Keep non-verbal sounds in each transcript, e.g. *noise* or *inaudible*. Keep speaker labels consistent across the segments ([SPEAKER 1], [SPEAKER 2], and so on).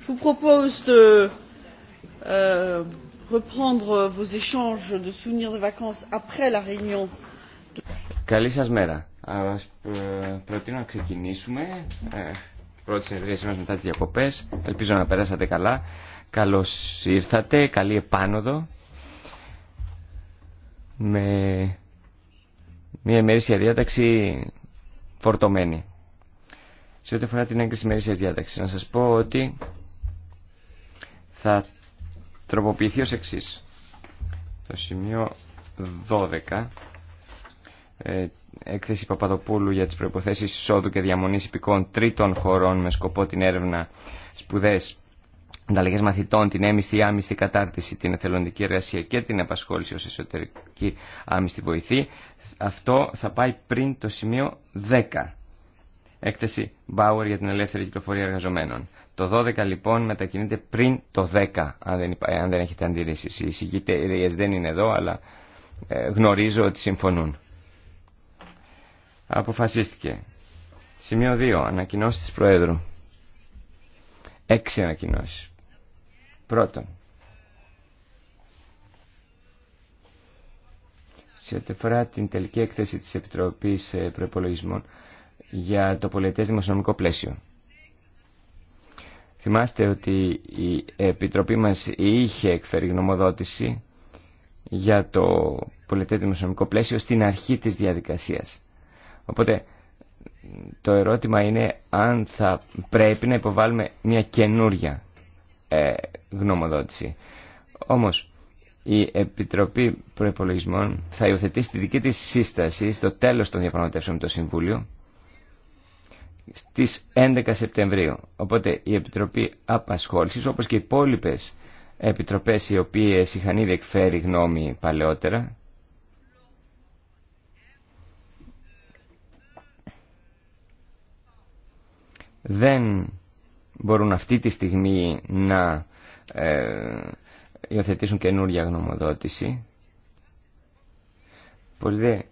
[SPEAKER 1] je vous propose de euh, reprendre vos échanges de souvenirs de vacances après la réunion.
[SPEAKER 2] Καλή σας μέρα. Ας ε, προτείνω να ξεκινήσουμε. Ε, πρώτη συνεργασία μας μετά τις διακοπές. Ελπίζω να περάσατε καλά. Καλώς ήρθατε. Καλή επάνωδο. Με μια ημερήσια διάταξη φορτωμένη. Σε ό,τι αφορά την έγκριση μερίσιας διάταξης, να σας πω ότι θα τροποποιηθεί ως εξής. Το σημείο 12, ε, έκθεση Παπαδοπούλου για τις προϋποθέσεις εισόδου και διαμονής υπηκών τρίτων χωρών με σκοπό την έρευνα σπουδές ανταλλαγέ μαθητών, την έμιστη άμιστη κατάρτιση, την εθελοντική εργασία και την απασχόληση ω εσωτερική άμιστη βοηθή. Αυτό θα πάει πριν το σημείο 10 έκθεση Bauer για την ελεύθερη κυκλοφορία εργαζομένων. Το 12 λοιπόν μετακινείται πριν το 10, αν δεν, αν δεν έχετε αντίρρηση. Οι συγκεκριτές δεν είναι εδώ, αλλά ε, γνωρίζω ότι συμφωνούν. Αποφασίστηκε. Σημείο 2. ανακοινώσει τη Προέδρου. Έξι ανακοινώσει. Πρώτον. Σε ό,τι αφορά την τελική έκθεση της Επιτροπής ε, Προπολογισμών για το πολιτές δημοσιονομικό πλαίσιο. Θυμάστε ότι η Επιτροπή μας είχε εκφέρει γνωμοδότηση για το πολιτές δημοσιονομικό πλαίσιο στην αρχή της διαδικασίας. Οπότε το ερώτημα είναι αν θα πρέπει να υποβάλουμε μια καινούρια ε, γνωμοδότηση. Όμως η Επιτροπή Προϋπολογισμών θα υιοθετήσει τη δική της σύσταση στο τέλος των διαπραγματεύσεων με το Συμβούλιο στις 11 Σεπτεμβρίου. Οπότε η Επιτροπή Απασχόλησης, όπως και οι υπόλοιπε επιτροπές οι οποίες είχαν ήδη εκφέρει γνώμη παλαιότερα, δεν μπορούν αυτή τη στιγμή να ε, υιοθετήσουν καινούργια γνωμοδότηση. Πολύ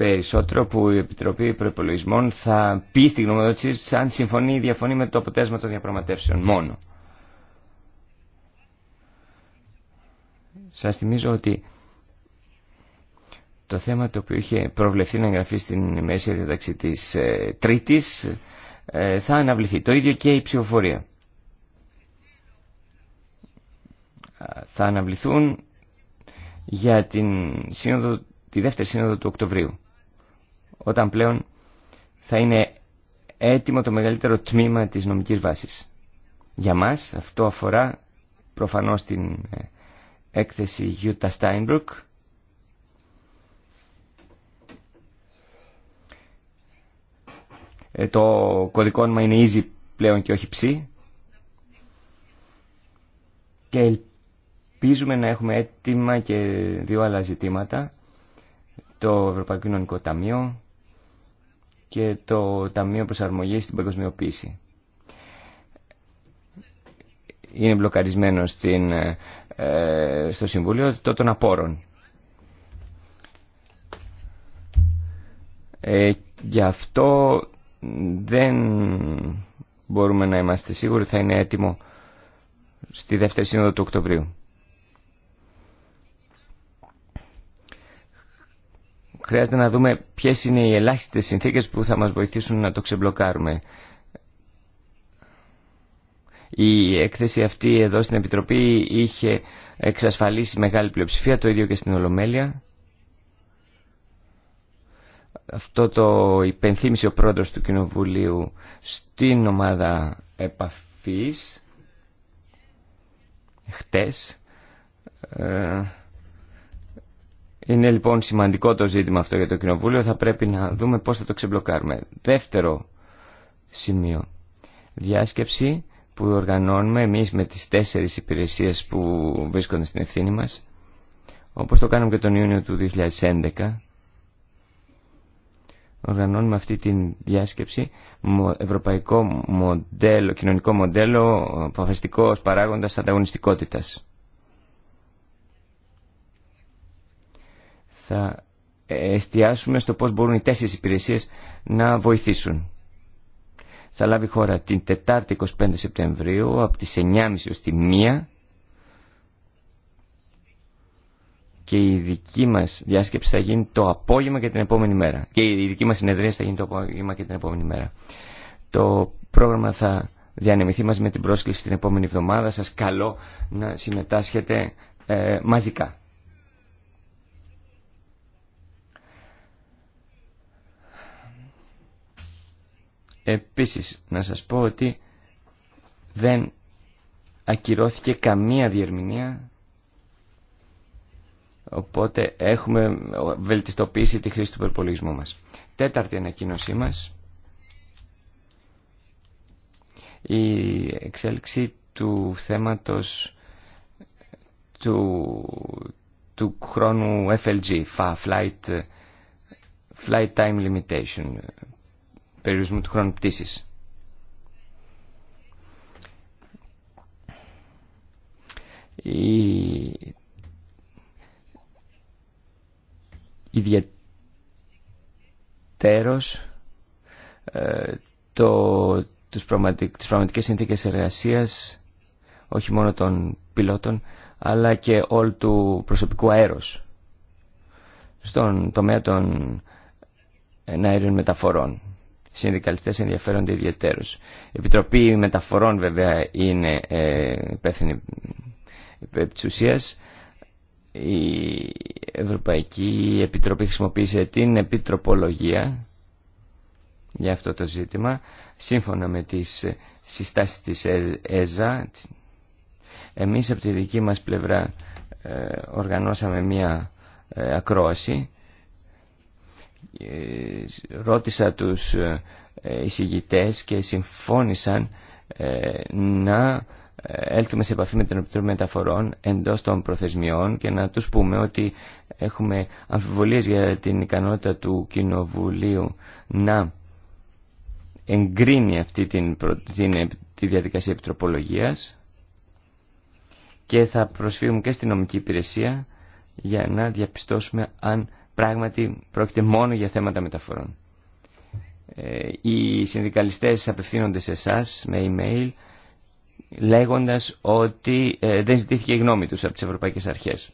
[SPEAKER 2] περισσότερο που η Επιτροπή Προπολογισμών θα πει στη γνωμοδότηση αν συμφωνεί ή διαφωνεί με το αποτέλεσμα των διαπραγματεύσεων μόνο. Σας θυμίζω ότι το θέμα το οποίο είχε προβλεφθεί να εγγραφεί στην μέση διαταξή της ε, Τρίτης ε, θα αναβληθεί. Το ίδιο και η ψηφοφορία. Θα αναβληθούν για την σύνοδο, τη δεύτερη σύνοδο του Οκτωβρίου όταν πλέον θα είναι έτοιμο το μεγαλύτερο τμήμα της νομικής βάσης. Για μας αυτό αφορά προφανώς την ε, έκθεση Γιούτα Steinbrück ε, το κωδικό όνομα είναι easy πλέον και όχι ψή και ελπίζουμε να έχουμε έτοιμα και δύο άλλα ζητήματα το Ευρωπαϊκό Κοινωνικό Ταμείο και το Ταμείο Προσαρμογής στην Παγκοσμιοποίηση. Είναι μπλοκαρισμένο στην, ε, στο Συμβούλιο το των Απόρων. Ε, γι' αυτό δεν μπορούμε να είμαστε σίγουροι θα είναι έτοιμο στη δεύτερη σύνοδο του Οκτωβρίου. χρειάζεται να δούμε ποιες είναι οι ελάχιστες συνθήκες που θα μας βοηθήσουν να το ξεμπλοκάρουμε. Η έκθεση αυτή εδώ στην Επιτροπή είχε εξασφαλίσει μεγάλη πλειοψηφία, το ίδιο και στην Ολομέλεια. Αυτό το υπενθύμησε ο πρόεδρος του Κοινοβουλίου στην ομάδα επαφής χτες. Ε, είναι λοιπόν σημαντικό το ζήτημα αυτό για το Κοινοβούλιο. Θα πρέπει να δούμε πώς θα το ξεμπλοκάρουμε. Δεύτερο σημείο. Διάσκεψη που οργανώνουμε εμείς με τις τέσσερις υπηρεσίες που βρίσκονται στην ευθύνη μας. Όπως το κάναμε και τον Ιούνιο του 2011. Οργανώνουμε αυτή τη διάσκεψη ευρωπαϊκό μοντέλο, κοινωνικό μοντέλο, αποφασιστικός παράγοντας ανταγωνιστικότητας. θα εστιάσουμε στο πώς μπορούν οι τέσσερις υπηρεσίες να βοηθήσουν. Θα λάβει χώρα την Τετάρτη 25 Σεπτεμβρίου από τις 9.30 ως τη 1 και η δική μας διάσκεψη θα γίνει το απόγευμα και την επόμενη μέρα. Και η δική μας συνεδρία θα γίνει το απόγευμα και την επόμενη μέρα. Το πρόγραμμα θα διανεμηθεί μαζί με την πρόσκληση την επόμενη εβδομάδα. Σας καλώ να συμμετάσχετε ε, μαζικά. Επίσης, να σας πω ότι δεν ακυρώθηκε καμία διερμηνία, οπότε έχουμε βελτιστοποιήσει τη χρήση του υπερπολογισμού μας. Τέταρτη ανακοίνωσή μας, η εξέλιξη του θέματος του, του χρόνου FLG, Flight, Flight Time Limitation, περιορισμού του χρόνου πτήση. Η... ιδιαίτερος ε, το, τους πραγματικ, τις πραγματικές συνθήκες εργασίας όχι μόνο των πιλότων αλλά και όλου του προσωπικού αέρος στον τομέα των εναέριων μεταφορών συνδικαλιστές ενδιαφέρονται ιδιαιτέρως. Η Επιτροπή Μεταφορών βέβαια είναι ε, υπεύθυνη της ουσίας. Η Ευρωπαϊκή Επιτροπή χρησιμοποίησε την επιτροπολογία για αυτό το ζήτημα σύμφωνα με τις συστάσεις της ε, ΕΖΑ. Εμείς από τη δική μας πλευρά ε, οργανώσαμε μία ε, ακρόαση ε, ρώτησα τους ε, εισηγητές και συμφώνησαν ε, να έλθουμε σε επαφή με την Επιτροπή Μεταφορών εντός των προθεσμιών και να τους πούμε ότι έχουμε αμφιβολίες για την ικανότητα του Κοινοβουλίου να εγκρίνει αυτή την, την, τη διαδικασία επιτροπολογίας και θα προσφύγουμε και στην νομική υπηρεσία για να διαπιστώσουμε αν Πράγματι, πρόκειται μόνο για θέματα μεταφορών. Ε, οι συνδικαλιστές απευθύνονται σε εσά με email λέγοντας ότι ε, δεν ζητήθηκε η γνώμη τους από τις Ευρωπαϊκές Αρχές.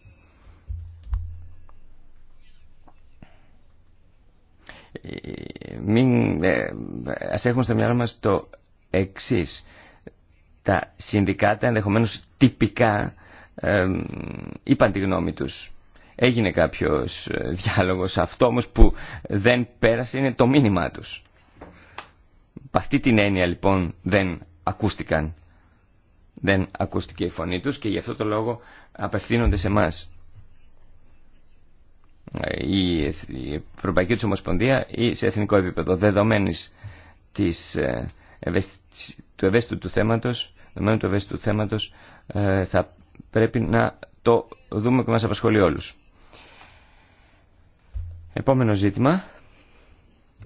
[SPEAKER 2] Ε, μην, ας έχουμε στο μυαλό μας το εξής. Τα συνδικάτα ενδεχομένως τυπικά είπαν τη γνώμη τους Έγινε κάποιος ε, διάλογος. Αυτό όμως που δεν πέρασε είναι το μήνυμά τους. αυτή την έννοια λοιπόν δεν ακούστηκαν. Δεν ακούστηκε η φωνή τους και γι' αυτό το λόγο απευθύνονται σε μας. Ε, η Ευρωπαϊκή του Ομοσπονδία ή σε εθνικό επίπεδο δεδομένης της, ε, του ευαίσθητου του θέματος, δεδομένου του ευαίσθητου θέματος θα πρέπει να το δούμε και μας απασχολεί όλους. Επόμενο ζήτημα.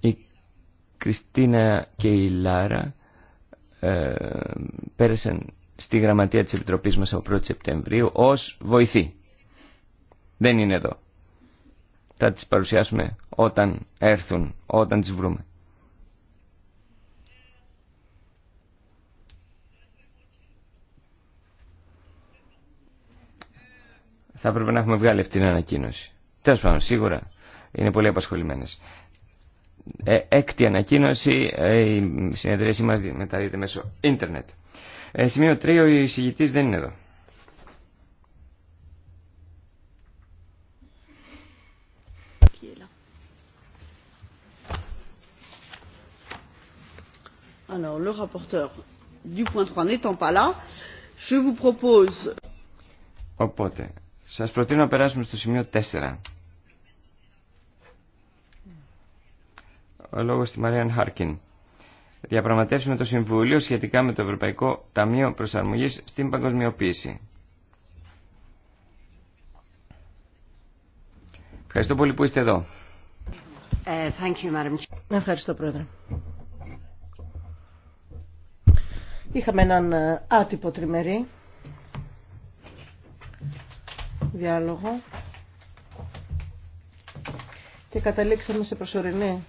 [SPEAKER 2] Η Κριστίνα και η Λάρα ε, πέρασαν στη γραμματεία της Επιτροπής μας από Σεπτεμβρίου ως βοηθή. Δεν είναι εδώ. Θα τις παρουσιάσουμε όταν έρθουν, όταν τις βρούμε. Θα έπρεπε να έχουμε βγάλει αυτή την ανακοίνωση. Τέλος πάντων, σίγουρα είναι πολύ Ε, Έκτη ανακοίνωση, ε, η συνεδρίαση μας μεταδίδεται μέσω ίντερνετ. Ε, σημείο 3, ο εισηγητής δεν είναι εδώ.
[SPEAKER 1] Alors, le rapporteur du point 3 n'étant pas là, je vous propose...
[SPEAKER 2] Οπότε, σας προτείνω να περάσουμε στο σημείο 4. ο λόγος στη Μαρίαν Χάρκιν. Διαπραγματεύσουμε το Συμβούλιο σχετικά με το Ευρωπαϊκό Ταμείο Προσαρμογής στην Παγκοσμιοποίηση. Ευχαριστώ πολύ που είστε εδώ.
[SPEAKER 1] Ε, Ευχαριστώ, Πρόεδρε. Είχαμε έναν ε, άτυπο τριμερή διάλογο και καταλήξαμε σε προσωρινή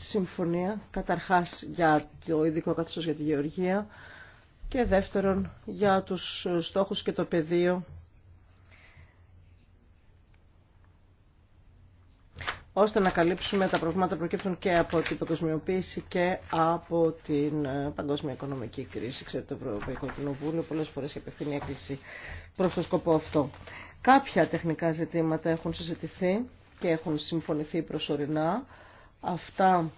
[SPEAKER 1] συμφωνία καταρχάς για το ειδικό καθεστώς για τη γεωργία και δεύτερον για τους στόχους και το πεδίο ώστε να καλύψουμε τα προβλήματα που προκύπτουν και από την παγκοσμιοποίηση και από την ε, παγκόσμια οικονομική κρίση. Ξέρετε, το Ευρωπαϊκό Κοινοβούλιο πολλέ φορέ απευθύνει έκκληση προ το σκοπό αυτό. Κάποια τεχνικά ζητήματα έχουν συζητηθεί και έχουν συμφωνηθεί προσωρινά Αυτά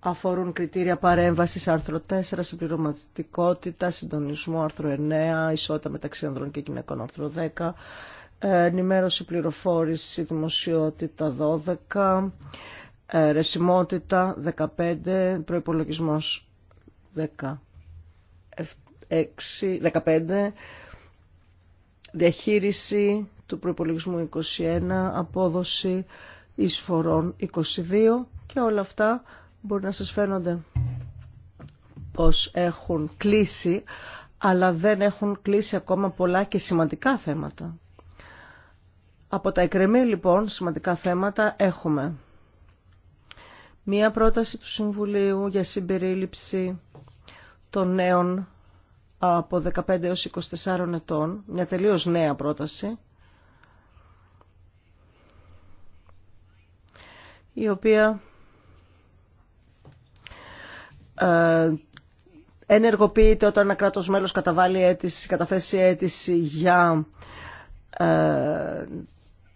[SPEAKER 1] αφορούν κριτήρια παρέμβασης άρθρο 4, συμπληρωματικότητα, συντονισμό άρθρο 9, ισότητα μεταξύ ανδρών και γυναικών άρθρο 10, ε, ενημέρωση πληροφόρηση δημοσιότητα 12, ε, ρεσιμότητα 15, προϋπολογισμός 10, 15, διαχείριση του προϋπολογισμού 21, απόδοση εισφορών 22, και όλα αυτά μπορεί να σας φαίνονται πως έχουν κλείσει, αλλά δεν έχουν κλείσει ακόμα πολλά και σημαντικά θέματα. Από τα εκκρεμή λοιπόν σημαντικά θέματα έχουμε μία πρόταση του Συμβουλίου για συμπερίληψη των νέων από 15 έως 24 ετών, μια τελείως νέα πρόταση, η οποία ε, ενεργοποιείται όταν ένα κράτος μέλος καταβάλει αίτηση, καταθέσει αίτηση για ε,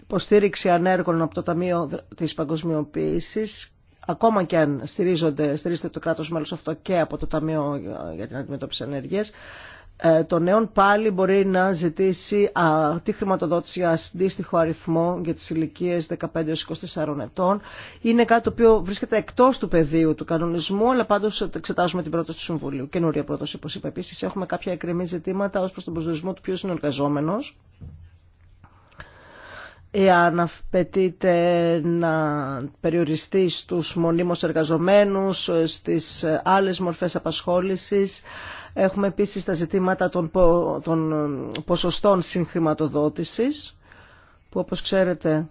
[SPEAKER 1] υποστήριξη ανέργων από το Ταμείο της Παγκοσμιοποίησης ακόμα και αν στηρίζονται, στηρίζεται το κράτος μέλος αυτό και από το Ταμείο για την Αντιμετώπιση Ενέργειας, ε, το νέων πάλι μπορεί να ζητήσει α, τη χρηματοδότηση αντίστοιχο αριθμό για τις ηλικίε 15-24 ετών. Είναι κάτι το οποίο βρίσκεται εκτός του πεδίου του κανονισμού, αλλά πάντως εξετάζουμε την πρόταση του Συμβουλίου. Καινούρια πρόταση, όπως είπα. Επίσης, έχουμε κάποια εκκρεμή ζητήματα ως προς τον προσδορισμό του ποιος είναι ο εργαζόμενος. Εάν απαιτείται να περιοριστεί στους μονίμως εργαζομένους, ε, στις άλλες μορφές απασχόλησης, Έχουμε επίσης τα ζητήματα των, των ε, ποσοστών συγχρηματοδότησης που όπως ξέρετε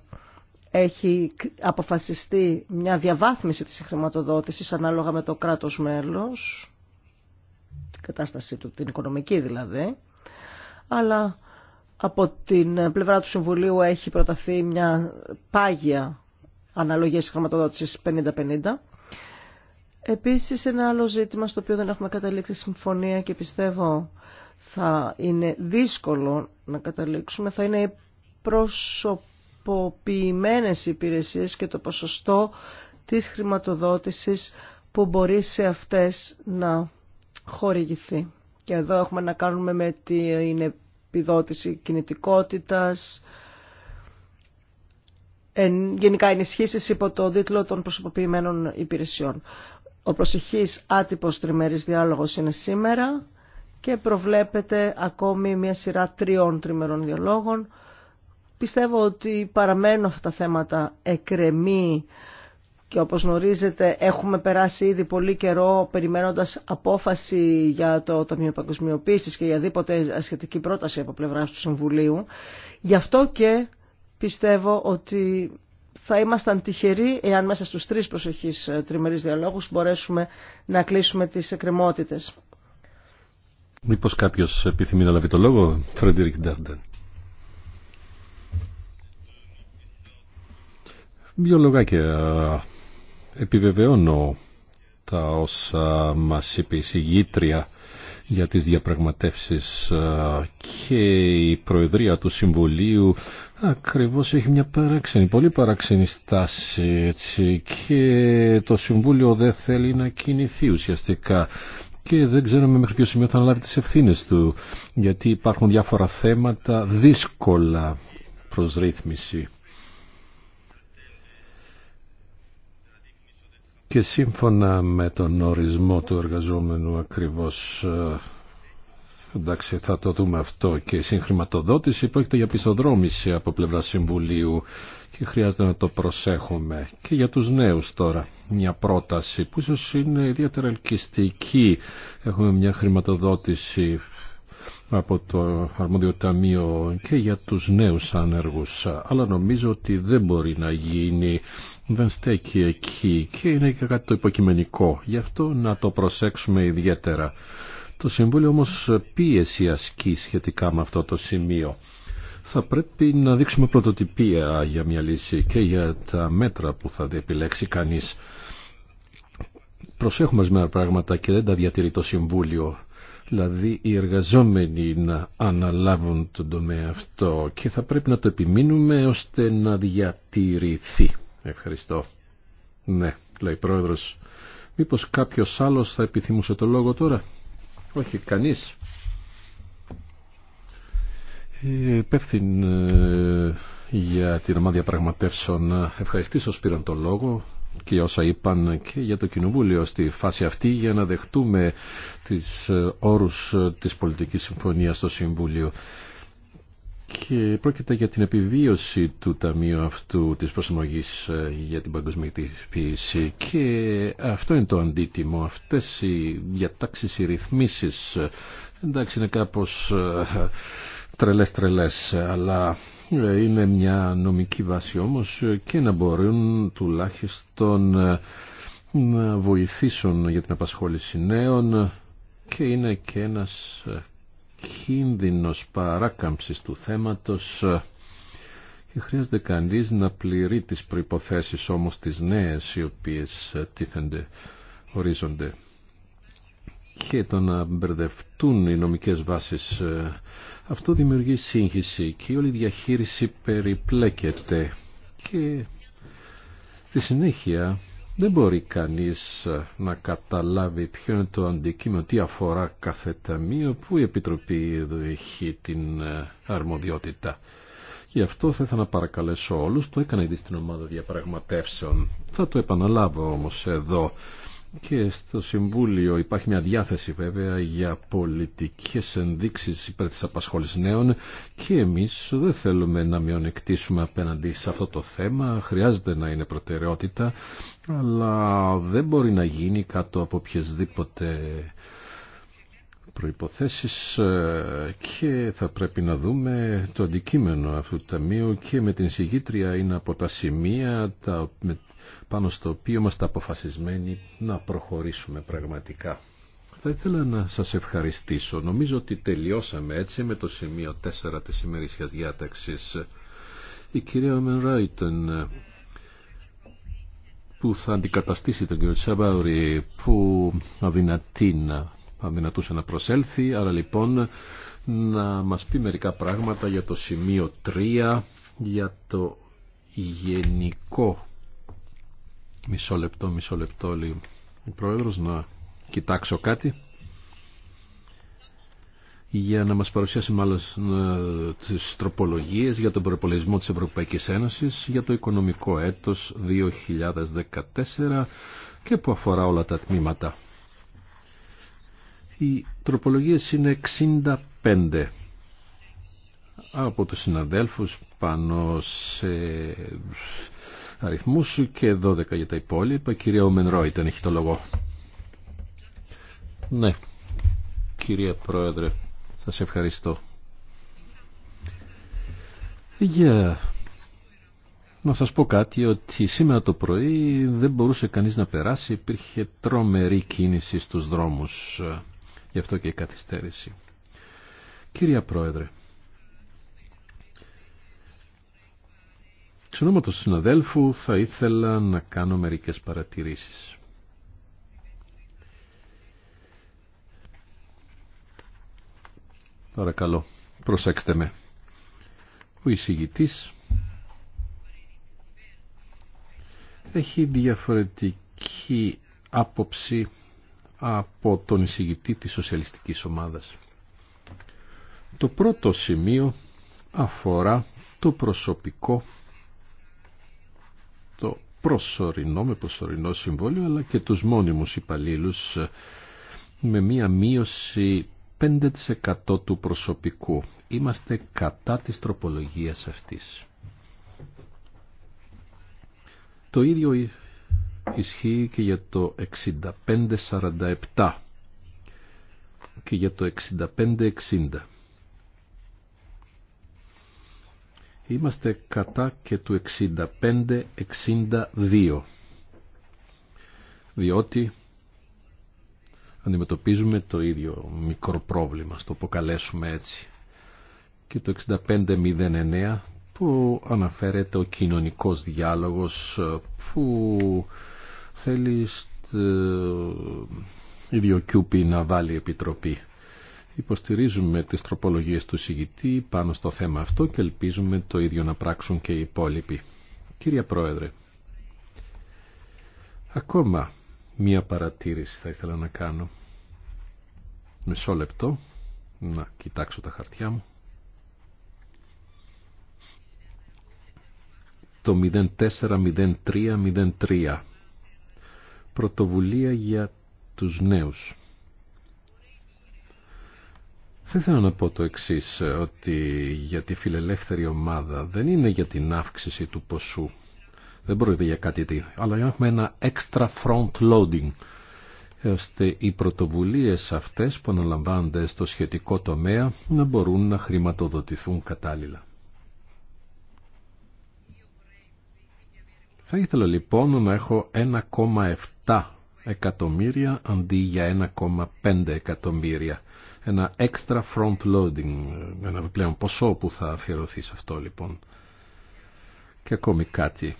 [SPEAKER 1] έχει αποφασιστεί μια διαβάθμιση της συγχρηματοδότησης ανάλογα με το κράτος μέλος, την κατάστασή του, την οικονομική δηλαδή, αλλά από την πλευρά του Συμβουλίου έχει προταθεί μια πάγια αναλογία αναλογής 50 50-50 Επίσης ένα άλλο ζήτημα στο οποίο δεν έχουμε καταλήξει συμφωνία και πιστεύω θα είναι δύσκολο να καταλήξουμε θα είναι οι προσωποποιημένες υπηρεσίες και το ποσοστό της χρηματοδότησης που μπορεί σε αυτές να χορηγηθεί. Και εδώ έχουμε να κάνουμε με την επιδότηση κινητικότητας, γενικά ενισχύσεις υπό τον τίτλο των προσωποποιημένων υπηρεσιών. Ο προσεχής άτυπος τριμερής διάλογος είναι σήμερα και προβλέπεται ακόμη μια σειρά τριών τριμερών διαλόγων. Πιστεύω ότι παραμένουν αυτά τα θέματα εκρεμή και όπως γνωρίζετε έχουμε περάσει ήδη πολύ καιρό περιμένοντας απόφαση για το Ταμείο Παγκοσμιοποίησης και για δίποτε ασχετική πρόταση από πλευρά του Συμβουλίου. Γι' αυτό και πιστεύω ότι θα ήμασταν τυχεροί εάν μέσα στους τρεις προσεχείς ε, τριμερείς διαλόγους μπορέσουμε να κλείσουμε τις εκκρεμότητες.
[SPEAKER 3] Μήπως κάποιος επιθυμεί να λάβει το λόγο, Φρεντήρικ Ντάρντεν. Δύο λογάκια. Επιβεβαιώνω τα όσα μας είπε η συγγήτρια για τις διαπραγματεύσεις ε, και η Προεδρία του Συμβουλίου ακριβώς έχει μια παράξενη, πολύ παράξενη στάση έτσι, και το Συμβούλιο δεν θέλει να κινηθεί ουσιαστικά και δεν ξέρουμε μέχρι ποιο σημείο θα αναλάβει τις ευθύνες του γιατί υπάρχουν διάφορα θέματα δύσκολα προς ρύθμιση. και σύμφωνα με τον ορισμό του εργαζόμενου ακριβώς ε, εντάξει θα το δούμε αυτό και η συγχρηματοδότηση πρόκειται για πιστοδρόμηση από πλευρά Συμβουλίου και χρειάζεται να το προσέχουμε και για τους νέους τώρα μια πρόταση που ίσως είναι ιδιαίτερα ελκυστική έχουμε μια χρηματοδότηση από το Αρμόδιο Ταμείο και για τους νέους άνεργους αλλά νομίζω ότι δεν μπορεί να γίνει δεν στέκει εκεί και είναι και κάτι το υποκειμενικό. Γι' αυτό να το προσέξουμε ιδιαίτερα. Το Συμβούλιο όμως πίεση ασκεί σχετικά με αυτό το σημείο. Θα πρέπει να δείξουμε πρωτοτυπία για μια λύση και για τα μέτρα που θα επιλέξει κανείς. Προσέχουμε σμένα πράγματα και δεν τα διατηρεί το Συμβούλιο. Δηλαδή οι εργαζόμενοι να αναλάβουν τον τομέα αυτό και θα πρέπει να το επιμείνουμε ώστε να διατηρηθεί. Ευχαριστώ. Ναι, λέει πρόεδρος. Μήπως κάποιος άλλος θα επιθυμούσε το λόγο τώρα. Όχι, κανείς. Ε, υπεύθυν ε, για την ομάδα διαπραγματεύσεων ε, ευχαριστήσω πήραν το λόγο και όσα είπαν και για το Κοινοβούλιο στη φάση αυτή για να δεχτούμε τις όρους της πολιτικής συμφωνίας στο Συμβούλιο και πρόκειται για την επιβίωση του Ταμείου αυτού της προσαρμογής ε, για την παγκοσμιοποίηση και αυτό είναι το αντίτιμο, αυτές οι διατάξεις, οι ρυθμίσεις ε, εντάξει είναι κάπως ε, τρελές τρελές αλλά είναι μια νομική βάση όμως και να μπορούν τουλάχιστον να βοηθήσουν για την απασχόληση νέων και είναι και ένας κίνδυνος παράκαμψης του θέματος και χρειάζεται κανείς να πληρεί τις προϋποθέσεις όμως τις νέες οι οποίες τίθενται, ορίζονται και το να μπερδευτούν οι νομικές βάσεις ε, αυτό δημιουργεί σύγχυση και όλη η διαχείριση περιπλέκεται και στη συνέχεια δεν μπορεί κανείς ε, να καταλάβει ποιο είναι το αντικείμενο, τι αφορά κάθε ταμείο, που η Επιτροπή εδώ έχει την ε, αρμοδιότητα. Γι' αυτό θα ήθελα να παρακαλέσω όλους, το έκανα ήδη στην ομάδα διαπραγματεύσεων. Θα το επαναλάβω όμως εδώ. Και στο Συμβούλιο υπάρχει μια διάθεση βέβαια για πολιτικές ενδείξεις υπέρ της απασχόλησης νέων και εμείς δεν θέλουμε να μειονεκτήσουμε απέναντι σε αυτό το θέμα, χρειάζεται να είναι προτεραιότητα, αλλά δεν μπορεί να γίνει κάτω από οποιασδήποτε προϋποθέσεις και θα πρέπει να δούμε το αντικείμενο αυτού του ταμείου και με την εισηγήτρια είναι από τα σημεία πάνω στο οποίο είμαστε αποφασισμένοι να προχωρήσουμε πραγματικά. Θα ήθελα να σας ευχαριστήσω. Νομίζω ότι τελειώσαμε έτσι με το σημείο 4 της ημερήσιας διάταξης. Η κυρία Μενράιτεν που θα αντικαταστήσει τον κύριο Τσαμπάουρη που αδυνατεί να αδυνατούσε να προσέλθει. Άρα λοιπόν να μας πει μερικά πράγματα για το σημείο 3 για το γενικό Μισό λεπτό, μισό λεπτό λέει ο Πρόεδρος να κοιτάξω κάτι για να μας παρουσιάσει μάλλον ε, τις τροπολογίες για τον προπολογισμό της Ευρωπαϊκής Ένωσης για το οικονομικό έτος 2014 και που αφορά όλα τα τμήματα. Οι τροπολογίες είναι 65 από τους συναδέλφους πάνω σε σου και 12 για τα υπόλοιπα. Κυρία Ομενρό ήταν, έχει το λόγο. Ναι, κυρία Πρόεδρε, σας ευχαριστώ. Για να σας πω κάτι ότι σήμερα το πρωί δεν μπορούσε κανείς να περάσει, υπήρχε τρομερή κίνηση στους δρόμους, γι' αυτό και η καθυστέρηση. Κυρία Πρόεδρε, όνομα του συναδέλφου θα ήθελα να κάνω μερικές παρατηρήσεις. Παρακαλώ, προσέξτε με. Ο εισηγητής έχει διαφορετική άποψη από τον εισηγητή της σοσιαλιστικής ομάδας. Το πρώτο σημείο αφορά το προσωπικό προσωρινό, με προσωρινό συμβόλαιο, αλλά και τους μόνιμους υπαλλήλου ε, με μία μείωση 5% του προσωπικού. Είμαστε κατά της τροπολογίας αυτής. Το ίδιο ισχύει και για το 6547 και για το 6560. Είμαστε κατά και του 65-62 διότι αντιμετωπίζουμε το ίδιο μικρό πρόβλημα, στο αποκαλέσουμε έτσι. Και το 65-09 που αναφέρεται ο κοινωνικός διάλογος που θέλει στο ιδιοκιούπι να βάλει επιτροπή. Υποστηρίζουμε τις τροπολογίες του συγητή πάνω στο θέμα αυτό και ελπίζουμε το ίδιο να πράξουν και οι υπόλοιποι. Κύριε Πρόεδρε, ακόμα μία παρατήρηση θα ήθελα να κάνω. Μισό λεπτό, να κοιτάξω τα χαρτιά μου. Το 040303 πρωτοβουλία για τους νέους. Θα ήθελα να πω το εξή ότι για τη φιλελεύθερη ομάδα δεν είναι για την αύξηση του ποσού. Δεν πρόκειται για κάτι τι, αλλά για να έχουμε ένα extra front loading ώστε οι πρωτοβουλίες αυτές που αναλαμβάνονται στο σχετικό τομέα να μπορούν να χρηματοδοτηθούν κατάλληλα. Θα ήθελα λοιπόν να έχω 1,7 εκατομμύρια αντί για 1,5 εκατομμύρια ένα extra front loading, ένα πλέον ποσό που θα αφιερωθεί σε αυτό λοιπόν. Και ακόμη κάτι.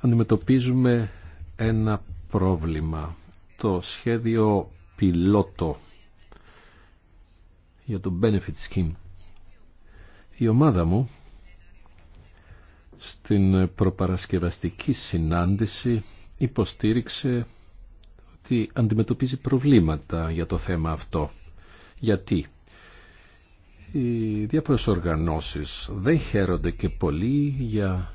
[SPEAKER 3] Αντιμετωπίζουμε ένα πρόβλημα. Το σχέδιο πιλότο για το benefit scheme. Η ομάδα μου στην προπαρασκευαστική συνάντηση υποστήριξε αντιμετωπίζει προβλήματα για το θέμα αυτό. Γιατί οι διάφορες οργανώσεις δεν χαίρονται και πολύ για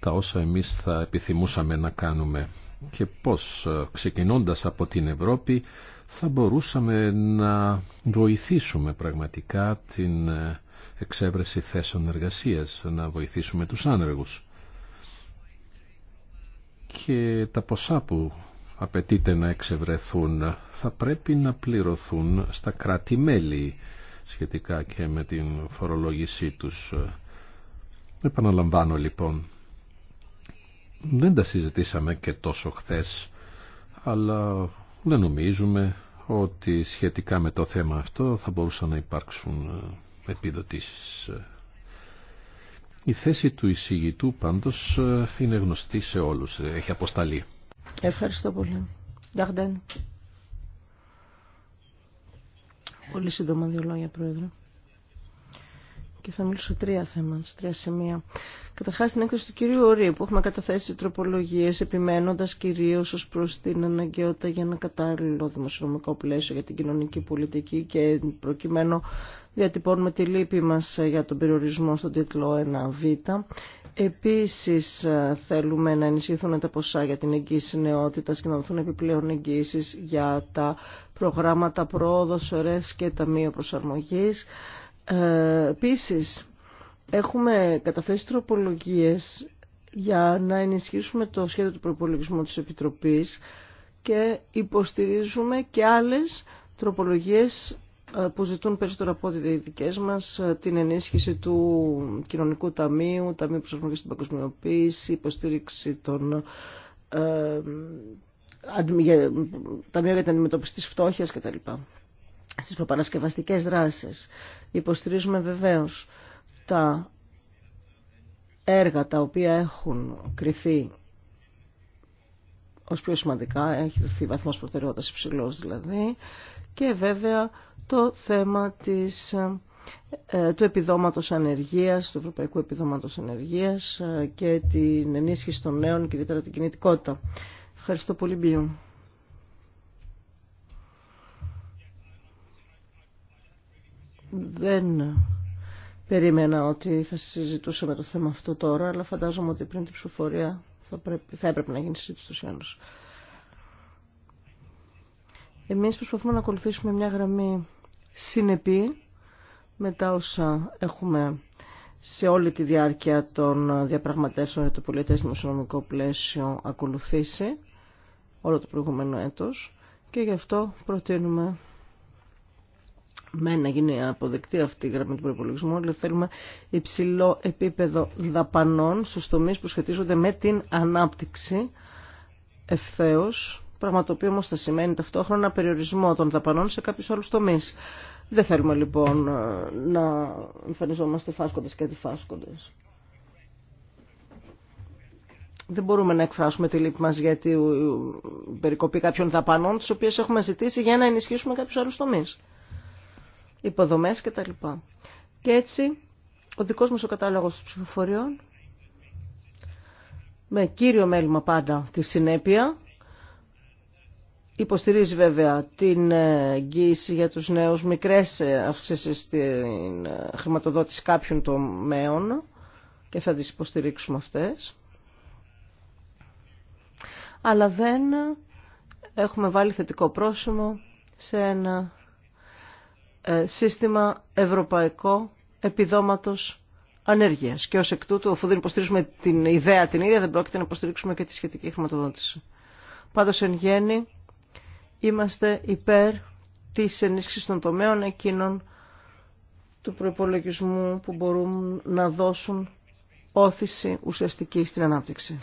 [SPEAKER 3] τα όσα εμείς θα επιθυμούσαμε να κάνουμε και πώς ε, ξεκινώντας από την Ευρώπη θα μπορούσαμε να βοηθήσουμε πραγματικά την ε, εξέβρεση θέσεων εργασίας, να βοηθήσουμε τους άνεργους. Και τα ποσά που απαιτείται να εξευρεθούν θα πρέπει να πληρωθούν στα κράτη-μέλη σχετικά και με την φορολόγησή τους. Επαναλαμβάνω λοιπόν, δεν τα συζητήσαμε και τόσο χθες, αλλά δεν νομίζουμε ότι σχετικά με το θέμα αυτό θα μπορούσαν να υπάρξουν ε, επιδοτήσεις. Η θέση του εισηγητού πάντως ε, είναι γνωστή σε όλους, ε, έχει αποσταλεί.
[SPEAKER 1] Ευχαριστώ πολύ. Νταχντάν. Πολύ σύντομα δύο λόγια, Πρόεδρε και θα μιλήσω τρία θέματα, τρία σημεία. Καταρχάς την έκθεση του κυρίου Ορή που έχουμε καταθέσει τροπολογίες επιμένοντας κυρίως ως προς την αναγκαιότητα για ένα κατάλληλο δημοσιονομικό πλαίσιο για την κοινωνική πολιτική και προκειμένου διατυπώνουμε τη λύπη μας για τον περιορισμό στον τίτλο 1β. Επίσης θέλουμε να ενισχυθούν τα ποσά για την εγγύηση νεότητας και να δοθούν επιπλέον εγγύησεις για τα προγράμματα πρόοδος, ωρές και ταμείο προσαρμογής. Ε, επίσης, έχουμε καταθέσει τροπολογίες για να ενισχύσουμε το σχέδιο του προπολογισμού της Επιτροπής και υποστηρίζουμε και άλλες τροπολογίες ε, που ζητούν περισσότερο από ό,τι οι μας ε, την ενίσχυση του Κοινωνικού Ταμείου, Ταμείου προσαρμογή στην Παγκοσμιοποίηση, υποστήριξη των ε, για την αντιμετώπιση τη φτώχεια κτλ στις προπαρασκευαστικές δράσεις. Υποστηρίζουμε βεβαίως τα έργα τα οποία έχουν κριθεί ως πιο σημαντικά, έχει δοθεί βαθμός προτεραιότητας υψηλός δηλαδή, και βέβαια το θέμα της, ε, του επιδόματος ανεργίας, του ευρωπαϊκού επιδόματος ανεργίας ε, και την ενίσχυση των νέων και ιδιαίτερα την κινητικότητα. Ευχαριστώ πολύ, δεν περίμενα ότι θα συζητούσαμε το θέμα αυτό τώρα, αλλά φαντάζομαι ότι πριν την ψηφοφορία θα, θα έπρεπε να γίνει συζήτηση του άλλους. Εμείς προσπαθούμε να ακολουθήσουμε μια γραμμή συνεπή μετά όσα έχουμε σε όλη τη διάρκεια των διαπραγματεύσεων για το πολιτές δημοσιονομικό πλαίσιο ακολουθήσει όλο το προηγούμενο έτος και γι' αυτό προτείνουμε με να γίνει αποδεκτή αυτή η γραμμή του προπολογισμού, αλλά θέλουμε υψηλό επίπεδο δαπανών στους τομείς που σχετίζονται με την ανάπτυξη ευθέω, πράγμα το οποίο όμως θα σημαίνει ταυτόχρονα περιορισμό των δαπανών σε κάποιους άλλους τομείς. Δεν θέλουμε λοιπόν να εμφανιζόμαστε φάσκοντες και αντιφάσκοντες. Δεν μπορούμε να εκφράσουμε τη λύπη μας γιατί την κάποιων δαπανών, τις οποίες έχουμε ζητήσει για να ενισχύσουμε κάποιου άλλου τομείς υποδομές κτλ. Και έτσι ο δικός μας ο κατάλογος ψηφοφοριών με κύριο μέλημα πάντα τη συνέπεια Υποστηρίζει βέβαια την ε, εγγύηση για τους νέους μικρές ε, αυξήσεις στην ε, χρηματοδότηση κάποιων τομέων και θα τις υποστηρίξουμε αυτές. Αλλά δεν έχουμε βάλει θετικό πρόσημο σε ένα ε, σύστημα ευρωπαϊκό επιδόματος ανέργειας. Και ως εκ τούτου, αφού δεν υποστηρίζουμε την ιδέα την ίδια, δεν πρόκειται να υποστηρίξουμε και τη σχετική χρηματοδότηση. Πάντως, εν γέννη, είμαστε υπέρ της ενίσχυσης των τομέων εκείνων του προπολογισμού που μπορούν να δώσουν όθηση ουσιαστική στην ανάπτυξη.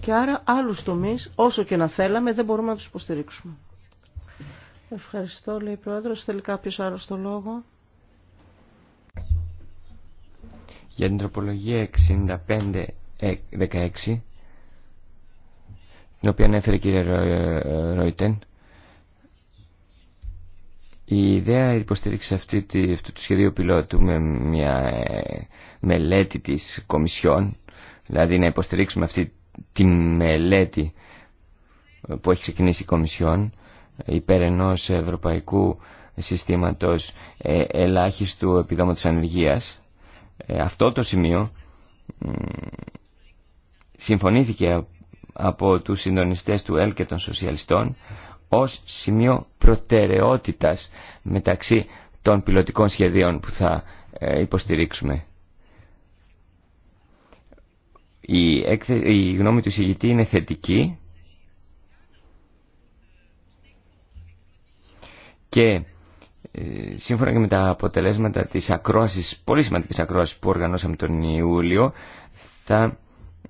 [SPEAKER 1] Και άρα άλλους τομείς, όσο και να θέλαμε, δεν μπορούμε να τους υποστηρίξουμε. Ευχαριστώ, λέει η Πρόεδρος. Θέλει κάποιος άλλο το λόγο.
[SPEAKER 2] Για την τροπολογία 65-16, ε, την οποία ανέφερε κύριε Ρόιτεν, η ιδέα υποστήριξε αυτή, αυτού του σχεδίου πιλότου με μια ε, μελέτη της Κομισιόν, δηλαδή να υποστηρίξουμε αυτή τη μελέτη που έχει ξεκινήσει η Κομισιόν, υπέρ ενός ευρωπαϊκού συστήματος ε, ελάχιστου επιδόματος ανεργίας. Ε, αυτό το σημείο συμφωνήθηκε από τους συντονιστές του ΕΛ και των Σοσιαλιστών ως σημείο προτεραιότητας μεταξύ των πιλωτικών σχεδίων που θα ε, υποστηρίξουμε. Η, γνώμη του συγητή είναι θετική Και ε, σύμφωνα και με τα αποτελέσματα της ακρόασης, πολύ σημαντικής ακρόασης που οργανώσαμε τον Ιούλιο, θα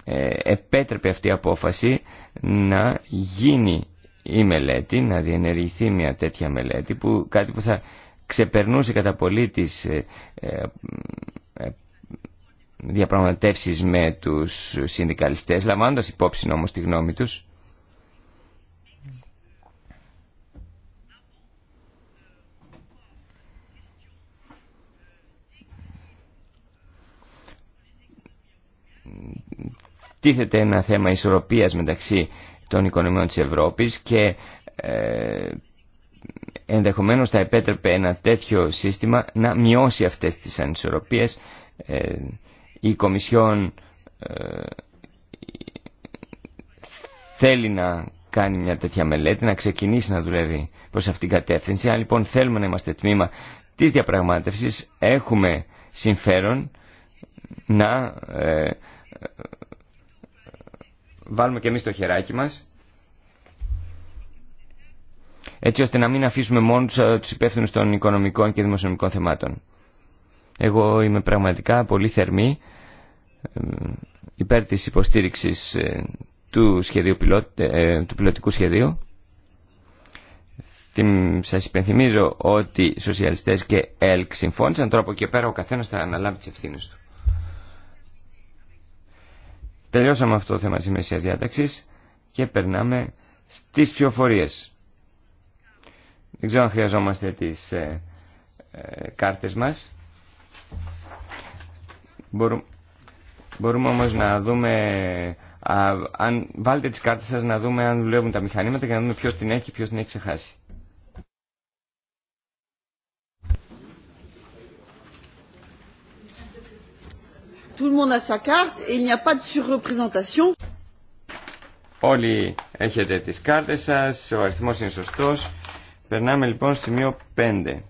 [SPEAKER 2] ε, επέτρεπε αυτή η απόφαση να γίνει η μελέτη, να διενεργηθεί μια τέτοια μελέτη, που, κάτι που θα ξεπερνούσε κατά πολύ τις ε, ε διαπραγματεύσεις με τους συνδικαλιστές, λαμβάνοντας υπόψη όμως τη γνώμη τους, τίθεται ένα θέμα ισορροπίας μεταξύ των οικονομιών της Ευρώπης και ε, ενδεχομένως θα επέτρεπε ένα τέτοιο σύστημα να μειώσει αυτές τις ανισορροπίες. Ε, η Κομισιόν ε, θέλει να κάνει μια τέτοια μελέτη, να ξεκινήσει να δουλεύει προς αυτήν την κατεύθυνση. Αν λοιπόν θέλουμε να είμαστε τμήμα της διαπραγμάτευσης, έχουμε συμφέρον να ε, βάλουμε και εμείς το χεράκι μας έτσι ώστε να μην αφήσουμε μόνο ε, τους υπεύθυνους των οικονομικών και δημοσιονομικών θεμάτων. Εγώ είμαι πραγματικά πολύ θερμή ε, υπέρ της υποστήριξης ε, του, σχεδίου πιλότ, του πιλωτικού σχεδίου. Σας υπενθυμίζω ότι σοσιαλιστές και ΕΛΚ συμφώνησαν, τώρα από εκεί πέρα ο καθένας θα αναλάβει τις ευθύνες του. Τελειώσαμε αυτό το θέμα της ημερησίας διάταξης και περνάμε στις πιοφορίες. Δεν ξέρω αν χρειαζόμαστε τις ε, ε, κάρτες μας. Μπορούμε, μπορούμε όμως να δούμε... Α, αν βάλετε τις κάρτες σας να δούμε αν δουλεύουν τα μηχανήματα και να δούμε ποιος την έχει και ποιος την έχει ξεχάσει. Όλοι έχετε τις κάρτες σας, ο αριθμός είναι σωστός. Περνάμε λοιπόν στο σημείο 5.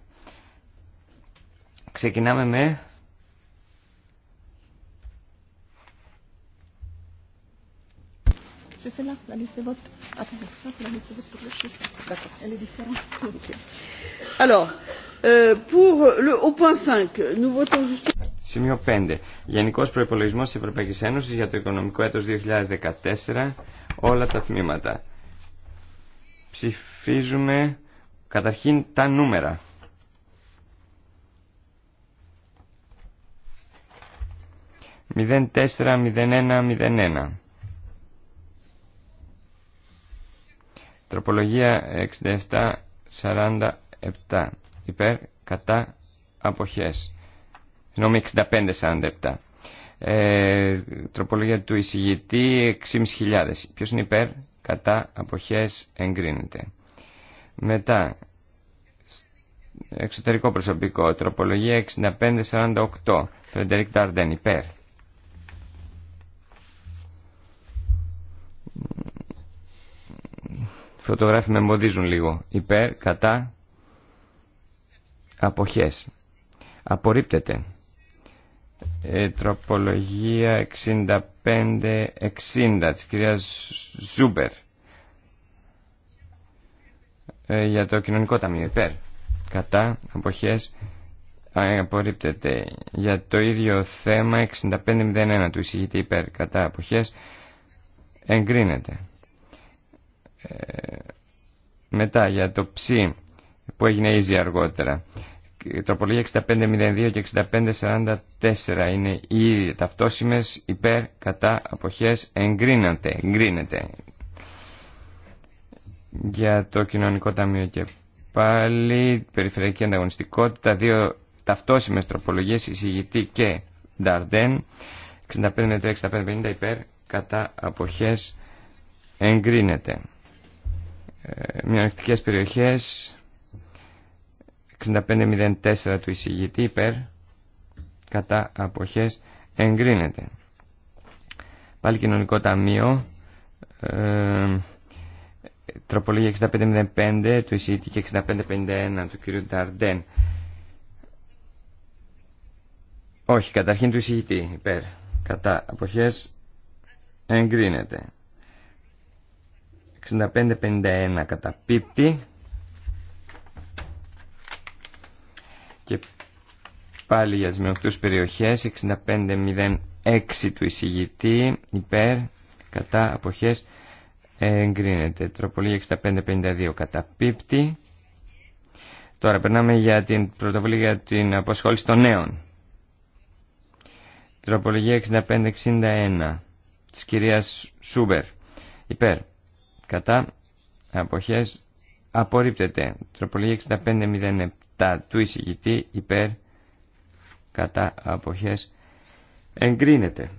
[SPEAKER 2] Ξεκινάμε με...
[SPEAKER 1] Alors, 5, ε,
[SPEAKER 2] Σημείο 5. Γενικός προϋπολογισμός της Ευρωπαϊκής Ένωσης για το οικονομικό έτος 2014. Όλα τα τμήματα. Ψηφίζουμε καταρχήν τα νούμερα. Μηδέν τέσσερα, μηδέν Τροπολογία 67, 47 υπέρ κατά αποχές. Συγγνώμη, 65-47. Ε, τροπολογία του εισηγητή 6.500. Ποιος είναι υπέρ, κατά, αποχές, εγκρίνεται. Μετά, εξωτερικό προσωπικό, τροπολογία 65-48. Φρεντερικ Ταρντέν, υπέρ. Φωτογράφοι με εμποδίζουν λίγο. Υπέρ, κατά, Αποχές. Απορρίπτεται. Ε, τροπολογία 65-60 της κυρίας Ζούμπερ. Ε, για το κοινωνικό ταμείο υπέρ. Κατά. Αποχές. Ε, απορρίπτεται. Για το ίδιο θέμα 65-01 του εισηγητή υπέρ. Κατά. Αποχές. Εγκρίνεται. Ε, μετά για το ψι που έγινε easy αργότερα. Ε, τροπολογία 6502 και 6544 είναι οι ταυτόσιμες υπέρ κατά αποχές εγκρίνονται, εγκρίνεται. Για το κοινωνικό ταμείο και πάλι περιφερειακή ανταγωνιστικότητα, δύο ταυτόσιμες τροπολογίες εισηγητή και νταρντέν, 6503-6550 υπέρ κατά αποχές εγκρίνεται. Ε, περιοχές 6504 του εισηγητή υπέρ κατά αποχές εγκρίνεται. Πάλι κοινωνικό ταμείο ε, τροπολογία 6505 του εισηγητή και 6551 του κ. Νταρντέν. Όχι, καταρχήν του εισηγητή υπέρ κατά αποχές εγκρίνεται. 6551 καταπίπτει. Και πάλι για τις μειοκτούς περιοχές, 6506 του εισηγητή, υπέρ, κατά, αποχές, εγκρίνεται. Τροπολογία 6552 πίπτη. Τώρα περνάμε για την πρωτοβουλία για την αποσχόληση των νέων. Τροπολογία 6561 της κυρίας Σούμπερ. Υπέρ. Κατά. Αποχές. Απορρίπτεται. Τροπολογία τα του εισηγητή υπέρ κατά αποχές εγκρίνεται.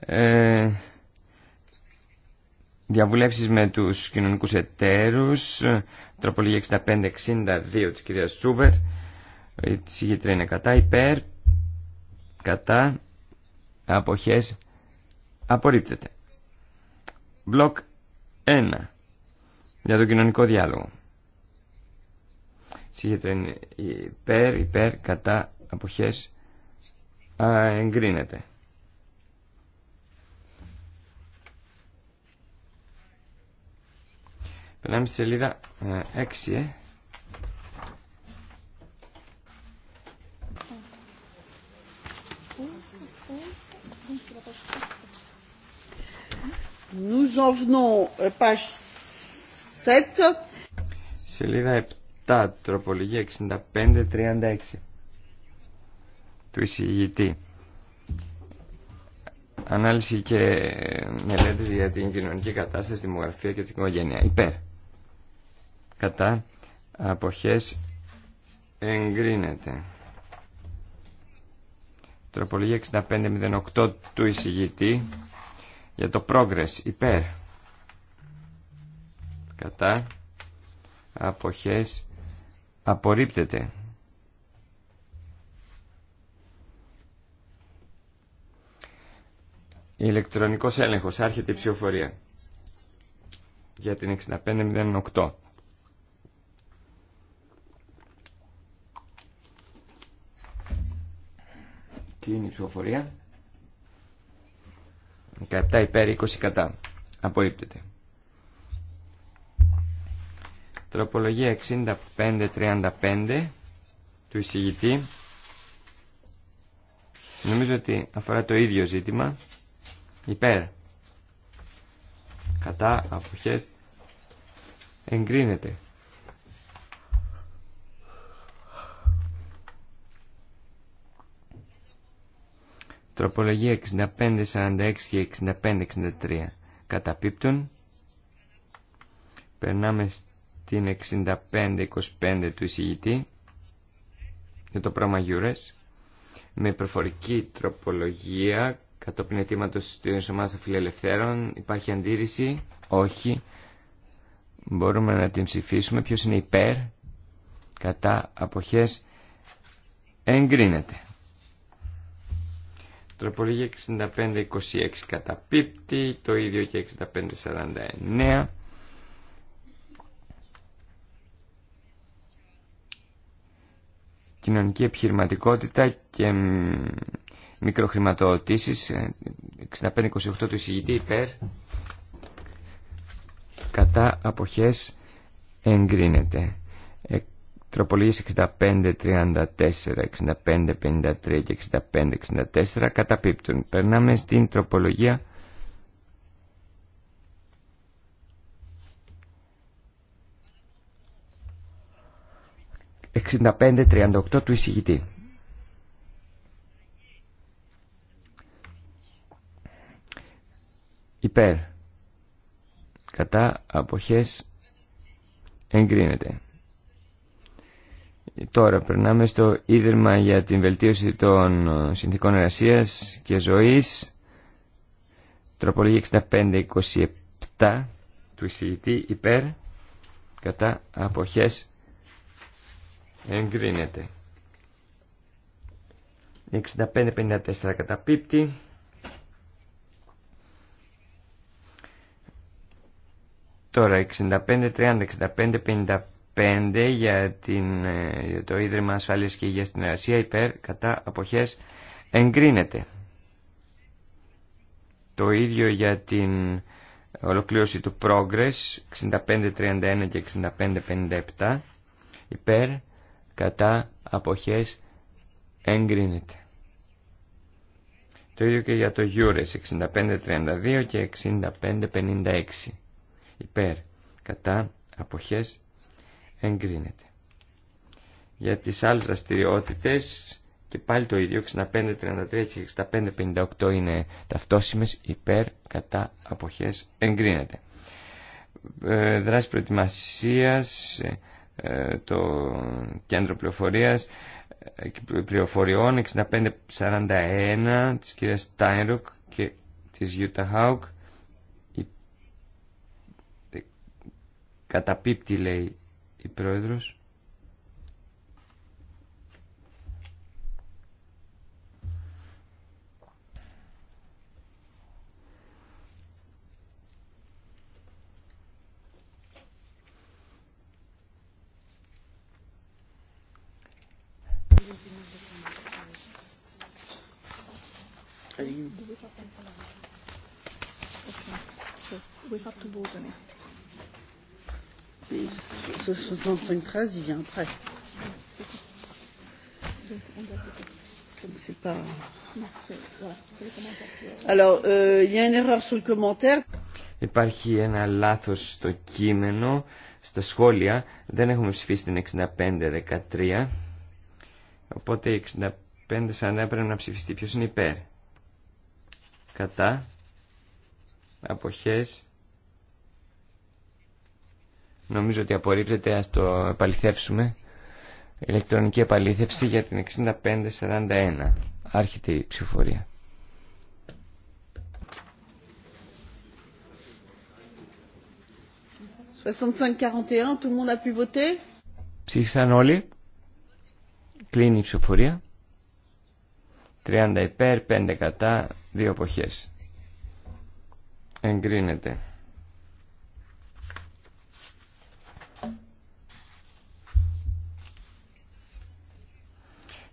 [SPEAKER 2] Ε, διαβουλεύσεις με τους κοινωνικούς εταίρους, τροπολογία 65-62 της κυρίας Σούβερ. η συγγήτρια είναι κατά, υπέρ, κατά, αποχές, απορρίπτεται. Μπλοκ 1 για τον κοινωνικό διάλογο. Συγχετρία είναι υπέρ, υπέρ, κατά, αποχές, α, εγκρίνεται. Περνάμε στη σελίδα 6, ε. ε.
[SPEAKER 1] Nous en euh,
[SPEAKER 2] Σελίδα 7, τροπολογία 65-36 του εισηγητή. Ανάλυση και ε, μελέτης για την κοινωνική κατάσταση, τη δημογραφία και την οικογένεια. Υπέρ. Κατά αποχές εγκρίνεται. Τροπολογία 65-08 του εισηγητή. Για το progress υπέρ. Κατά. Αποχές απορρίπτεται. Ηλεκτρονικός έλεγχος. Άρχεται η ψηφοφορία. Για την 6508. Κλείνει η ψηφοφορία. 17 υπέρ 20 κατά. Απορρίπτεται. Τροπολογία 65-35 του εισηγητή. Νομίζω ότι αφορά το ίδιο ζήτημα. Υπέρ. Κατά αποχές εγκρίνεται. Τροπολογία 65, 46 και 65, 63 καταπίπτουν. Περνάμε στην 65, 25 του εισηγητή για το πράγμα Γιούρες με προφορική τροπολογία κατόπιν αιτήματος της ομάδας φιλελευθέρων. Υπάρχει αντίρρηση. Όχι. Μπορούμε να την ψηφίσουμε. Ποιος είναι υπέρ. Κατά αποχές εγκρίνεται. Τροπολογία 65-26 καταπίπτει, το ίδιο και 65-49. Κοινωνική επιχειρηματικότητα και μικροχρηματοδοτήσεις, 65-28 του εισηγητή υπέρ, κατά αποχές εγκρίνεται. Τροπολογίες 65, 34, 65, 53 και 65, 64 καταπίπτουν. Περνάμε στην τροπολογία 65-38 του εισηγητή. Υπέρ. Κατά αποχές εγκρίνεται. Τώρα περνάμε στο Ίδρυμα για την Βελτίωση των ε, Συνθήκων Εργασίας και Ζωής. 6527 του εισηγητή υπέρ κατά εγκρινεται 6554 65-54 κατά πίπτη. Τώρα 5 για, την, ε, για το Ίδρυμα Ασφάλειας και Υγείας στην Ασία υπέρ κατά αποχές εγκρίνεται. Το ίδιο για την ολοκλήρωση του Progress 6531 και 6557 υπέρ κατά αποχές εγκρίνεται. Το ίδιο και για το Eures 6532 και 6556 υπέρ κατά αποχές εγκρίνεται. Για τις άλλες δραστηριότητε και πάλι το ίδιο, 65, 33 και 65, είναι ταυτόσιμες, υπέρ, κατά, αποχές, εγκρίνεται. Ε, δράση προετοιμασίας, ε, το κέντρο πληροφορίας, ε, πληροφοριών 65-41 της κυρίας Στάινρουκ και της Γιούτα Χάουκ καταπίπτει λέει η Πρόεδρος.
[SPEAKER 1] we have to vote on it. Ce 65-13, il vient après. C'est pas. Alors, euh, il y a une erreur sur le commentaire.
[SPEAKER 2] Υπάρχει ένα λάθος στο κείμενο, στα σχόλια. Δεν έχουμε ψηφίσει την 65-13. Οπότε η 65-40 έπρεπε να ψηφιστεί ποιος είναι υπέρ. Κατά. Αποχές. Αποχές. 65-13. Νομίζω ότι απορρίπτεται, ας το επαληθεύσουμε. Ηλεκτρονική επαλήθευση για την 6541. Άρχεται η ψηφοφορία. Ψήφισαν όλοι. Κλείνει η ψηφοφορία. 30 υπέρ, 5 κατά, 2 εποχές. Εγκρίνεται.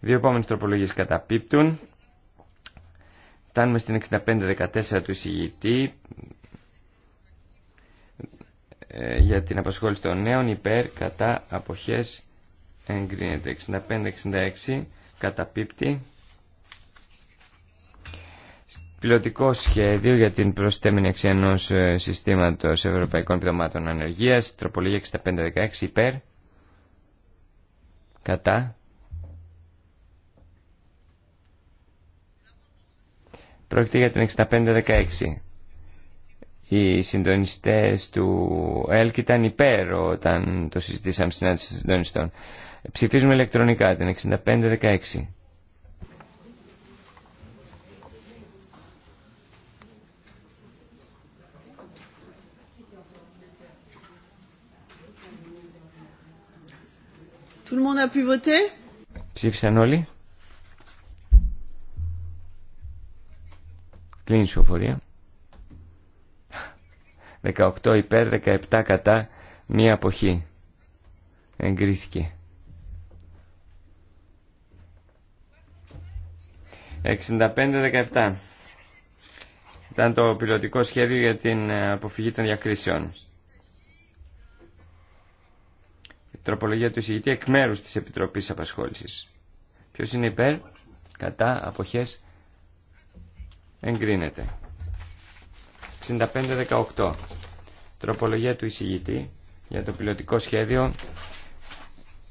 [SPEAKER 2] Δύο επόμενε τροπολογίε καταπίπτουν. Φτάνουμε στην 65 του εισηγητή ε, για την απασχόληση των νέων υπέρ κατά αποχές εγκρίνεται. 65-66 καταπίπτει. Πιλωτικό σχέδιο για την προσθέμενη εξένωση ε, συστήματος συστήματο ευρωπαϊκών επιδομάτων ανεργία. Τροπολογία 65-16 υπέρ. Κατά. Πρόκειται για την 6516. Οι συντονιστές του ΕΛΚ ήταν υπέρ όταν το συζητήσαμε στην άντληση των συντονιστών. Ψηφίζουμε ηλεκτρονικά την 6516.
[SPEAKER 1] Tout le monde a pu voter
[SPEAKER 2] Ψήφισαν όλοι. Κλείνει η ψηφοφορία. 18 υπέρ, 17 κατά, μία αποχή. Εγκρίθηκε. 65-17. Ήταν το πιλωτικό σχέδιο για την ε, αποφυγή των διακρίσεων. Η τροπολογία του εισηγητή εκ μέρους τη Επιτροπή Απασχόληση. Ποιο είναι υπέρ, κατά, αποχέ, εγκρίνεται. 65-18 τροπολογία του εισηγητή για το πιλωτικό σχέδιο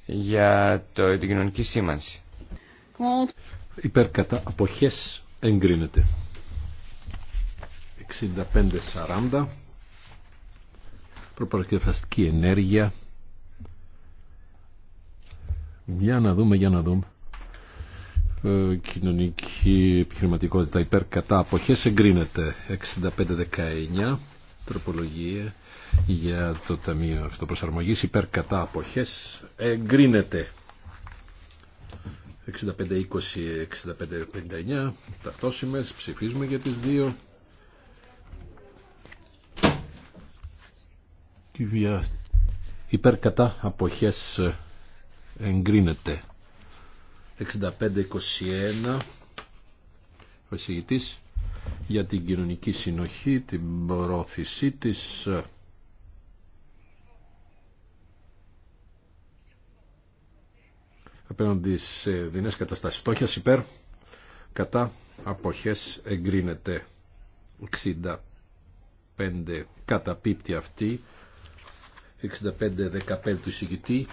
[SPEAKER 2] για το, την κοινωνική
[SPEAKER 3] Υπέρκατα κατά αποχές 6540. 65-40 προπαρασκευαστική ενέργεια. Για να δούμε, για να δούμε. Ε, κοινωνική επιχειρηματικότητα υπέρ κατά αποχές εγκρίνεται 65-19 τροπολογία για το Ταμείο Αυτοπροσαρμογής υπέρ κατά αποχές εγκρίνεται 65-20-65-59 ταυτόσημες ψηφίζουμε για τις δύο υπέρ κατά αποχές εγκρίνεται 65-21 ο εισηγητής για την κοινωνική συνοχή, την προώθησή της απέναντι σε δεινές καταστάσεις στόχιας υπέρ κατά αποχές εγκρίνεται 65 καταπίπτει αυτή 65-15 του εισηγητή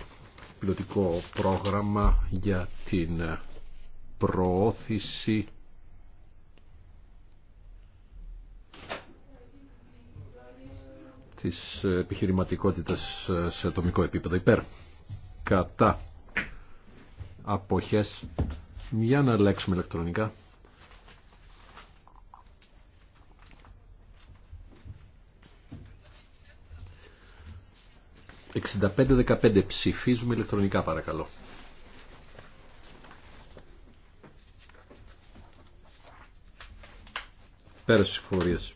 [SPEAKER 3] πιλωτικό πρόγραμμα για την προώθηση της επιχειρηματικότητας σε ατομικό επίπεδο υπέρ κατά αποχές για να αλλάξουμε ηλεκτρονικά 6515 15 ψηφίζουμε ηλεκτρονικά παρακαλώ. Πέρασε ψηφοφορίες.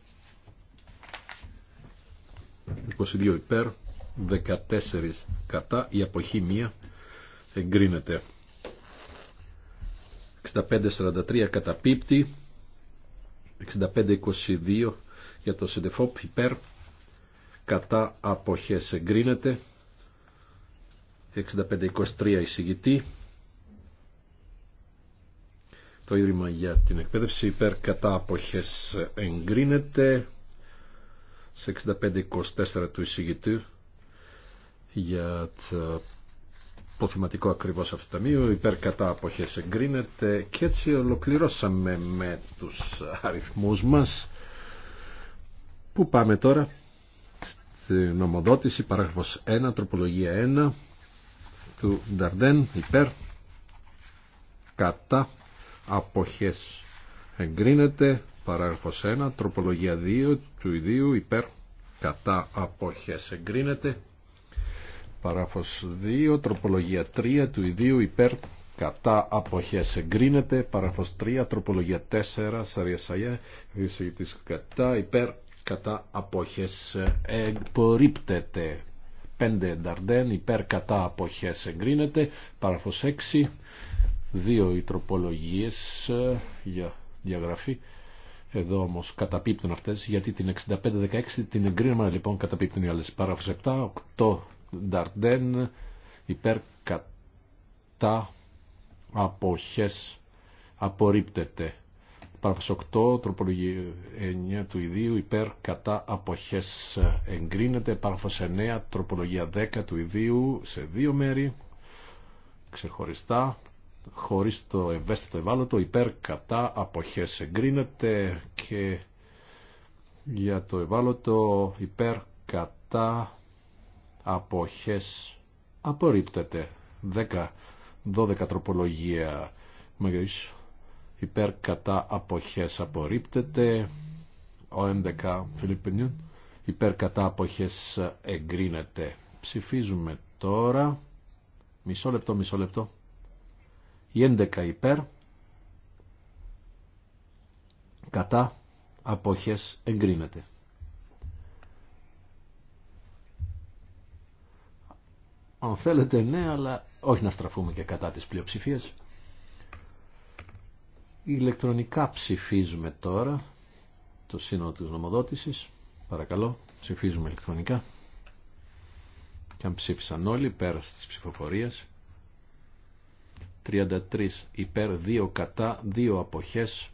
[SPEAKER 3] 22 υπέρ, 14 κατά, η αποχή μία εγκρίνεται. 65-43 καταπίπτει, 65-22 για το ΣΕΝΤΕΦΟΠ υπέρ, κατά αποχές εγκρίνεται 65-23 εισηγητή το Ίδρυμα για την Εκπαίδευση υπέρ κατά αποχές εγκρίνεται σε 65 του εισηγητή για το αποθυματικό ακριβώς αυτό το ταμείο υπέρ κατά αποχές εγκρίνεται και έτσι ολοκληρώσαμε με τους αριθμούς μας που πάμε τώρα στην νομοδότηση, παράγραφος 1, τροπολογία 1 του Νταρντέν, υπέρ, κατά, αποχές. Εγκρίνεται, παράγραφος 1, τροπολογία 2 του ιδίου, υπέρ, κατά, αποχές. Εγκρίνεται, παράγραφος 2, τροπολογία 3 του ιδίου, υπέρ, κατά αποχές εγκρίνεται, παράγραφος 3, τροπολογία 4, Σαριασαγέ, εισηγητής κατά, υπέρ, κατά αποχές ε, εγπορύπτεται 5 δαρδέν υπέρ κατά αποχές εγκρίνεται. Παραφος 6. Δύο οι ε, για διαγραφή. Εδώ όμω καταπίπτουν αυτέ γιατί την 65-16 την εγκρίνουμε λοιπόν καταπίπτουν οι άλλε. Παράφο 7, 8 Νταρντέν υπέρ κατά αποχέ απορρίπτεται. Παράγραφος 8, τροπολογία 9 του ιδίου, υπέρ κατά αποχές εγκρίνεται. Παράγραφος 9, τροπολογία 10 του ιδίου, σε δύο μέρη, ξεχωριστά, χωρίς το ευαίσθητο ευάλωτο, υπέρ κατά αποχές εγκρίνεται και για το ευάλωτο υπέρ κατά αποχές απορρίπτεται. 10, 12 τροπολογία μεγαλύτερη υπέρ κατά αποχές απορρίπτεται ο 11 Φιλιππινιούν υπέρ κατά αποχές εγκρίνεται ψηφίζουμε τώρα μισό λεπτό μισό λεπτό η 11 υπέρ κατά αποχές εγκρίνεται αν θέλετε ναι αλλά όχι να στραφούμε και κατά της πλειοψηφίας Ηλεκτρονικά ψηφίζουμε τώρα το σύνολο της νομοδότησης. Παρακαλώ, ψηφίζουμε ηλεκτρονικά. Και αν ψήφισαν όλοι, πέρα της ψηφοφορίας. 33 υπέρ, 2 κατά, 2 αποχές.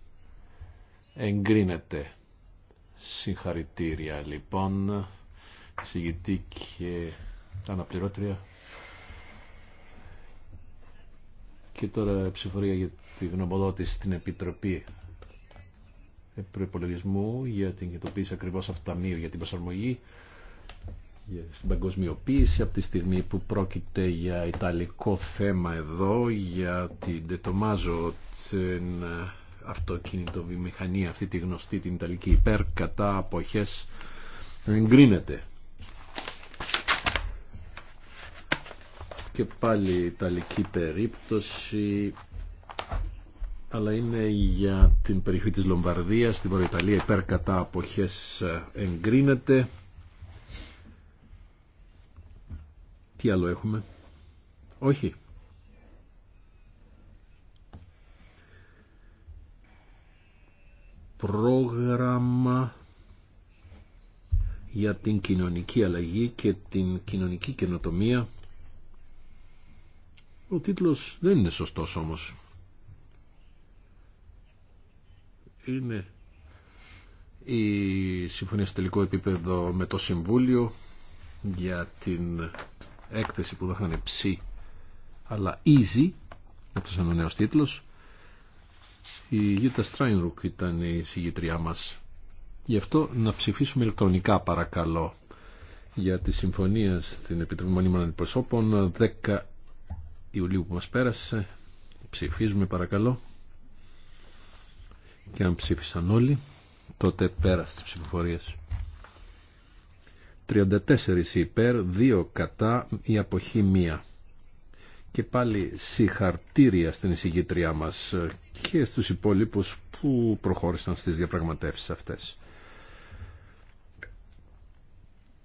[SPEAKER 3] Εγκρίνεται. Συγχαρητήρια λοιπόν. Συγητή και αναπληρώτρια Και τώρα ψηφορία για τη γνωμοδότηση στην Επιτροπή Προπολογισμού για την κοιτοποίηση ακριβώ αυτού του ταμείου για την προσαρμογή στην παγκοσμιοποίηση από τη στιγμή που πρόκειται για ιταλικό θέμα εδώ για την τετομάζω την αυτοκίνητο βιομηχανία αυτή τη γνωστή την ιταλική υπέρ κατά αποχές εγκρίνεται και πάλι Ιταλική περίπτωση αλλά είναι για την περιοχή της Λομβαρδίας, στη Βορειοιταλία υπέρ κατά αποχές ε, εγκρίνεται. Τι άλλο έχουμε. Όχι. Πρόγραμμα για την κοινωνική αλλαγή και την κοινωνική καινοτομία ο τίτλος δεν είναι σωστός όμως. Είναι η συμφωνία στο τελικό επίπεδο με το Συμβούλιο για την έκθεση που θα ψή αλλά easy αυτός είναι ο νέος τίτλος η Γίτα Στράινρουκ ήταν η συγγητριά μας γι' αυτό να ψηφίσουμε ηλεκτρονικά παρακαλώ για τη συμφωνία στην Επιτροπή Μονίμων Αντιπροσώπων Ιουλίου που μας πέρασε. Ψηφίζουμε παρακαλώ. Και αν ψήφισαν όλοι, τότε πέρασε τις ψηφοφορίες. 34 υπέρ, 2 κατά, η αποχή μία. Και πάλι συγχαρτήρια στην εισηγήτριά μας και στους υπόλοιπους που προχώρησαν στις διαπραγματεύσεις αυτές.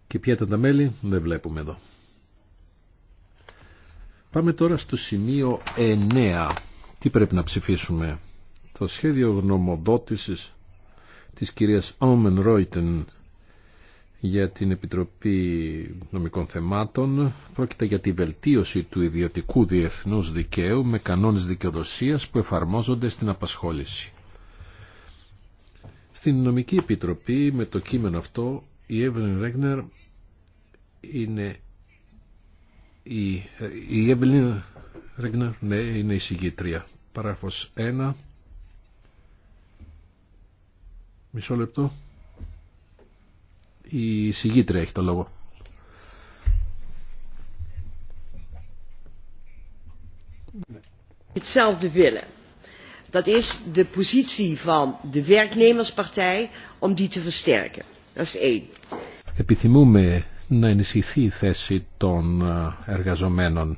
[SPEAKER 3] Και ποια ήταν τα μέλη, δεν βλέπουμε εδώ. Πάμε τώρα στο σημείο 9. Τι πρέπει να ψηφίσουμε. Το σχέδιο γνωμοδότησης της κυρίας Όμεν Ρόιτεν για την Επιτροπή Νομικών Θεμάτων πρόκειται για τη βελτίωση του ιδιωτικού διεθνούς δικαίου με κανόνες δικαιοδοσίας που εφαρμόζονται στην απασχόληση. Στην Νομική Επιτροπή με το κείμενο αυτό η Εύρυν Ρέγνερ είναι η, η Εβελίνα Ρέγνερ, ναι, είναι η συγκήτρια. Παράγραφος 1. Μισό λεπτό. Η συγκήτρια έχει το λόγο.
[SPEAKER 1] Hetzelfde willen. Dat is de positie van de werknemerspartij om die te versterken. Dat is één.
[SPEAKER 3] Επιθυμούμε να ενισχυθεί η θέση των ε, εργαζομένων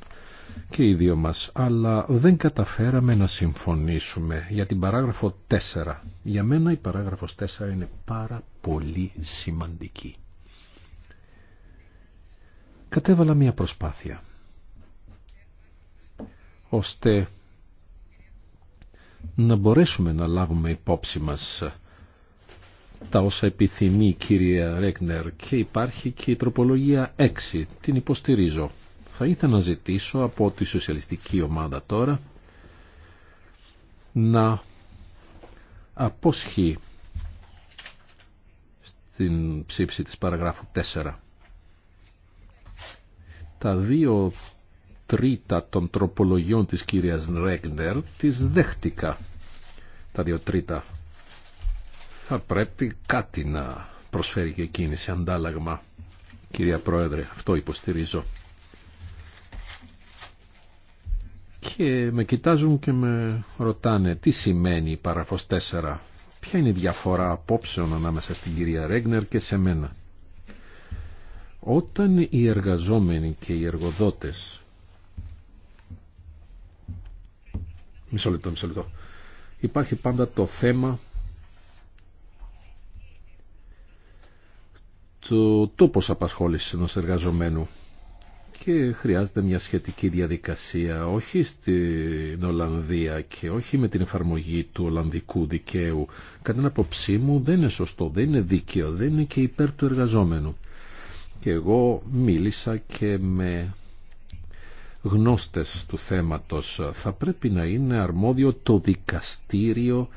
[SPEAKER 3] και οι δύο μας, αλλά δεν καταφέραμε να συμφωνήσουμε για την παράγραφο 4. Για μένα η παράγραφος 4 είναι πάρα πολύ σημαντική. Κατέβαλα μία προσπάθεια, ώστε να μπορέσουμε να λάβουμε υπόψη μας τα όσα επιθυμεί η κυρία Ρέκνερ και υπάρχει και η τροπολογία 6. Την υποστηρίζω. Θα ήθελα να ζητήσω από τη σοσιαλιστική ομάδα τώρα να απόσχει στην ψήψη της παραγράφου 4. Τα δύο τρίτα των τροπολογιών της κυρίας Ρέγνερ τις δέχτηκα. Τα δύο τρίτα θα πρέπει κάτι να προσφέρει και εκείνη σε αντάλλαγμα. Κυρία Πρόεδρε, αυτό υποστηρίζω. Και με κοιτάζουν και με ρωτάνε τι σημαίνει η παραφός 4. Ποια είναι η διαφορά απόψεων ανάμεσα στην κυρία Ρέγνερ και σε μένα. Όταν οι εργαζόμενοι και οι εργοδότες Μισό λεπτό, μισό λεπτό. Υπάρχει πάντα το θέμα το τόπος απασχόλησης ενός εργαζομένου και χρειάζεται μια σχετική διαδικασία όχι στην Ολλανδία και όχι με την εφαρμογή του Ολλανδικού δικαίου. Κανένα απόψή μου δεν είναι σωστό, δεν είναι δίκαιο, δεν είναι και υπέρ του εργαζόμενου. Και εγώ μίλησα και με γνώστες του θέματος. Θα πρέπει να είναι αρμόδιο το δικαστήριο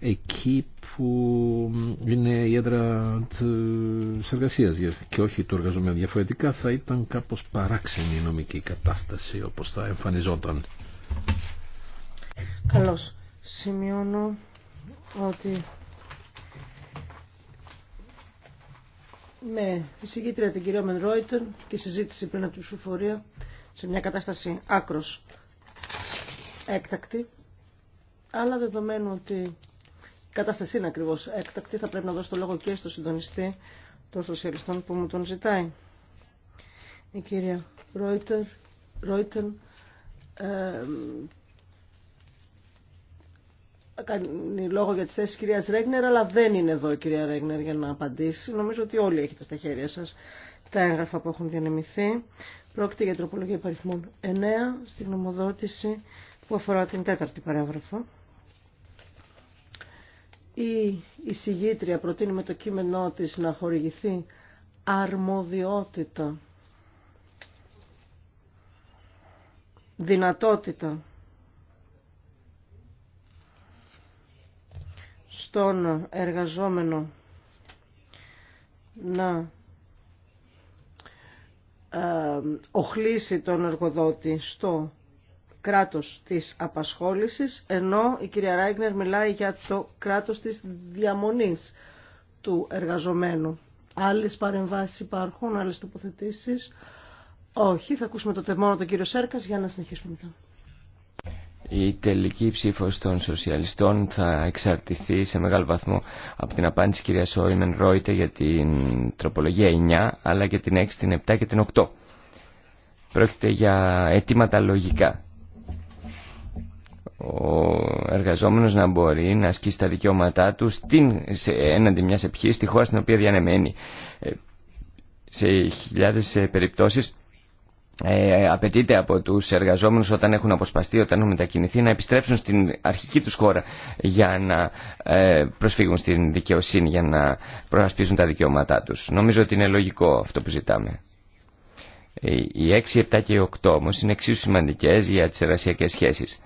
[SPEAKER 3] εκεί που είναι η έδρα της εργασίας και όχι του εργαζομένου. Διαφορετικά θα ήταν κάπως παράξενη η νομική κατάσταση όπως θα εμφανιζόταν.
[SPEAKER 1] Καλώς. Σημειώνω ότι με εισηγήτρια την κυρία Μενρόιτερ και συζήτηση πριν από την ψηφοφορία σε μια κατάσταση άκρος έκτακτη αλλά δεδομένου ότι κατάσταση είναι ακριβώ έκτακτη. Θα πρέπει να δώσω το λόγο και στο συντονιστή των σοσιαλιστών που μου τον ζητάει. Η κυρία Ρόιτερ, Ρόιτεν ε, κάνει λόγο για τις θέσεις της κυρίας Ρέγνερ, αλλά δεν είναι εδώ η κυρία Ρέγνερ για να απαντήσει. Νομίζω ότι όλοι έχετε στα χέρια σας τα έγγραφα που έχουν διανεμηθεί. Πρόκειται για τροπολογία υπαριθμών 9 στην νομοδότηση που αφορά την τέταρτη παράγραφο η εισηγήτρια προτείνει με το κείμενό της να χορηγηθεί αρμοδιότητα, δυνατότητα στον εργαζόμενο να ε, οχλήσει τον εργοδότη στο κράτος της απασχόλησης, ενώ η κυρία Ράιγνερ μιλάει για το κράτος της διαμονής του εργαζομένου. Άλλες παρεμβάσεις υπάρχουν, άλλες τοποθετήσεις. Όχι, θα ακούσουμε το μόνο τον κύριο Σέρκας για να συνεχίσουμε μετά.
[SPEAKER 2] Η τελική ψήφος των σοσιαλιστών θα εξαρτηθεί σε μεγάλο βαθμό από την απάντηση κυρία Σόιμεν Ρόιτε για την τροπολογία 9, αλλά και την 6, την 7 και την 8. Πρόκειται για αιτήματα λογικά ο εργαζόμενος να μπορεί να ασκήσει τα δικαιώματά του στην, σε, έναντι μιας επιχείρησης στη χώρα στην οποία διανεμένει. Ε, σε χιλιάδες ε, περιπτώσεις ε, απαιτείται από τους εργαζόμενους όταν έχουν αποσπαστεί, όταν έχουν μετακινηθεί να επιστρέψουν στην αρχική τους χώρα για να ε, προσφύγουν στην δικαιοσύνη, για να προασπίζουν τα δικαιώματά τους. Νομίζω ότι είναι λογικό αυτό που ζητάμε. Ε, οι 6, 7 και 8 όμως είναι εξίσου σημαντικές για τις εργασιακές σχέσεις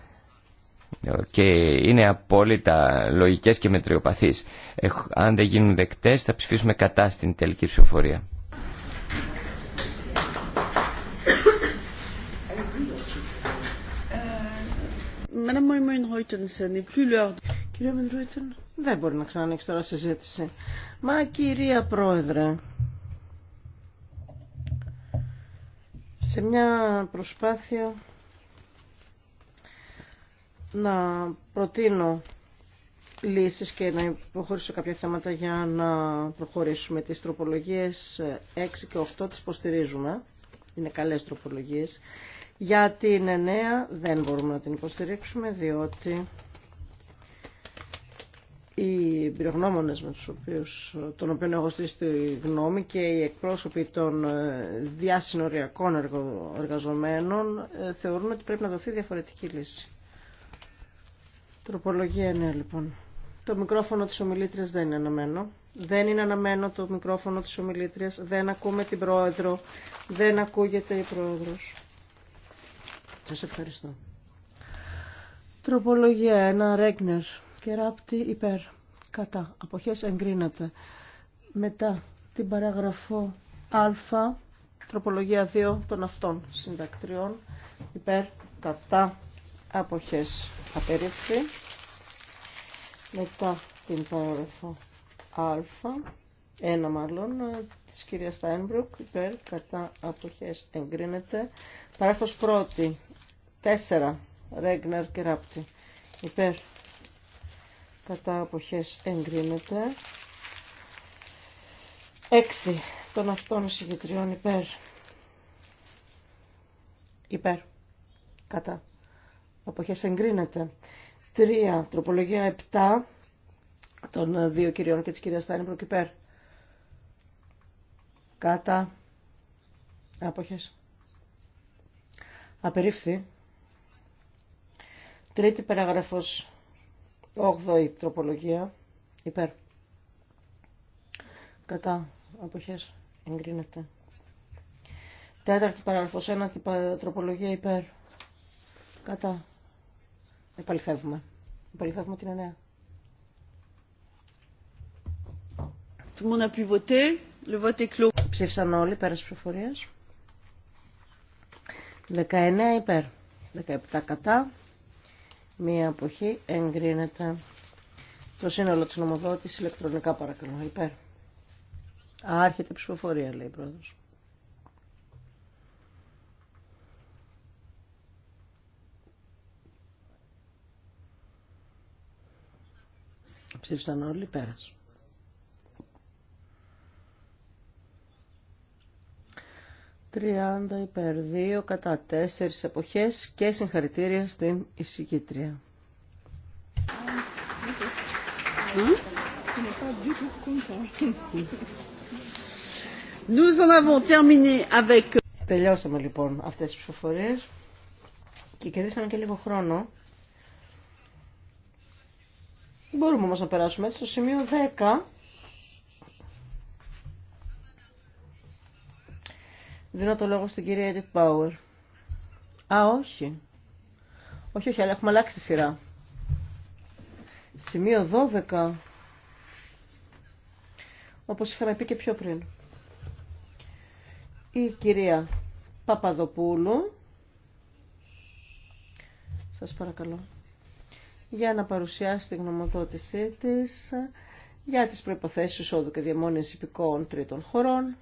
[SPEAKER 2] και είναι απόλυτα λογικές και μετριοπαθείς. Αν δεν γίνουν δεκτές θα ψηφίσουμε κατά στην τελική ψηφοφορία.
[SPEAKER 1] Κύριε δεν μπορεί να ξανανοίξει τώρα συζήτηση. Μα κυρία Πρόεδρε, σε μια προσπάθεια να προτείνω λύσεις και να υποχωρήσω κάποια θέματα για να προχωρήσουμε. Τις τροπολογίες 6 και 8 τις υποστηρίζουμε. Είναι καλές τροπολογίες. Για την 9 δεν μπορούμε να την υποστηρίξουμε διότι οι εμπειρογνώμονες με τους οποίους, τον οποίο έχω στήσει τη γνώμη και οι εκπρόσωποι των διασυνοριακών εργαζομένων ε, θεωρούν ότι πρέπει να δοθεί διαφορετική λύση. Τροπολογία νέα, λοιπόν. Το μικρόφωνο της ομιλήτριας δεν είναι αναμένο. Δεν είναι αναμένο το μικρόφωνο της ομιλήτριας. Δεν ακούμε την πρόεδρο. Δεν ακούγεται η πρόεδρος. Σας ευχαριστώ. Τροπολογία ένα Ρέγνερ. Και ράπτη υπέρ. Κατά. Αποχές εγκρίνατε. Μετά την παράγραφο α. Τροπολογία 2 των αυτών συντακτριών. Υπέρ. Κατά. Αποχές απερίφθη. Μετά την παράγραφο α, ένα μάλλον, της κυρίας Στάινμπρουκ, υπέρ, κατά, αποχές, εγκρίνεται. Παράγραφος πρώτη, τέσσερα, Ρέγνερ και Ράπτη, υπέρ, κατά, αποχές, εγκρίνεται. Έξι, των αυτών συγκεκριών υπέρ, υπέρ, κατά αποχές εγκρίνεται. Τρία Τροπολογία Επτά των δύο κυριών και της κυρίας υπέρ. Προκυπέρ. Κάτα. Άποχες. Απερίφθη. Τρίτη παραγραφός. 8η τροπολογία. Υπέρ. Κατά. Αποχές. Εγκρίνεται. Τέταρτη Ένα τροπολογία. Υπέρ. Κατά. Επαληθεύουμε. Επαληθεύουμε την εννέα. Tout Ψήφισαν όλοι πέρα στις προφορίες. 19 υπέρ. 17 κατά. Μία αποχή εγκρίνεται. Το σύνολο της νομοδότησης ηλεκτρονικά παρακαλώ. Υπέρ. Άρχεται ψηφοφορία λέει η πρόεδρος. Ψήφισαν όλοι πέρας. Τριάντα υπέρ δύο κατά τέσσερις εποχές και συγχαρητήρια στην εισηγήτρια. Τελειώσαμε λοιπόν αυτές τις ψηφοφορίες και κερδίσαμε και λίγο χρόνο. Μπορούμε όμως να περάσουμε στο σημείο 10. Δίνω το λόγο στην κυρία Edith Power. Α, όχι. Όχι, όχι, αλλά έχουμε αλλάξει τη σειρά. Σημείο 12. Όπως είχαμε πει και πιο πριν. Η κυρία Παπαδοπούλου. Σας παρακαλώ για να παρουσιάσει τη γνωμοδότησή της για τις προϋποθέσεις εισόδου και διαμόνιες υπηκόων τρίτων χωρών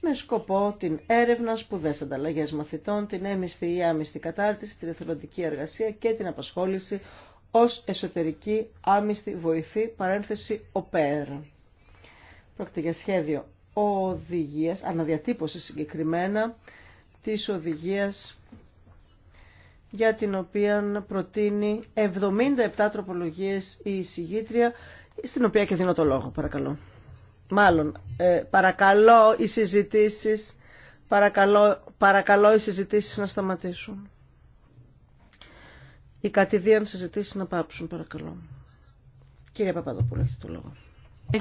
[SPEAKER 1] με σκοπό την έρευνα, σπουδές ανταλλαγές μαθητών, την έμισθη ή άμισθη κατάρτιση, την εθελοντική εργασία και την απασχόληση ως εσωτερική άμιστη βοηθή παρένθεση ΟΠΕΡ. Πρόκειται για σχέδιο οδηγίας, αναδιατύπωση συγκεκριμένα, της οδηγίας για την οποία προτείνει 77 τροπολογίες η εισηγήτρια, στην οποία και δίνω το λόγο, παρακαλώ. Μάλλον, ε, παρακαλώ οι συζητήσεις, παρακαλώ, παρακαλώ οι συζητήσεις να σταματήσουν. Οι κατηδίαν συζητήσεις να πάψουν, παρακαλώ. Κύριε Παπαδοπούλου, έχετε το λόγο. Ε,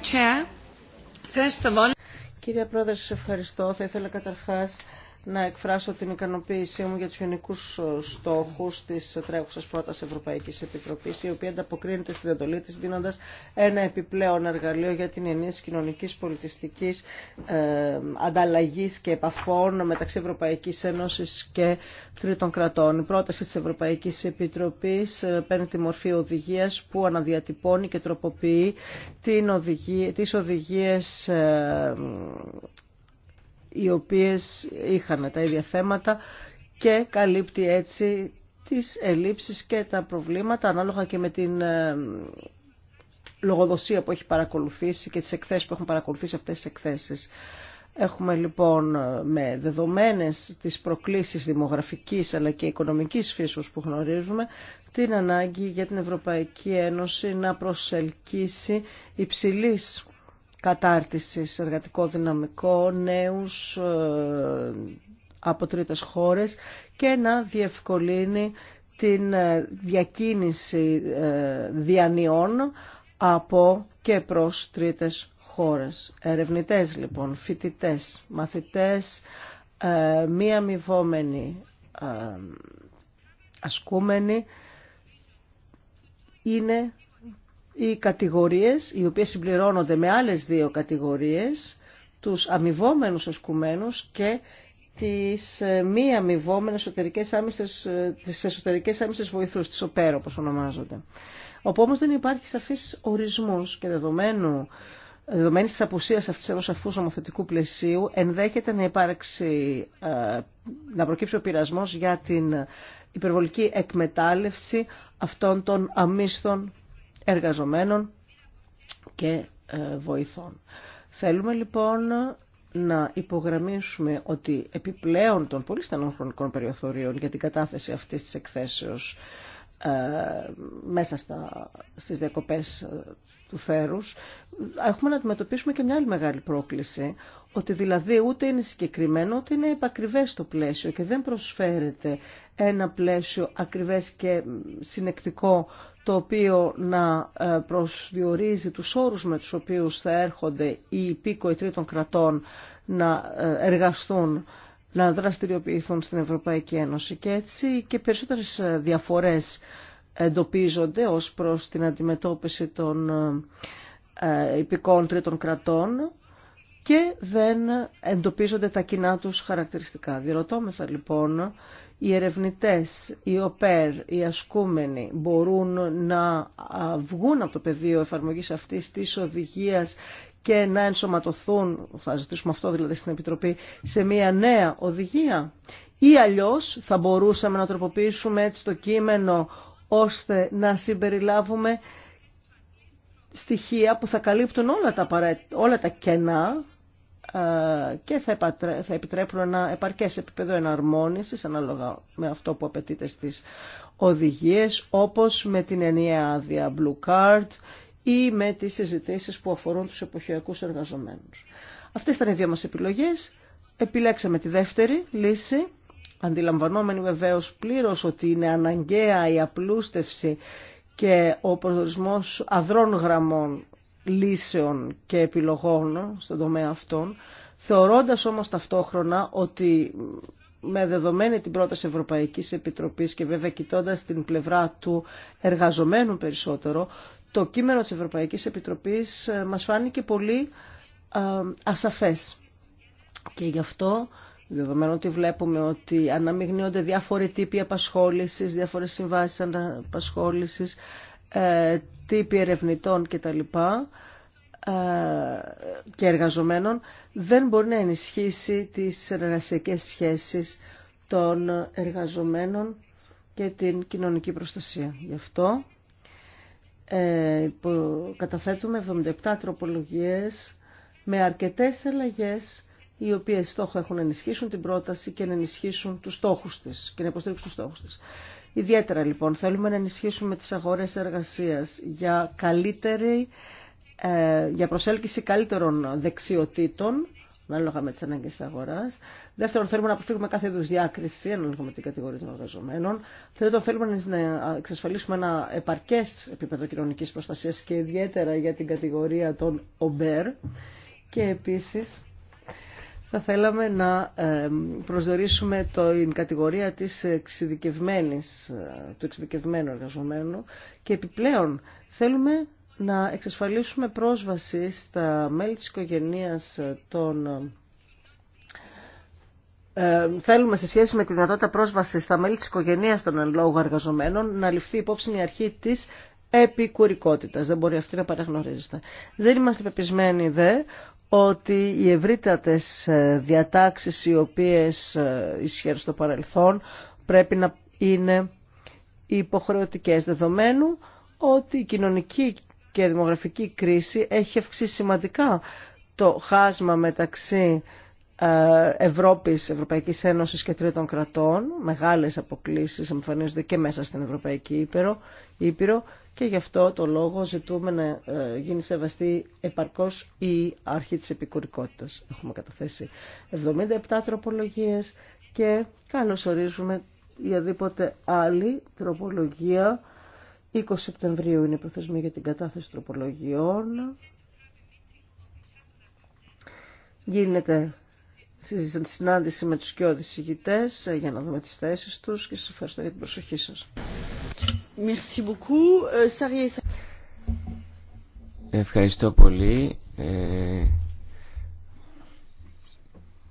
[SPEAKER 1] Κύριε Πρόεδρε, σας ευχαριστώ. Θα ήθελα καταρχάς να εκφράσω την ικανοποίησή μου για τους γενικούς ε, στόχους της τρέχουσας πρώτας Ευρωπαϊκής Επιτροπής, η οποία ανταποκρίνεται στην εντολή της δίνοντας ένα επιπλέον εργαλείο για την ενίσχυση κοινωνικής πολιτιστικής ε, ανταλλαγής και επαφών μεταξύ Ευρωπαϊκής Ένωσης και τρίτων κρατών. Η πρόταση της Ευρωπαϊκής Επιτροπής ε, παίρνει τη μορφή οδηγίας που αναδιατυπώνει και τροποποιεί την οδηγία, τις οδηγίες ε, οι οποίες είχαν τα ίδια θέματα και καλύπτει έτσι τις ελλείψεις και τα προβλήματα ανάλογα και με την ε, λογοδοσία που έχει παρακολουθήσει και τις εκθέσεις που έχουν παρακολουθήσει αυτές τις εκθέσεις. Έχουμε λοιπόν ε, με δεδομένες τις προκλήσεις δημογραφικής αλλά και οικονομικής φύσεως που γνωρίζουμε την ανάγκη για την Ευρωπαϊκή Ένωση να προσελκύσει υψηλής κατάρτισης εργατικό δυναμικό, νέους ε, από τρίτες χώρες και να διευκολύνει την ε, διακίνηση ε, διανιών από και προς τρίτες χώρες. Ερευνητές λοιπόν, φοιτητές, μαθητές, μη αμοιβόμενοι ασκούμενοι είναι οι κατηγορίες οι οποίες συμπληρώνονται με άλλες δύο κατηγορίες, τους αμοιβόμενους ασκουμένους και τις ε, μη αμοιβόμενες εσωτερικές άμυστες, ε, τις εσωτερικές άμυστες βοηθούς, τις ΟΠΕΡ όπως ονομάζονται. Όπου όμως δεν υπάρχει σαφής ορισμός και δεδομένου Δεδομένη τη απουσία αυτή ενό αφού νομοθετικού πλαισίου, ενδέχεται να υπάρξει, ε, να προκύψει ο πειρασμό για την υπερβολική εκμετάλλευση αυτών των αμύστων εργαζομένων και ε, βοηθών. Θέλουμε λοιπόν να υπογραμμίσουμε ότι επιπλέον των πολύ στενών χρονικών περιοθωρίων για την κατάθεση αυτής της εκθέσεως ε, μέσα στα, στις διακοπές ε, του θέρους, έχουμε να αντιμετωπίσουμε και μια άλλη μεγάλη πρόκληση, ότι δηλαδή ούτε είναι συγκεκριμένο, ούτε είναι επακριβές το πλαίσιο και δεν προσφέρεται ένα πλαίσιο ακριβές και συνεκτικό το οποίο να ε, προσδιορίζει τους όρους με τους οποίους θα έρχονται οι υπήκοοι τρίτων κρατών να ε, εργαστούν, να δραστηριοποιηθούν στην Ευρωπαϊκή Ένωση. Και έτσι και περισσότερες ε, διαφορές εντοπίζονται ως προς την αντιμετώπιση των υπηκών τρίτων κρατών και δεν εντοπίζονται τα κοινά τους χαρακτηριστικά. Διερωτώμεθα λοιπόν, οι ερευνητές, οι ΟΠΕΡ, οι ασκούμενοι μπορούν να βγουν από το πεδίο εφαρμογής αυτής της οδηγίας και να ενσωματωθούν, θα ζητήσουμε αυτό δηλαδή στην Επιτροπή, σε μια νέα οδηγία. Ή αλλιώς θα μπορούσαμε να τροποποιήσουμε έτσι το κείμενο ώστε να συμπεριλάβουμε στοιχεία που θα καλύπτουν όλα τα, όλα τα κενά ε, και θα, θα επιτρέπουν ένα επαρκές επίπεδο εναρμόνισης ανάλογα με αυτό που απαιτείται στις οδηγίες όπως με την ενιαία άδεια Blue Card ή με τις συζητήσει που αφορούν τους εποχιακούς εργαζομένους. Αυτές ήταν οι δύο μας επιλογές. Επιλέξαμε τη δεύτερη λύση, αντιλαμβανόμενη βεβαίως πλήρως ότι είναι αναγκαία η απλούστευση και ο προσδορισμός αδρών γραμμών λύσεων και επιλογών στον τομέα αυτών, θεωρώντας όμως ταυτόχρονα ότι με δεδομένη την πρόταση Ευρωπαϊκής Επιτροπής και βέβαια κοιτώντας την πλευρά του εργαζομένου περισσότερο, το κείμενο της Ευρωπαϊκής Επιτροπής ε, μας φάνηκε πολύ ε, ασαφές. Και γι' αυτό Δεδομένου ότι βλέπουμε ότι αναμειγνύονται διάφοροι τύποι απασχόλησης, διάφορες συμβάσεις απασχόλησης, ε, τύποι ερευνητών κτλ ε, και εργαζομένων δεν μπορεί να ενισχύσει τις εργασιακές σχέσεις των εργαζομένων και την κοινωνική προστασία. Γι' αυτό ε, καταθέτουμε 77 τροπολογίες με αρκετές αλλαγέ οι οποίες στόχο έχουν να ενισχύσουν την πρόταση και να ενισχύσουν τους στόχους της και να υποστηρίξουν τους στόχους της. Ιδιαίτερα λοιπόν θέλουμε να ενισχύσουμε τις αγορές εργασίας για, καλύτερη, ε, για προσέλκυση καλύτερων δεξιοτήτων ανάλογα με τι ανάγκε τη αγορά. Δεύτερον, θέλουμε να αποφύγουμε κάθε είδου διάκριση ανάλογα με την κατηγορία των εργαζομένων. Τρίτον, θέλουμε να εξασφαλίσουμε ένα επαρκέ επίπεδο κοινωνική προστασία και ιδιαίτερα για την κατηγορία των ομπέρ. Και επίση, θα θέλαμε να προσδιορίσουμε την κατηγορία της εξειδικευμένης, ε, του εξειδικευμένου εργαζομένου και επιπλέον θέλουμε να εξασφαλίσουμε πρόσβαση στα μέλη της οικογενείας των ε, θέλουμε σε σχέση με τη δυνατότητα πρόσβαση στα μέλη της οικογενείας των εν λόγω εργαζομένων να ληφθεί υπόψη η αρχή της επικουρικότητας. Δεν μπορεί αυτή να παραγνωρίζεται. Δεν είμαστε πεπισμένοι δε ότι οι ευρύτατες ε, διατάξεις οι οποίες ε, ισχύουν στο παρελθόν πρέπει να είναι υποχρεωτικές δεδομένου ότι η κοινωνική και δημογραφική κρίση έχει αυξήσει σημαντικά το χάσμα μεταξύ ε, Ευρώπης, Ευρωπαϊκής Ένωσης και τρίτων κρατών. Μεγάλες αποκλήσεις εμφανίζονται και μέσα στην Ευρωπαϊκή Ήπειρο, Ήπειρο και γι' αυτό το λόγο ζητούμε να ε, γίνει σεβαστή επαρκώς η αρχή της επικουρικότητας. Έχουμε καταθέσει 77 τροπολογίες και καλώς ορίζουμε ή αδίποτε άλλη τροπολογία. 20 Σεπτεμβρίου είναι η αδιποτε αλλη τροπολογια 20 σεπτεμβριου ειναι η για την κατάθεση τροπολογιών. Γίνεται συνάντηση με τους κοιόδης ηγητές ε, για να δούμε τις θέσεις τους και σας ευχαριστώ για την προσοχή σας.
[SPEAKER 2] Ε, ευχαριστώ πολύ. Ε,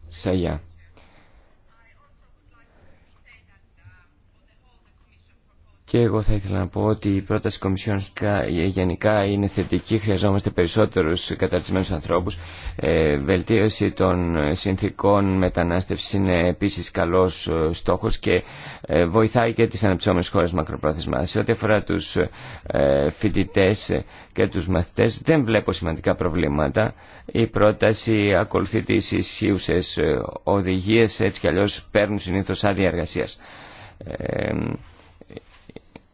[SPEAKER 2] Σαγιά. Και εγώ θα ήθελα να πω ότι η πρόταση Κομισιόν ε, γενικά είναι θετική. Χρειαζόμαστε περισσότερου καταρτισμένους ανθρώπου. Ε, βελτίωση των συνθήκων μετανάστευση είναι επίση καλό ε, στόχο και βοηθάει και τι αναπτυσσόμενες χώρε μακροπρόθεσμα. Σε ό,τι αφορά του ε, φοιτητέ και του μαθητέ δεν βλέπω σημαντικά προβλήματα. Η πρόταση ακολουθεί τι ισχύουσε οδηγίε έτσι κι αλλιώ παίρνουν συνήθω άδεια εργασία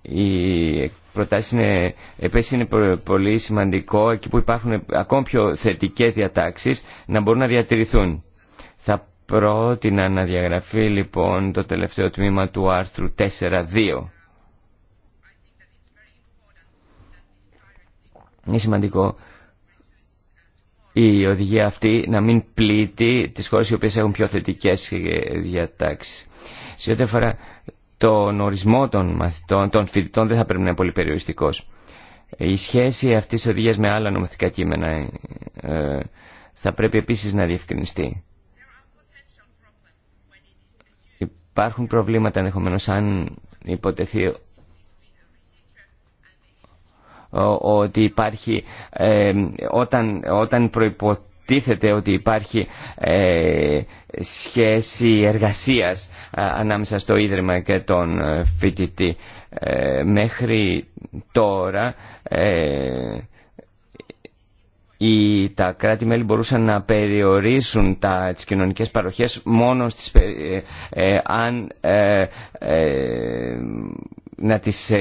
[SPEAKER 2] οι προτάσεις είναι, επίσης είναι πολύ σημαντικό εκεί που υπάρχουν ακόμη πιο θετικές διατάξεις να μπορούν να διατηρηθούν. Θα πρότεινα να διαγραφεί λοιπόν το τελευταίο τμήμα του άρθρου 4.2. Είναι σημαντικό η οδηγία αυτή να μην πλήττει τις χώρες οι οποίες έχουν πιο θετικές ε, διατάξεις. Σε ό,τι αφορά τον ορισμό των των φοιτητών δεν θα πρέπει να είναι πολύ περιοριστικό. Η σχέση αυτή τη οδηγίας με άλλα νομοθετικά κείμενα ε, θα πρέπει επίσης να διευκρινιστεί. Υπάρχουν προβλήματα ενδεχομένω αν υποτεθεί ότι υπάρχει ε, όταν, όταν προϋποθέτει υποτίθεται ότι υπάρχει ε, σχέση εργασίας ε, ανάμεσα στο Ίδρυμα και τον ε, φοιτητή. Ε, μέχρι τώρα ε, οι, τα κράτη-μέλη μπορούσαν να περιορίσουν τα, τις κοινωνικές παροχές μόνο στις, αν να τις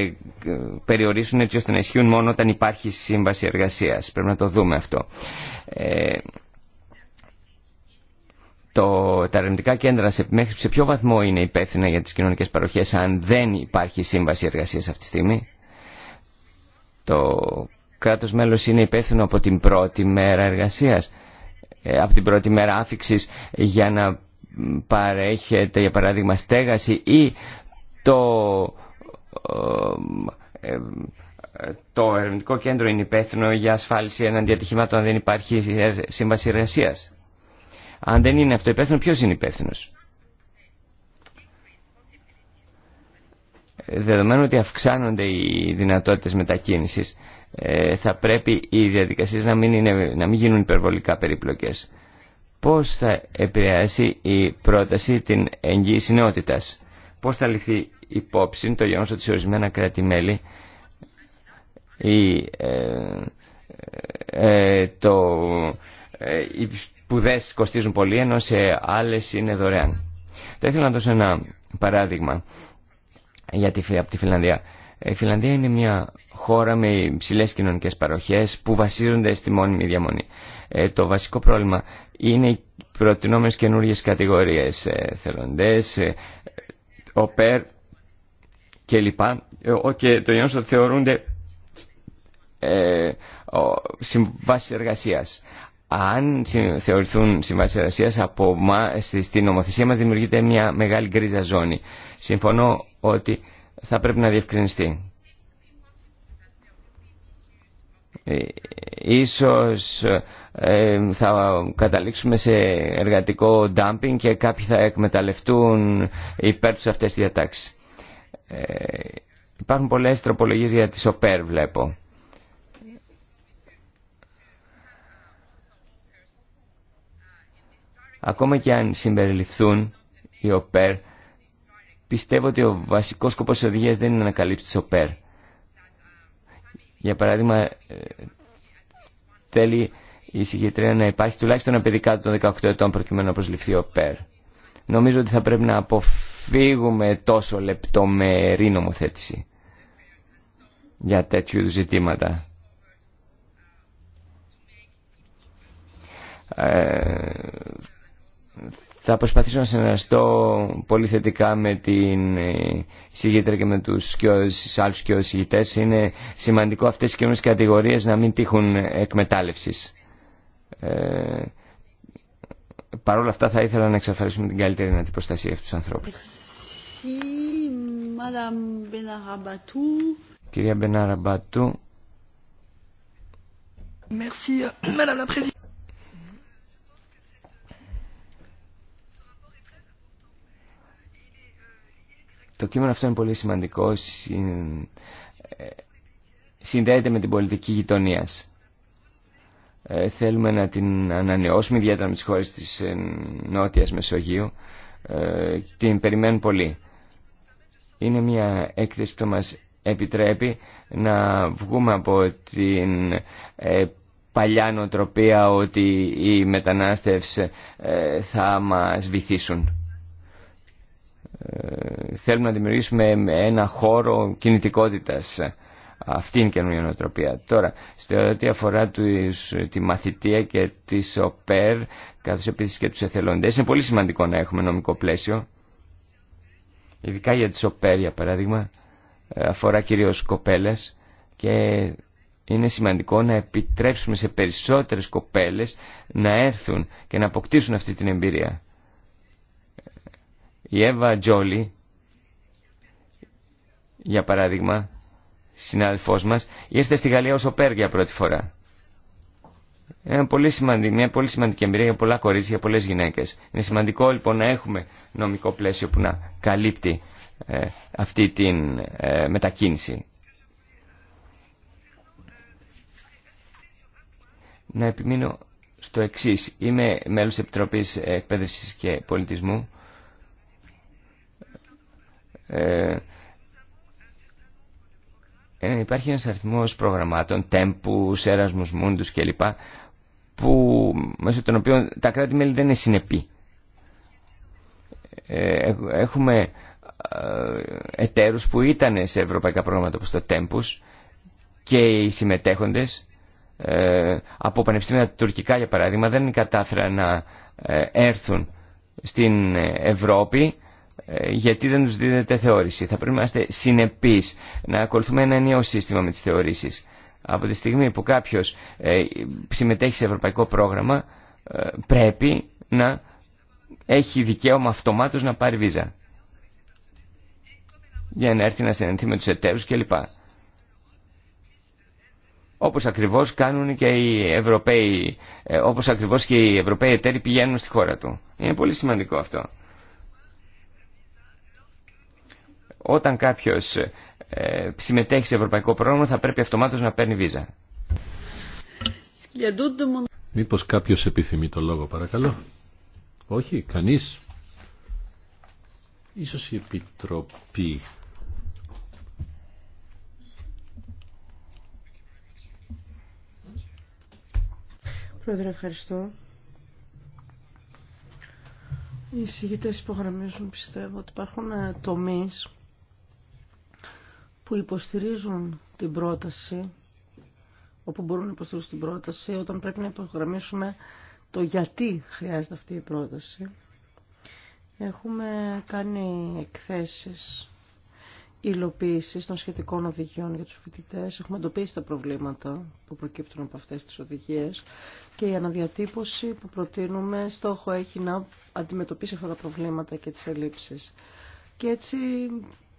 [SPEAKER 2] περιορίσουν έτσι ώστε να ισχύουν μόνο όταν υπάρχει σύμβαση εργασίας. Πρέπει να το δούμε αυτό. Ε, το, τα ερευνητικά κέντρα σε, μέχρι σε ποιο βαθμό είναι υπεύθυνα για τις κοινωνικές παροχές αν δεν υπάρχει σύμβαση εργασίας αυτή τη στιγμή. Το κράτος μέλος είναι υπεύθυνο από την πρώτη μέρα εργασίας, ε, από την πρώτη μέρα άφηξης για να παρέχεται για παράδειγμα στέγαση ή το... Ε, το ερευνητικό κέντρο είναι υπεύθυνο για ασφάλιση εναντί ατυχημάτων αν δεν υπάρχει σύμβαση εργασία. Αν δεν είναι αυτό υπεύθυνο, ποιο είναι υπεύθυνο. Δεδομένου ότι αυξάνονται οι δυνατότητε μετακίνηση, ε, θα πρέπει οι διαδικασίε να μην, να μην γίνουν υπερβολικά περιπλοκές. Πώ θα επηρεάσει η πρόταση την εγγύηση νεότητα, Πώς θα ληφθεί υπόψη το γεγονό ότι σε ορισμένα κράτη-μέλη ή ε, ε, το, ε, οι σπουδέ κοστίζουν πολύ ενώ σε άλλες είναι δωρεάν. Θα ήθελα να δώσω ένα παράδειγμα για τη, από τη Φιλανδία. Η Φιλανδία είναι μια χώρα με υψηλές κοινωνικές παροχές που βασίζονται στη μόνιμη διαμονή. το βασικό πρόβλημα είναι οι προτινόμενες καινούργιες κατηγορίες ε, θελοντές, οπέρ κλπ. και το γεγονό ότι θεωρούνται ε, συμβάσει εργασία. Αν θεωρηθούν συμβάσει εργασία από, στην νομοθεσία μας δημιουργείται μια μεγάλη γκρίζα ζώνη. Συμφωνώ ότι θα πρέπει να διευκρινιστεί. Ε, ίσως ε, θα καταλήξουμε σε εργατικό ντάμπινγκ και κάποιοι θα εκμεταλλευτούν υπέρ τους αυτές τις διατάξεις. Ε, υπάρχουν πολλές τροπολογίες για τις ΟΠΕΡ βλέπω. Ακόμα και αν συμπεριληφθούν οι ΟΠΕΡ, πιστεύω ότι ο βασικός σκοπός της οδηγίας δεν είναι να καλύψει τις ΟΠΕΡ. Για παράδειγμα, ε, θέλει η συγκεκριμένη να υπάρχει τουλάχιστον ένα παιδί κάτω των 18 ετών προκειμένου να προσληφθεί ο ΟΠΕΡ. Νομίζω ότι θα πρέπει να αποφύγουμε τόσο λεπτομερή νομοθέτηση για τέτοιου είδους ζητήματα. Ε, θα προσπαθήσω να συνεργαστώ πολύ θετικά με την ε, συγγήτρια και με τους άλλους και συγγητέ. Είναι σημαντικό αυτές οι καινούριες κατηγορίες να μην τύχουν εκμετάλλευσης. Ε, Παρ' όλα αυτά θα ήθελα να εξαφανίσουμε την καλύτερη αντιπροστασία προστασία αυτούς τους ανθρώπους. Κυρία Μπενάρα Μπατού.
[SPEAKER 1] Euh,
[SPEAKER 2] Το κείμενο αυτό είναι πολύ σημαντικό. Ε, συνδέεται με την πολιτική γειτονία. Ε, θέλουμε να την ανανεώσουμε, ιδιαίτερα με τις χώρες της ε, νότια Μεσογείου. Την περιμένουν πολύ. Είναι μια έκθεση που μας επιτρέπει να βγούμε από την παλιά νοοτροπία ότι οι μετανάστευς θα μας βυθίσουν. Ε, θέλουμε να δημιουργήσουμε ένα χώρο κινητικότητας. Αυτή είναι η καινούργια νοοτροπία. Τώρα, σε ό,τι αφορά τους, τη μαθητεία και τη ΟΠΕΡ, καθώ επίση και τους εθελοντέ, είναι πολύ σημαντικό να έχουμε νομικό πλαίσιο. Ειδικά για τις ΟΠΕΡ, για παράδειγμα, ε, αφορά κυρίω κοπέλες και είναι σημαντικό να επιτρέψουμε σε περισσότερες κοπέλες να έρθουν και να αποκτήσουν αυτή την εμπειρία. Η Εύα Τζόλι, για παράδειγμα, συνάδελφός μας, ήρθε στη Γαλλία ως οπέρ για πρώτη φορά. Είναι πολύ σημαντική, μια πολύ σημαντική εμπειρία για πολλά κορίτσια, για πολλές γυναίκες. Είναι σημαντικό λοιπόν να έχουμε νομικό πλαίσιο που να καλύπτει ε, αυτή την ε, μετακίνηση. Να επιμείνω στο εξής. Είμαι μέλος Επιτροπής Εκπαίδευσης και Πολιτισμού ε, ε, υπάρχει ένας αριθμός προγραμμάτων, τέμπους, έρασμους, μούντους κλπ. Που, μέσω των οποίων τα κράτη-μέλη δεν είναι συνεπή. Ε, ε, έχουμε εταίρους που ήταν σε ευρωπαϊκά προγράμματα όπως το Tempus και οι συμμετέχοντες ε, από πανεπιστήμια τουρκικά για παράδειγμα δεν κατάφεραν να έρθουν στην Ευρώπη ε, γιατί δεν τους δίνεται θεώρηση. Θα πρέπει να είμαστε συνεπείς, να ακολουθούμε ένα νέο σύστημα με τις θεωρήσεις. Από τη στιγμή που κάποιος ε, συμμετέχει σε ευρωπαϊκό πρόγραμμα, ε, πρέπει να έχει δικαίωμα αυτομάτως να πάρει βίζα. Για να έρθει να συνενθεί με τους εταίρους κλπ. Όπως ακριβώς κάνουν και οι Ευρωπαίοι, όπως ακριβώς και οι Ευρωπαίοι εταίροι πηγαίνουν στη χώρα του. Είναι πολύ σημαντικό αυτό. όταν κάποιο ε, συμμετέχει σε ευρωπαϊκό πρόγραμμα θα πρέπει αυτομάτως να παίρνει βίζα.
[SPEAKER 3] Μήπως κάποιος επιθυμεί το λόγο παρακαλώ. Όχι, κανείς. Ίσως η Επιτροπή.
[SPEAKER 1] Πρόεδρε, ευχαριστώ. Οι συγγητές υπογραμμίζουν, πιστεύω, ότι υπάρχουν ε, τομείς που υποστηρίζουν την πρόταση, όπου μπορούν να υποστηρίζουν την πρόταση, όταν πρέπει να υπογραμμίσουμε το γιατί χρειάζεται αυτή η πρόταση. Έχουμε κάνει εκθέσεις υλοποίηση των σχετικών οδηγιών για τους φοιτητές. Έχουμε εντοπίσει τα προβλήματα που προκύπτουν από αυτές τις οδηγίες και η αναδιατύπωση που προτείνουμε στόχο έχει να αντιμετωπίσει αυτά τα προβλήματα και τις ελλείψεις. Και έτσι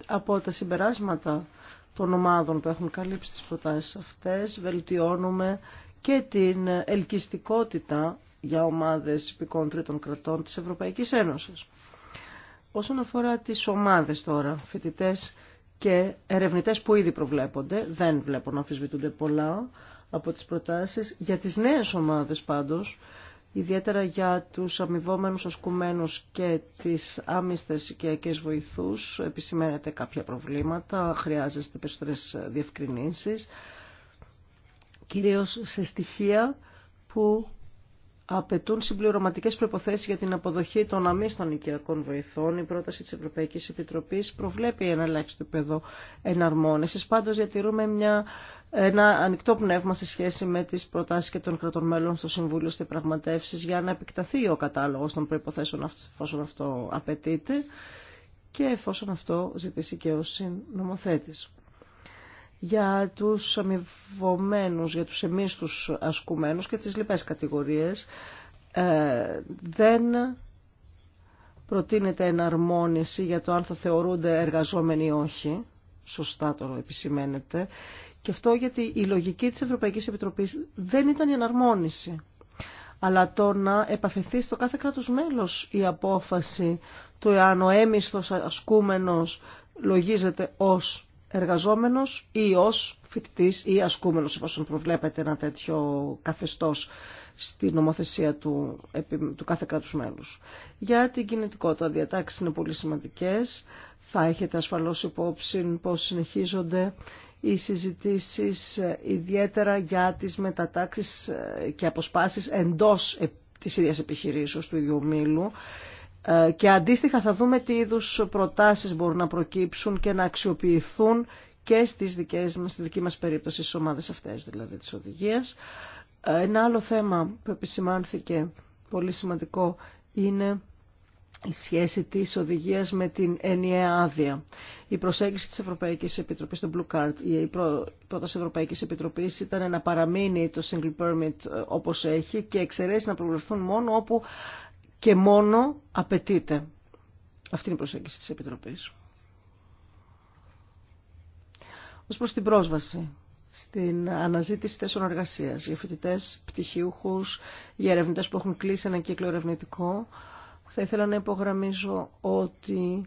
[SPEAKER 1] από τα συμπεράσματα των ομάδων που έχουν καλύψει τις προτάσεις αυτές βελτιώνουμε και την ελκυστικότητα για ομάδες υπηκών τρίτων κρατών της Ευρωπαϊκής Ένωσης. Όσον αφορά τις ομάδες τώρα, φοιτητέ και ερευνητές που ήδη προβλέπονται, δεν βλέπω να αμφισβητούνται πολλά από τις προτάσεις. Για τις νέες ομάδες πάντως, ιδιαίτερα για τους αμοιβόμενους ασκουμένους και τις άμυστες οικιακές βοηθούς επισημαίνεται κάποια προβλήματα, χρειάζεστε περισσότερες διευκρινήσεις, κυρίως σε στοιχεία που απαιτούν συμπληρωματικέ προποθέσει για την αποδοχή των αμύστων οικιακών βοηθών. Η πρόταση της Ευρωπαϊκής Επιτροπής προβλέπει ένα ελάχιστο επίπεδο εναρμόνιση. Πάντως διατηρούμε μια, ένα ανοιχτό πνεύμα σε σχέση με τις προτάσεις και των κρατών μέλων στο Συμβούλιο στι πραγματεύσει, για να επεκταθεί ο κατάλογος των προποθέσεων, εφόσον αυτό απαιτείται και εφόσον αυτό ζητήσει και ο συνομοθέτης για τους αμοιβωμένους, για τους εμείς τους ασκουμένους και τις λοιπές κατηγορίες ε, δεν προτείνεται εναρμόνιση για το αν θα θεωρούνται εργαζόμενοι ή όχι. Σωστά το επισημαίνεται. Και αυτό γιατί η λογική της Ευρωπαϊκής Επιτροπής δεν ήταν η εναρμόνιση. Αλλά το να επαφεθεί στο κάθε κράτος μέλος η απόφαση του εάν ο έμισθος ασκούμενος λογίζεται ως εργαζόμενος ή ως φοιτητής ή ασκούμενος εφόσον προβλέπεται ένα τέτοιο καθεστώς στη νομοθεσία του, του κάθε κράτους μέλους. Για την κινητικότητα, διατάξεις είναι πολύ σημαντικές. Θα έχετε ασφαλώς υπόψη πώς συνεχίζονται οι συζητήσεις ε, ιδιαίτερα για τις μετατάξεις ε, και αποσπάσεις εντός της ίδιας επιχειρήσεως του ίδιου και αντίστοιχα θα δούμε τι είδους προτάσεις μπορούν να προκύψουν και να αξιοποιηθούν και στις δικές μας, στη δική μας περίπτωση, στις ομάδες αυτές δηλαδή της οδηγίας. Ένα άλλο θέμα που επισημάνθηκε πολύ σημαντικό είναι η σχέση της οδηγίας με την ενιαία άδεια. Η προσέγγιση της Ευρωπαϊκής Επιτροπής, το Blue Card, η πρόταση Ευρωπαϊκής Επιτροπής ήταν να παραμείνει το Single Permit ε, όπως έχει και εξαιρέσει να προβληθούν μόνο όπου και μόνο απαιτείται. Αυτή είναι η προσέγγιση της Επιτροπής. Ως προς την πρόσβαση στην αναζήτηση θέσεων εργασία, για φοιτητέ, πτυχιούχους, για ερευνητέ που έχουν κλείσει ένα κύκλο ερευνητικό, θα ήθελα να υπογραμμίζω ότι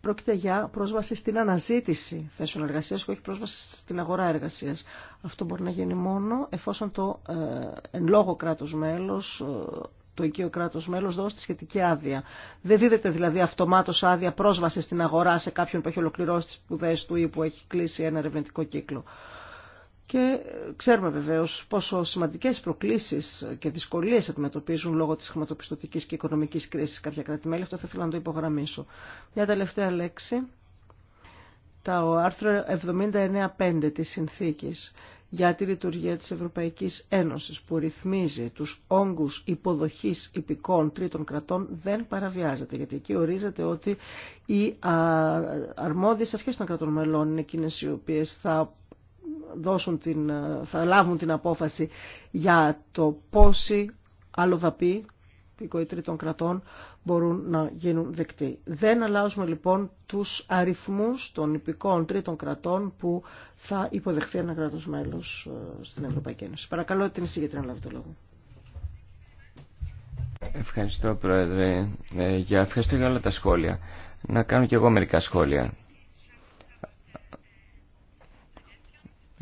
[SPEAKER 1] πρόκειται για πρόσβαση στην αναζήτηση θέσεων εργασία και όχι πρόσβαση στην αγορά εργασία. Αυτό μπορεί να γίνει μόνο εφόσον το ε, εν λόγω κράτο μέλος ε, το οικείο κράτο μέλο δώσει τη σχετική άδεια. Δεν δίδεται δηλαδή αυτομάτω άδεια πρόσβαση στην αγορά σε κάποιον που έχει ολοκληρώσει τι σπουδέ του ή που έχει κλείσει ένα ερευνητικό κύκλο. Και ξέρουμε βεβαίω πόσο σημαντικέ προκλήσει και δυσκολίε αντιμετωπίζουν λόγω τη χρηματοπιστωτική και οικονομική κρίση κάποια κράτη-μέλη. Αυτό θα ήθελα να το υπογραμμίσω. Μια τελευταία λέξη. Το άρθρο 79.5 της συνθήκη για τη λειτουργία της Ευρωπαϊκής Ένωσης που ρυθμίζει τους όγκους υποδοχής υπηκών τρίτων κρατών δεν παραβιάζεται γιατί εκεί ορίζεται ότι οι αρμόδιες αρχές των κρατών μελών είναι εκείνες οι οποίες θα δώσουν την, θα λάβουν την απόφαση για το πόσοι πει ή τρίτων κρατών μπορούν να γίνουν δεκτοί. Δεν αλλάζουμε λοιπόν τους αριθμούς των υπηκών τρίτων κρατών που θα υποδεχθεί ένα κράτος μέλος ε, στην Ευρωπαϊκή Ένωση. Παρακαλώ την εισηγήτρια να λάβει το λόγο.
[SPEAKER 2] Ευχαριστώ Πρόεδρε. Ε, για, ευχαριστώ για όλα τα σχόλια. Να κάνω και εγώ μερικά σχόλια.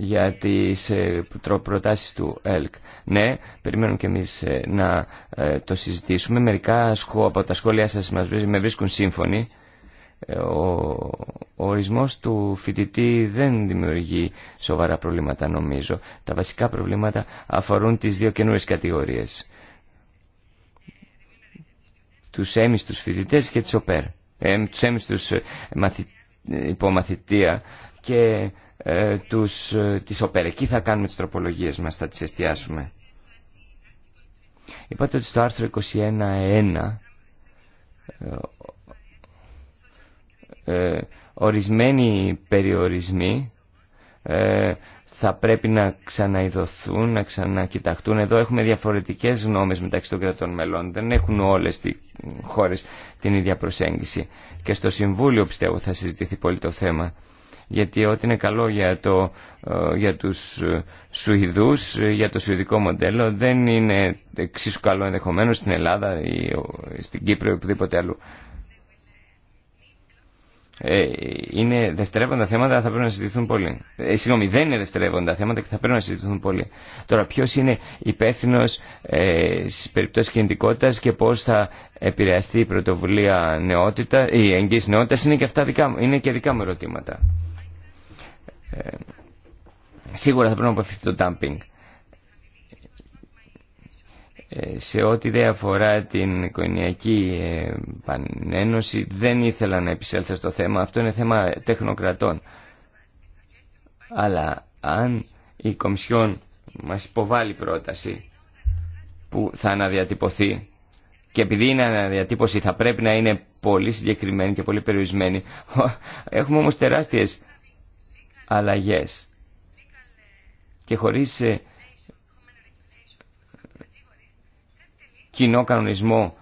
[SPEAKER 2] για τις ε, προτάσεις του ΕΛΚ. Ναι, περιμένουμε και εμείς ε, να ε, το συζητήσουμε. Μερικά από τα σχόλια σας μας με βρίσκουν σύμφωνοι. Ο ορισμός του φοιτητή δεν δημιουργεί σοβαρά προβλήματα νομίζω. Τα βασικά προβλήματα αφορούν τις δύο καινούριες κατηγορίες. Τους έμιστους φοιτητές και τις ΟΠΕΡ. Ε, τους έμιστους μαθη... υπομαθητεία και ε, τους, ε, τις ΟΠΕΡ. Εκεί θα κάνουμε τις τροπολογίες μας, θα τις εστιάσουμε. Είπατε ότι στο άρθρο 21.1 ε, ε, ορισμένοι περιορισμοί ε, θα πρέπει να ξαναειδωθούν, να ξανακοιταχτούν. Εδώ έχουμε διαφορετικές γνώμες μεταξύ των κρατών μελών. Δεν έχουν όλες οι χώρες την ίδια προσέγγιση. Και στο Συμβούλιο πιστεύω θα συζητηθεί πολύ το θέμα γιατί ό,τι είναι καλό για, το, ε, για τους ε, Σουηδούς, ε, για το σουηδικό μοντέλο, δεν είναι εξίσου καλό ενδεχομένως στην Ελλάδα ή στην Κύπρο ή οπουδήποτε αλλού. είναι δευτερεύοντα θέματα, θα πρέπει να συζητηθούν πολύ. Ε, συγγνώμη, δεν είναι δευτερεύοντα θέματα και θα πρέπει να συζητηθούν πολύ. Τώρα, ποιο είναι υπεύθυνο ε, στι περιπτώσει κινητικότητα και πώ θα επηρεαστεί η πρωτοβουλία νεότητα, η εγγύηση νεότητα, είναι και αυτά δικά, είναι και δικά μου ερωτήματα. Ε, σίγουρα θα πρέπει να αποφευθεί το dumping. Ε, σε ό,τι δεν αφορά την οικογενειακή ε, πανένωση δεν ήθελα να επισέλθω στο θέμα. Αυτό είναι θέμα τεχνοκρατών. Αλλά αν η Κομισιόν μας υποβάλλει πρόταση που θα αναδιατυπωθεί και επειδή είναι αναδιατύπωση θα πρέπει να είναι πολύ συγκεκριμένη και πολύ περιορισμένη *laughs* έχουμε όμως τεράστιες αλλαγές και χωρίς ε, κοινό κανονισμό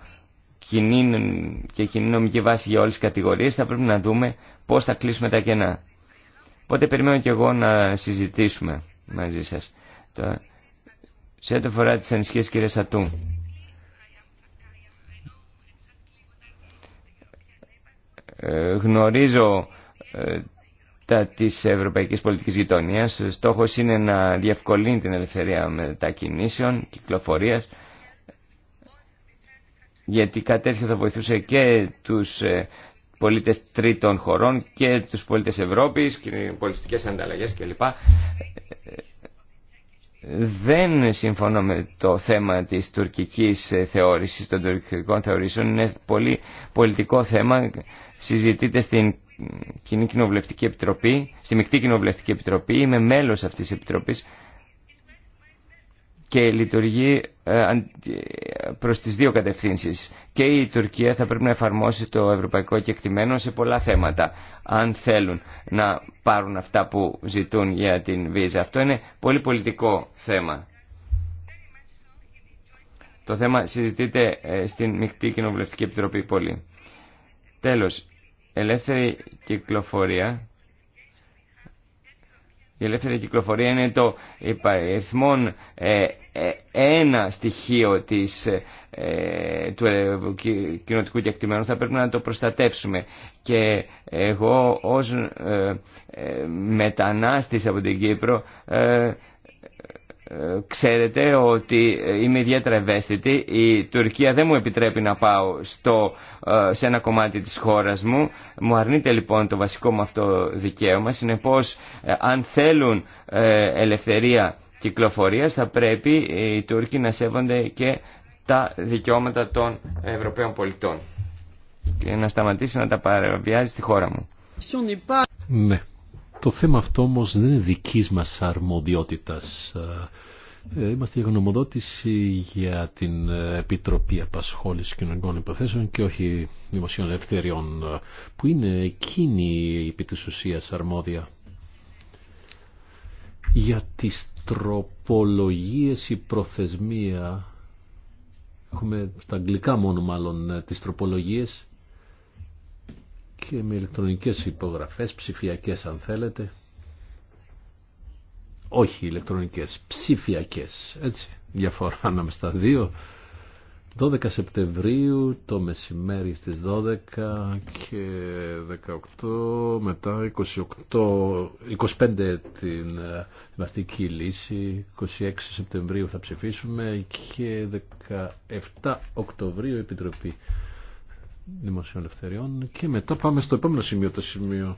[SPEAKER 2] και κοινή νομική βάση για όλες τις κατηγορίες θα πρέπει να δούμε πώς θα κλείσουμε τα κενά. Οπότε περιμένω και εγώ να συζητήσουμε μαζί σας. Σε ό,τι αφορά τις ανησυχίες κύριε Σατού. Ε, γνωρίζω ε, της ευρωπαϊκής πολιτικής γειτονίας. Στόχος είναι να διευκολύνει την ελευθερία μετακινήσεων, κυκλοφορίας, γιατί κάτι τέτοιο θα βοηθούσε και τους ε, πολίτες τρίτων χωρών και τους πολίτες Ευρώπης, και πολιτιστικές ανταλλαγές κλπ. Δεν συμφωνώ με το θέμα της τουρκικής θεώρησης, των τουρκικών θεωρήσεων. Είναι πολύ πολιτικό θέμα. Συζητείται στην κοινή κοινοβουλευτική επιτροπή, στη μεικτή κοινοβουλευτική επιτροπή. Είμαι μέλος αυτής της επιτροπής και λειτουργεί ε, ε, προς τις δύο κατευθύνσεις. Και η Τουρκία θα πρέπει να εφαρμόσει το ευρωπαϊκό κεκτημένο σε πολλά θέματα, αν θέλουν να πάρουν αυτά που ζητούν για την βίζα. Αυτό είναι πολύ πολιτικό θέμα. Το θέμα συζητείται ε, στην Μικτή Κοινοβουλευτική Επιτροπή πολύ. Τέλος, ελεύθερη κυκλοφορία η ελεύθερη κυκλοφορία είναι το υπαριθμόν ε, ε, ένα στοιχείο της, ε, του κοινωτικού κεκτημένου. Θα πρέπει να το προστατεύσουμε. Και εγώ ως μετανάστης από την Κύπρο ε, ξέρετε ότι ε, είμαι ιδιαίτερα ευαίσθητη. Η Τουρκία δεν μου επιτρέπει να πάω στο, ε, σε ένα κομμάτι της χώρας μου. Μου αρνείται λοιπόν το βασικό μου αυτό δικαίωμα. Συνεπώς, αν θέλουν ελευθερία κυκλοφορίας θα πρέπει οι Τούρκοι να σέβονται και τα δικαιώματα των Ευρωπαίων πολιτών και να σταματήσει να τα παραβιάζει στη χώρα μου.
[SPEAKER 3] Το θέμα αυτό όμως δεν είναι δικής μας αρμοδιότητας. Ε, ε, είμαστε η γνωμοδότηση για την ε, Επιτροπή Απασχόληση Κοινωνικών Υποθέσεων και όχι Δημοσίων Ελευθεριών, που είναι εκείνη επί της αρμόδια. Για τις τροπολογίες η προθεσμία, έχουμε στα αγγλικά μόνο μάλλον τις τροπολογίες, και με ηλεκτρονικές υπογραφές, ψηφιακές αν θέλετε. Όχι ηλεκτρονικές, ψηφιακές, έτσι, διαφορά ανάμεσα στα δύο. 12 Σεπτεμβρίου το μεσημέρι στις 12 και 18 μετά 28, 25 την βαστική ε, λύση 26 Σεπτεμβρίου θα ψηφίσουμε και 17 Οκτωβρίου Επιτροπή. Δημοσίων Ελευθεριών και μετά πάμε στο επόμενο σημείο, το σημείο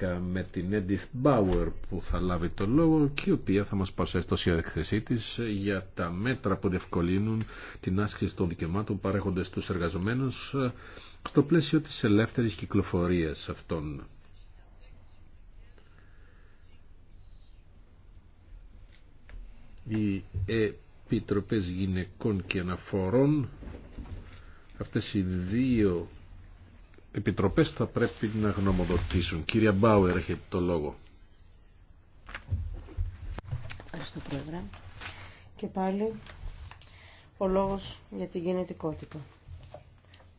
[SPEAKER 3] 10 με την Edith Bauer που θα λάβει το λόγο και η οποία θα μας παρουσιάσει το της για τα μέτρα που διευκολύνουν την άσκηση των δικαιωμάτων παρέχοντας τους εργαζομένους ε, στο πλαίσιο της ελεύθερης κυκλοφορίας αυτών. Οι Επιτροπές Γυναικών και Αναφορών Αυτές οι δύο επιτροπές θα πρέπει να γνωμοδοτήσουν. Κύριε Μπάουερ, έχετε το λόγο.
[SPEAKER 1] Ευχαριστώ, Πρόεδρε. Και πάλι ο λόγος για την γενετικότητα.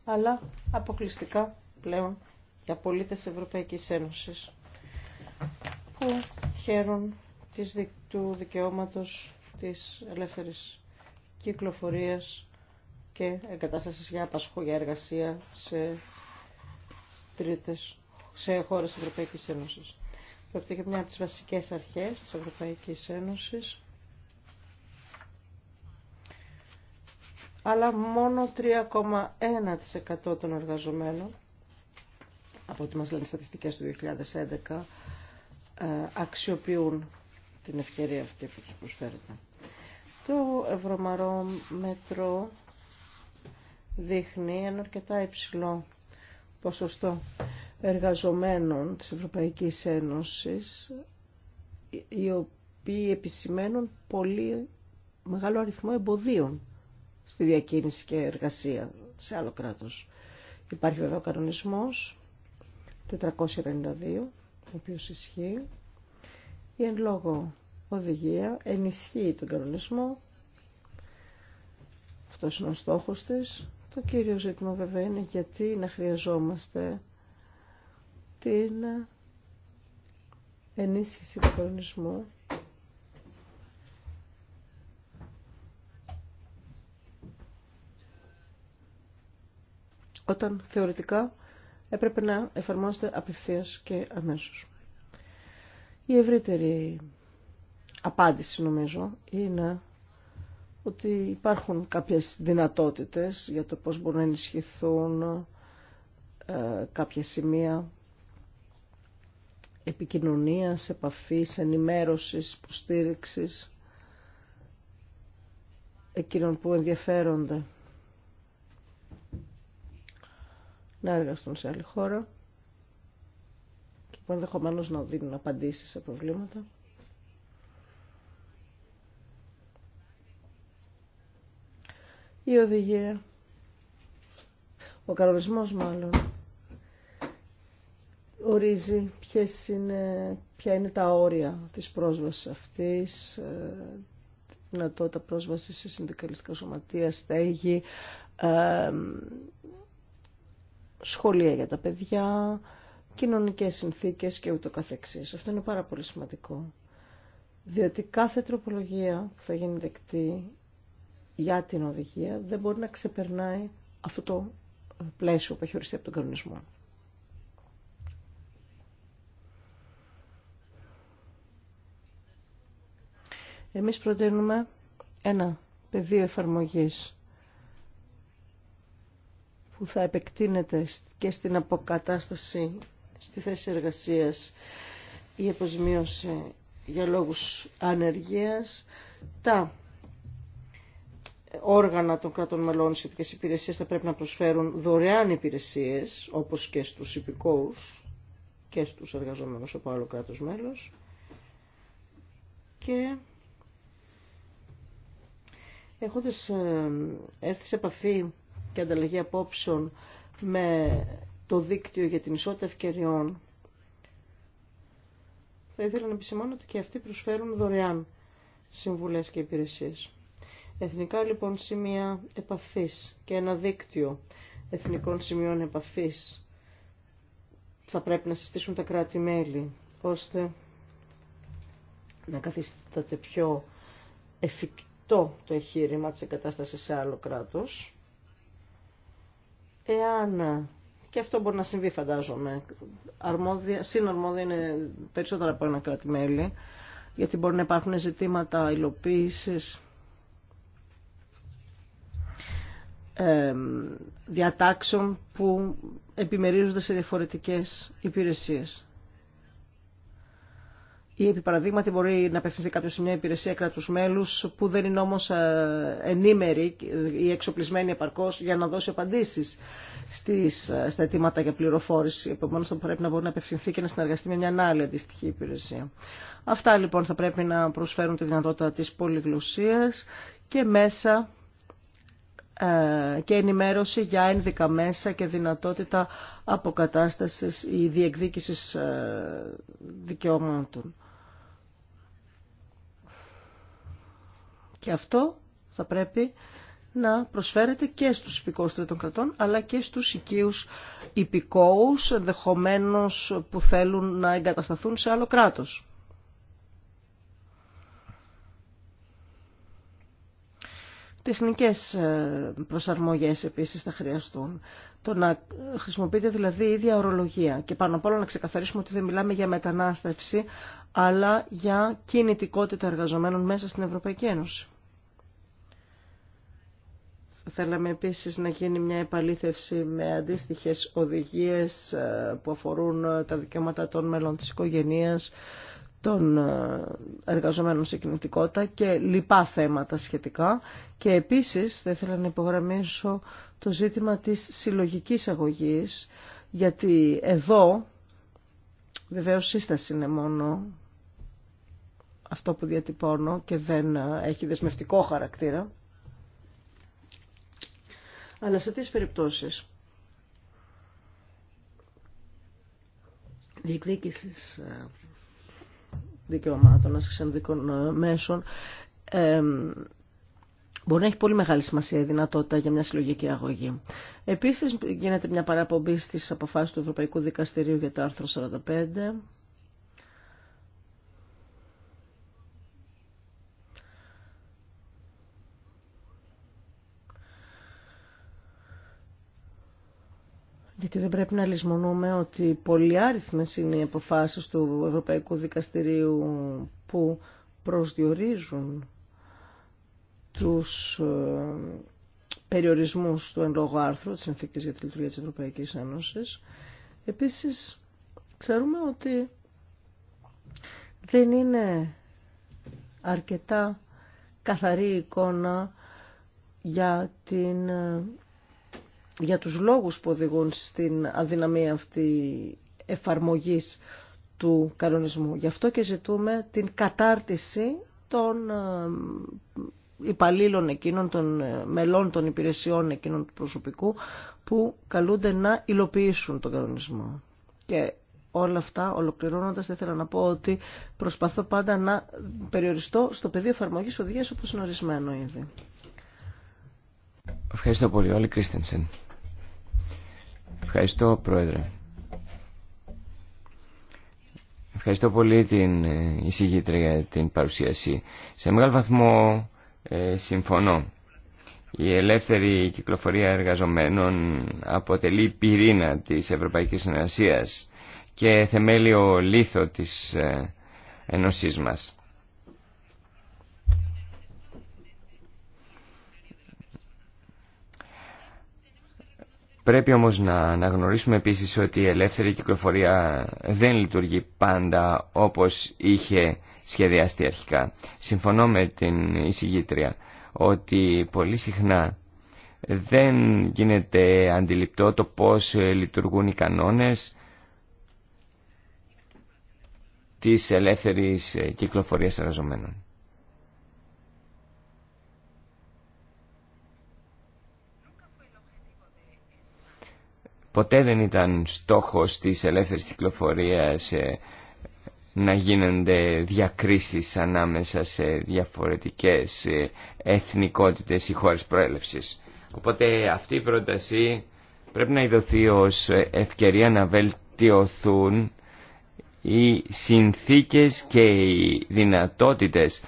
[SPEAKER 1] Αλλά αποκλειστικά πλέον για πολίτες Ευρωπαϊκής Ένωσης που χαίρουν της, του δικαιώματος της ελεύθερης κυκλοφορίας και εγκατάσταση για απασχό για εργασία σε τρίτες, σε χώρες της Ευρωπαϊκής Ένωσης. Πρόκειται για μια από τις βασικές αρχές της Ευρωπαϊκής Ένωσης. Αλλά μόνο 3,1% των εργαζομένων, από ό,τι μας λένε οι στατιστικές του 2011, ε, αξιοποιούν την ευκαιρία αυτή που τους προσφέρεται. Το Ευρωμαρόμετρο δείχνει ένα αρκετά υψηλό ποσοστό εργαζομένων της Ευρωπαϊκής Ένωσης οι οποίοι επισημαίνουν πολύ μεγάλο αριθμό εμποδίων στη διακίνηση και εργασία σε άλλο κράτος. Υπάρχει βέβαια ο κανονισμός 492, ο οποίος ισχύει. Η εν λόγω οδηγία ενισχύει τον κανονισμό. Αυτός είναι ο στόχος της. Το κύριο ζήτημα βέβαια είναι γιατί να χρειαζόμαστε την ενίσχυση του κανονισμού όταν θεωρητικά έπρεπε να εφαρμόζεται απευθείας και αμέσως. Η ευρύτερη απάντηση νομίζω είναι ότι υπάρχουν κάποιες δυνατότητες για το πώς μπορούν να ενισχυθούν ε, κάποια σημεία επικοινωνίας, επαφής, ενημέρωσης, υποστήριξη εκείνων που ενδιαφέρονται να εργαστούν σε άλλη χώρα και που ενδεχομένως να δίνουν απαντήσεις σε προβλήματα. η οδηγία, ο κανονισμός μάλλον, ορίζει ποιες είναι, ποια είναι τα όρια της πρόσβασης αυτής, ε, τη δυνατότητα πρόσβασης σε συνδικαλιστικά σωματεία, στέγη, ε, σχολεία για τα παιδιά, κοινωνικές συνθήκες και ούτω καθεξής. Αυτό είναι πάρα πολύ σημαντικό. Διότι κάθε τροπολογία που θα γίνει δεκτή για την οδηγία δεν μπορεί να ξεπερνάει αυτό το ε, πλαίσιο που έχει οριστεί από τον κανονισμό. Εμείς προτείνουμε ένα πεδίο εφαρμογής που θα επεκτείνεται και στην αποκατάσταση στη θέση εργασίας η αποζημίωση για λόγους ανεργίας, τα όργανα των κρατών μελών οι σχετικές υπηρεσίες θα πρέπει να προσφέρουν δωρεάν υπηρεσίες, όπως και στους υπηκόους και στους εργαζόμενους από άλλο κράτος μέλος. Και έχοντας ε, έρθει σε επαφή και ανταλλαγή απόψεων με το δίκτυο για την ισότητα ευκαιριών, θα ήθελα να επισημάνω ότι και αυτοί προσφέρουν δωρεάν συμβουλές και υπηρεσίες. Εθνικά λοιπόν σημεία επαφής και ένα δίκτυο εθνικών σημείων επαφής θα πρέπει να συστήσουν τα κράτη-μέλη ώστε να καθίσταται πιο εφικτό το εγχείρημα της εγκατάστασης σε άλλο κράτος. Εάν, και αυτό μπορεί να συμβεί φαντάζομαι, αρμόδια, συναρμόδια είναι περισσότερα από ένα κράτη-μέλη, γιατί μπορεί να υπάρχουν ζητήματα υλοποίησης διατάξεων που επιμερίζονται σε διαφορετικές υπηρεσίες. Ή επί παραδείγματι μπορεί να απευθυνθεί κάποιο σε μια υπηρεσία κράτου μέλου που δεν είναι όμω ε, ενήμερη ή εξοπλισμένη επαρκώς για να δώσει απαντήσει ε, στα αιτήματα για πληροφόρηση. Επομένω θα πρέπει να μπορεί να απευθυνθεί και να συνεργαστεί με μια άλλη αντίστοιχη υπηρεσία. Αυτά λοιπόν θα πρέπει να προσφέρουν τη δυνατότητα της πολυγλωσίας και μέσα ε, και ενημέρωση για ένδικα μέσα και δυνατότητα αποκατάστασης ή διεκδίκησης ε, δικαιωμάτων. Και αυτό θα πρέπει να προσφέρεται και στους υπηκόους τρίτων κρατών, αλλά και στους οικείους υπηκόους, ενδεχομένως που θέλουν να εγκατασταθούν σε άλλο κράτος. Τεχνικές ε, προσαρμογές επίσης θα χρειαστούν. Το να χρησιμοποιείται δηλαδή η ίδια ορολογία και πάνω απ' όλα να ξεκαθαρίσουμε ότι δεν μιλάμε για μετανάστευση αλλά για κινητικότητα εργαζομένων μέσα στην Ευρωπαϊκή Ένωση. Θα θέλαμε επίσης να γίνει μια επαλήθευση με αντίστοιχες οδηγίες ε, που αφορούν ε, τα δικαιώματα των μέλων της οικογένειας, των ε, εργαζομένων σε κινητικότητα και λοιπά θέματα σχετικά. Και επίσης θα ήθελα να υπογραμμίσω το ζήτημα της συλλογικής αγωγής, γιατί εδώ βεβαίως σύσταση είναι μόνο αυτό που διατυπώνω και δεν ε, έχει δεσμευτικό χαρακτήρα. Αλλά σε τις περιπτώσεις διεκδίκησης ε, δικαιωμάτων, άσκηση ξενδικών ε, μέσων, ε, μπορεί να έχει πολύ μεγάλη σημασία η δυνατότητα για μια συλλογική αγωγή. Επίσης γίνεται μια παραπομπή στις αποφάσεις του Ευρωπαϊκού Δικαστηρίου για το άρθρο 45 Γιατί δεν πρέπει να λησμονούμε ότι πολλοί άριθμες είναι οι αποφάσεις του Ευρωπαϊκού Δικαστηρίου που προσδιορίζουν τους ε, περιορισμούς του εν λόγω άρθρου της Συνθήκης για τη Λειτουργία της Ευρωπαϊκή Ένωση. Επίσης, ξέρουμε ότι δεν είναι αρκετά καθαρή εικόνα για την ε, για τους λόγους που οδηγούν στην αδυναμία αυτή εφαρμογής του κανονισμού. Γι' αυτό και ζητούμε την κατάρτιση των ε, υπαλλήλων εκείνων, των ε, μελών των υπηρεσιών εκείνων του προσωπικού που καλούνται να υλοποιήσουν τον κανονισμό. Και όλα αυτά ολοκληρώνοντας ήθελα να πω ότι προσπαθώ πάντα να περιοριστώ στο πεδίο εφαρμογής οδηγίας όπως είναι ορισμένο ήδη.
[SPEAKER 2] Ευχαριστώ πολύ. Όλοι Κρίστενσεν. Ευχαριστώ, Πρόεδρε. Ευχαριστώ πολύ την ε, εισηγήτρια για την παρουσίαση. Σε μεγάλο βαθμό ε, συμφωνώ. Η ελεύθερη κυκλοφορία εργαζομένων αποτελεί πυρήνα της Ευρωπαϊκής Συνεργασίας και θεμέλιο λίθο της ε, ενωσής μας. Πρέπει όμως να αναγνωρίσουμε επίσης ότι η ελεύθερη κυκλοφορία δεν λειτουργεί πάντα όπως είχε σχεδιαστεί αρχικά. Συμφωνώ με την εισηγήτρια ότι πολύ συχνά δεν γίνεται αντιληπτό το πώς λειτουργούν οι κανόνες της ελεύθερης κυκλοφορίας εργαζομένων. Ποτέ δεν ήταν στόχος της ελεύθερης κυκλοφορίας ε, να γίνονται διακρίσεις ανάμεσα σε διαφορετικές ε, εθνικότητες ή χώρες προέλευσης. Οπότε αυτή η πρόταση πρέπει να ειδωθεί ως ευκαιρία να βελτιωθούν οι συνθήκες και οι δυνατότητες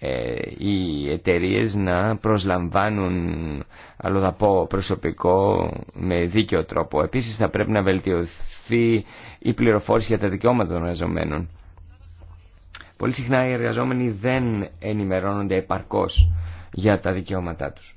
[SPEAKER 2] ε, οι εταιρείε να προσλαμβάνουν αλλοδαπό προσωπικό με δίκαιο τρόπο. Επίσης θα πρέπει να βελτιωθεί η πληροφόρηση για τα δικαιώματα των εργαζομένων. Πολύ συχνά οι εργαζόμενοι δεν ενημερώνονται επαρκώς για τα δικαιώματά τους.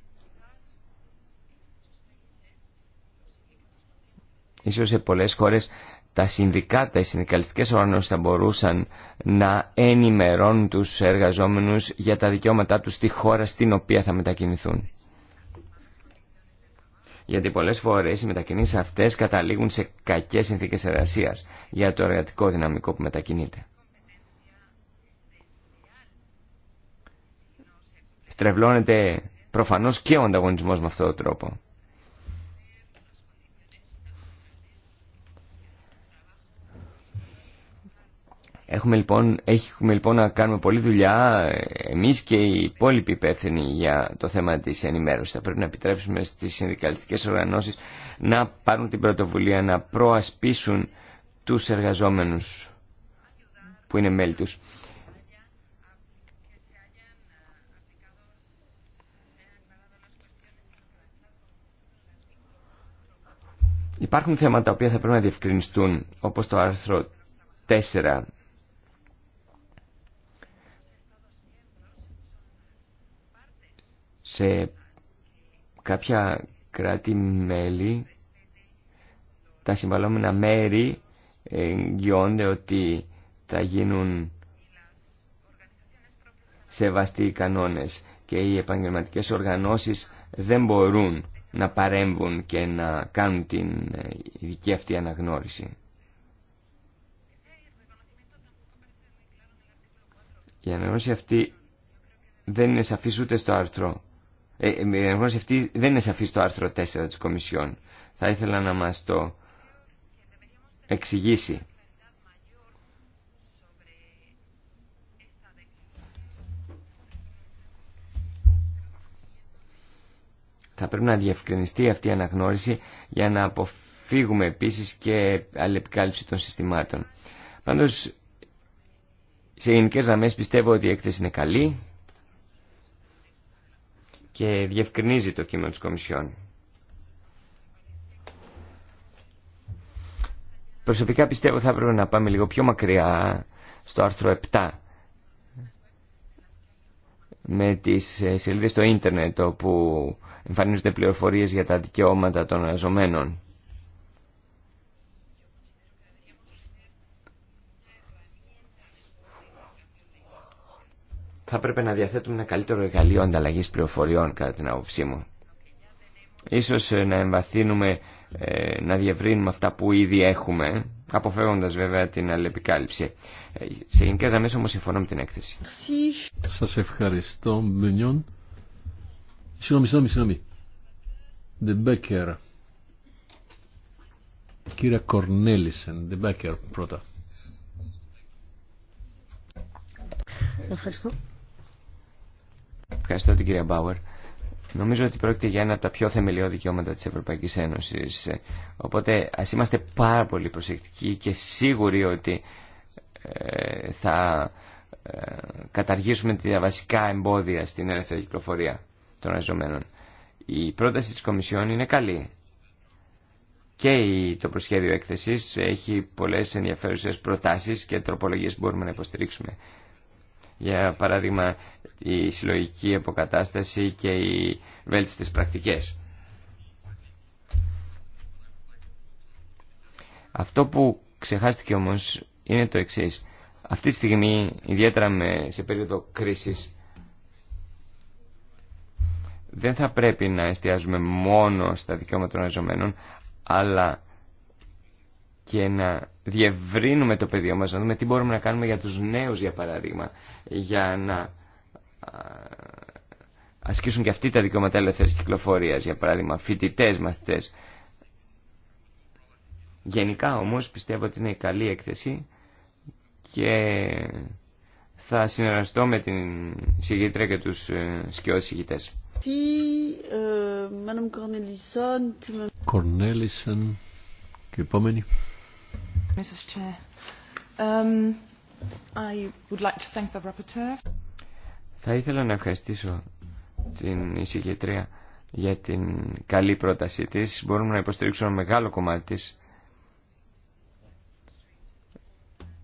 [SPEAKER 2] Ίσως σε πολλές χώρες τα συνδικάτα, οι συνδικαλιστικές οργανώσεις θα μπορούσαν να ενημερώνουν τους εργαζόμενους για τα δικαιώματά τους στη χώρα στην οποία θα μετακινηθούν. Γιατί πολλές φορές οι μετακινήσεις αυτές καταλήγουν σε κακές συνθήκες εργασίας για το εργατικό δυναμικό που μετακινείται. Στρεβλώνεται προφανώς και ο ανταγωνισμός με αυτόν τον τρόπο. Έχουμε λοιπόν, έχουμε λοιπόν να κάνουμε πολλή δουλειά εμείς και οι υπόλοιποι υπεύθυνοι για το θέμα της ενημέρωσης. Θα πρέπει να επιτρέψουμε στις συνδικαλιστικές οργανώσεις να πάρουν την πρωτοβουλία, να προασπίσουν τους εργαζόμενους που είναι μέλη τους. Υπάρχουν θέματα τα οποία θα πρέπει να διευκρινιστούν, όπως το άρθρο 4 Σε κάποια κράτη-μέλη τα συμβαλόμενα μέρη εγγυώνται ότι θα γίνουν σεβαστοί οι κανόνες και οι επαγγελματικές οργανώσεις δεν μπορούν να παρέμβουν και να κάνουν την ειδική αυτή αναγνώριση. Η αναγνώριση αυτή δεν είναι σαφής ούτε στο άρθρο ε, ε, η ενημέρωση αυτή δεν είναι σαφή στο άρθρο 4 της Κομισιόν. Θα ήθελα να μας το εξηγήσει. Θα πρέπει να διευκρινιστεί αυτή η αναγνώριση για να αποφύγουμε επίσης και αλληλεπικάλυψη των συστημάτων. Πάντως, σε γενικές γραμμές πιστεύω ότι η έκθεση είναι καλή και διευκρινίζει το κείμενο της Κομισιόν. Προσωπικά πιστεύω θα έπρεπε να πάμε λίγο πιο μακριά στο άρθρο 7 με τις ε, σελίδες στο ίντερνετ όπου εμφανίζονται πληροφορίες για τα δικαιώματα των αναζωμενών. θα πρέπει να διαθέτουμε ένα καλύτερο εργαλείο ανταλλαγής πληροφοριών κατά την άποψή μου. Ίσως ε, να εμβαθύνουμε, ε, να διευρύνουμε αυτά που ήδη έχουμε, αποφεύγοντας βέβαια την αλληλεπικάλυψη. Ε, σε γενικέ γραμμέ όμω συμφωνώ με την έκθεση.
[SPEAKER 3] Σας ευχαριστώ, Μπενιόν. Συγγνώμη, συγγνώμη, συγγνώμη. Κύριε Κορνέλισεν, Becker πρώτα.
[SPEAKER 1] Ευχαριστώ.
[SPEAKER 2] Ευχαριστώ την κυρία Μπάουερ. Νομίζω ότι πρόκειται για ένα από τα πιο θεμελιώδη δικαιώματα της Ευρωπαϊκής Ένωσης. Οπότε ας είμαστε πάρα πολύ προσεκτικοί και σίγουροι ότι ε, θα ε, καταργήσουμε τα βασικά εμπόδια στην ελεύθερη κυκλοφορία των εργαζομένων. Η πρόταση της Κομισιόν είναι καλή. Και το προσχέδιο έκθεσης έχει πολλές ενδιαφέρουσες προτάσεις και τροπολογίες που μπορούμε να υποστηρίξουμε για παράδειγμα η συλλογική αποκατάσταση και οι βέλτιστες πρακτικές. Αυτό που ξεχάστηκε όμως είναι το εξής. Αυτή τη στιγμή, ιδιαίτερα με σε περίοδο κρίσης, δεν θα πρέπει να εστιάζουμε μόνο στα δικαιώματα των εργαζομένων, αλλά και να διευρύνουμε το πεδίο μας, να δούμε τι μπορούμε να κάνουμε για τους νέους για παράδειγμα, για να ασκήσουν και αυτοί τα δικαιώματα ελεύθερης κυκλοφορίας, για παράδειγμα φοιτητέ, μαθητές. Γενικά όμως πιστεύω ότι είναι καλή έκθεση και θα συνεργαστώ με την συγγήτρια και τους ε, σκιώδης συγγητές.
[SPEAKER 3] Κορνέλισεν και
[SPEAKER 2] επόμενη. Um, Θα ήθελα να ευχαριστήσω την εισηγητρία για την καλή πρότασή της. Μπορούμε να υποστηρίξουμε ένα μεγάλο κομμάτι της.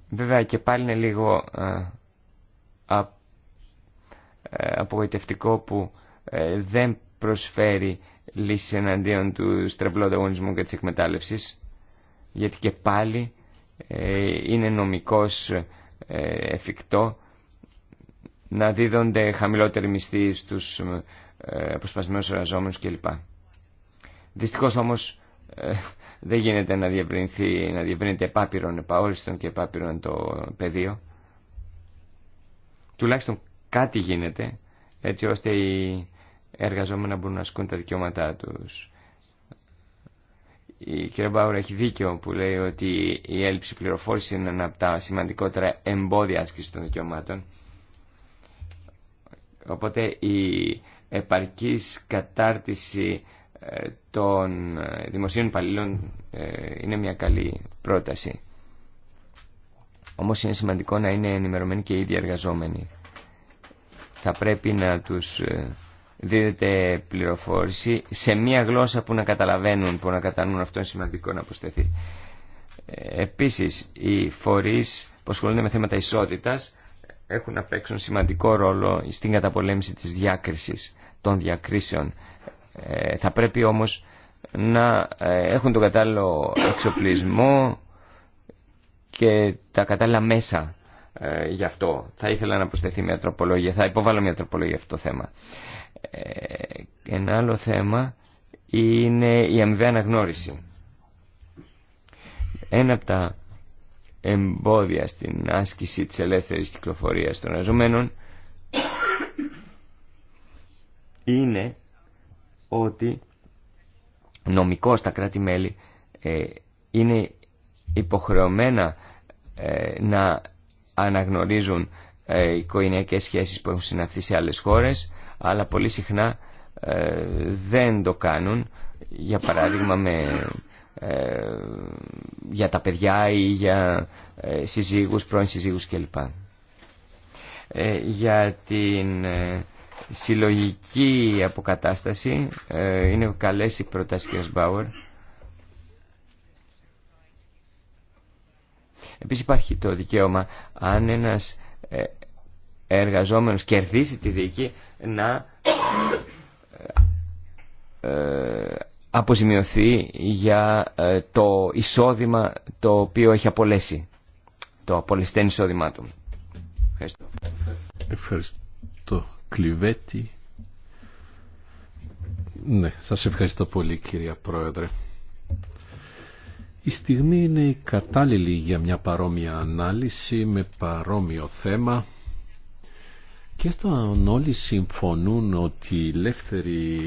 [SPEAKER 2] Βέβαια και πάλι είναι λίγο ε, α, ε, απογοητευτικό που ε, δεν προσφέρει λύσεις εναντίον του στρεβλού ανταγωνισμού και της εκμετάλλευσης γιατί και πάλι ε, είναι νομικός ε, εφικτό να δίδονται χαμηλότεροι μισθοί στους ε, αποσπασμένους εργαζόμενους κλπ. Δυστυχώς όμως δεν γίνεται να διευρυνθεί, να διευρύνεται επάπειρον, επαόριστον και επάπειρον το πεδίο. Τουλάχιστον κάτι γίνεται έτσι ώστε οι εργαζόμενοι να μπορούν να ασκούν τα δικαιώματά τους. Η κυρία Μπάουρα έχει δίκιο που λέει ότι η έλλειψη πληροφόρηση είναι ένα από τα σημαντικότερα εμπόδια άσκηση των δικαιωμάτων. Οπότε η επαρκής κατάρτιση ε, των ε, δημοσίων υπαλλήλων ε, είναι μια καλή πρόταση. Όμως είναι σημαντικό να είναι ενημερωμένοι και οι ίδιοι εργαζόμενοι. Θα πρέπει να τους δίδεται πληροφόρηση σε μία γλώσσα που να καταλαβαίνουν, που να κατανοούν αυτό είναι σημαντικό να προσθεθεί. Ε, επίσης, οι φορείς που ασχολούνται με θέματα ισότητας έχουν να παίξουν σημαντικό ρόλο στην καταπολέμηση της διάκρισης, των διακρίσεων. Ε, θα πρέπει όμως να ε, έχουν τον κατάλληλο εξοπλισμό και τα κατάλληλα μέσα γι' αυτό. Θα ήθελα να προσθεθεί μια τροπολογία, θα υποβάλω μια τροπολογία αυτό το θέμα. Ε, ένα άλλο θέμα είναι η αμοιβαία αναγνώριση. Ένα από τα εμπόδια στην άσκηση της ελεύθερης κυκλοφορίας των εργαζομένων είναι ότι νομικό τα κράτη-μέλη ε, είναι υποχρεωμένα ε, να αναγνωρίζουν οικογενειακές σχέσεις που έχουν συναυθεί σε άλλες χώρες αλλά πολύ συχνά ε, δεν το κάνουν, για παράδειγμα με, ε, για τα παιδιά ή για ε, συζύγους, πρώην συζύγους κλπ. Ε, για την συλλογική αποκατάσταση είναι καλές οι προτάσεις Μπάουερ. Επίσης υπάρχει το δικαίωμα αν ένας εργαζόμενος κερδίσει τη δίκη να ε, αποζημιωθεί για ε, το εισόδημα το οποίο έχει απολέσει. Το απολεσθέν εισόδημά του. Ευχαριστώ. Ευχαριστώ. Κλειβέτη.
[SPEAKER 3] Ναι, σας ευχαριστώ πολύ κυρία Πρόεδρε. Η στιγμή είναι κατάλληλη για μια παρόμοια ανάλυση με παρόμοιο θέμα και στο αν όλοι συμφωνούν ότι η ελεύθερη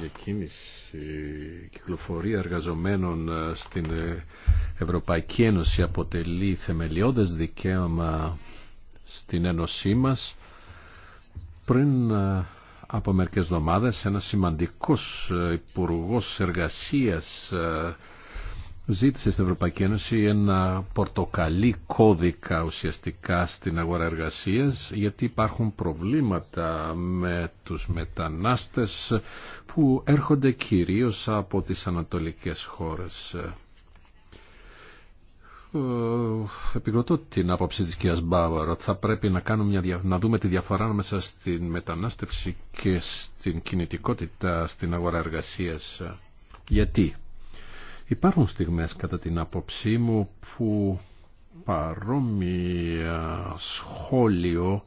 [SPEAKER 3] διακίνηση κυκλοφορία εργαζομένων ε, στην ε, Ευρωπαϊκή Ένωση αποτελεί θεμελιώδες δικαίωμα στην Ένωσή μας, πριν ε, από μερικές εβδομάδες ένα σημαντικός υπουργός εργασίας ζήτησε στην Ευρωπαϊκή Ένωση ένα πορτοκαλί κώδικα ουσιαστικά στην αγορά εργασίας γιατί υπάρχουν προβλήματα με τους μετανάστες που έρχονται κυρίως από τις ανατολικές χώρες. Ε, επικροτώ την άποψη της κ. Μπάβαρο θα πρέπει να, κάνουμε μια, να δούμε τη διαφορά μέσα στην μετανάστευση και στην κινητικότητα στην αγορά εργασίας. Γιατί Υπάρχουν στιγμές κατά την άποψή μου που παρόμοια σχόλιο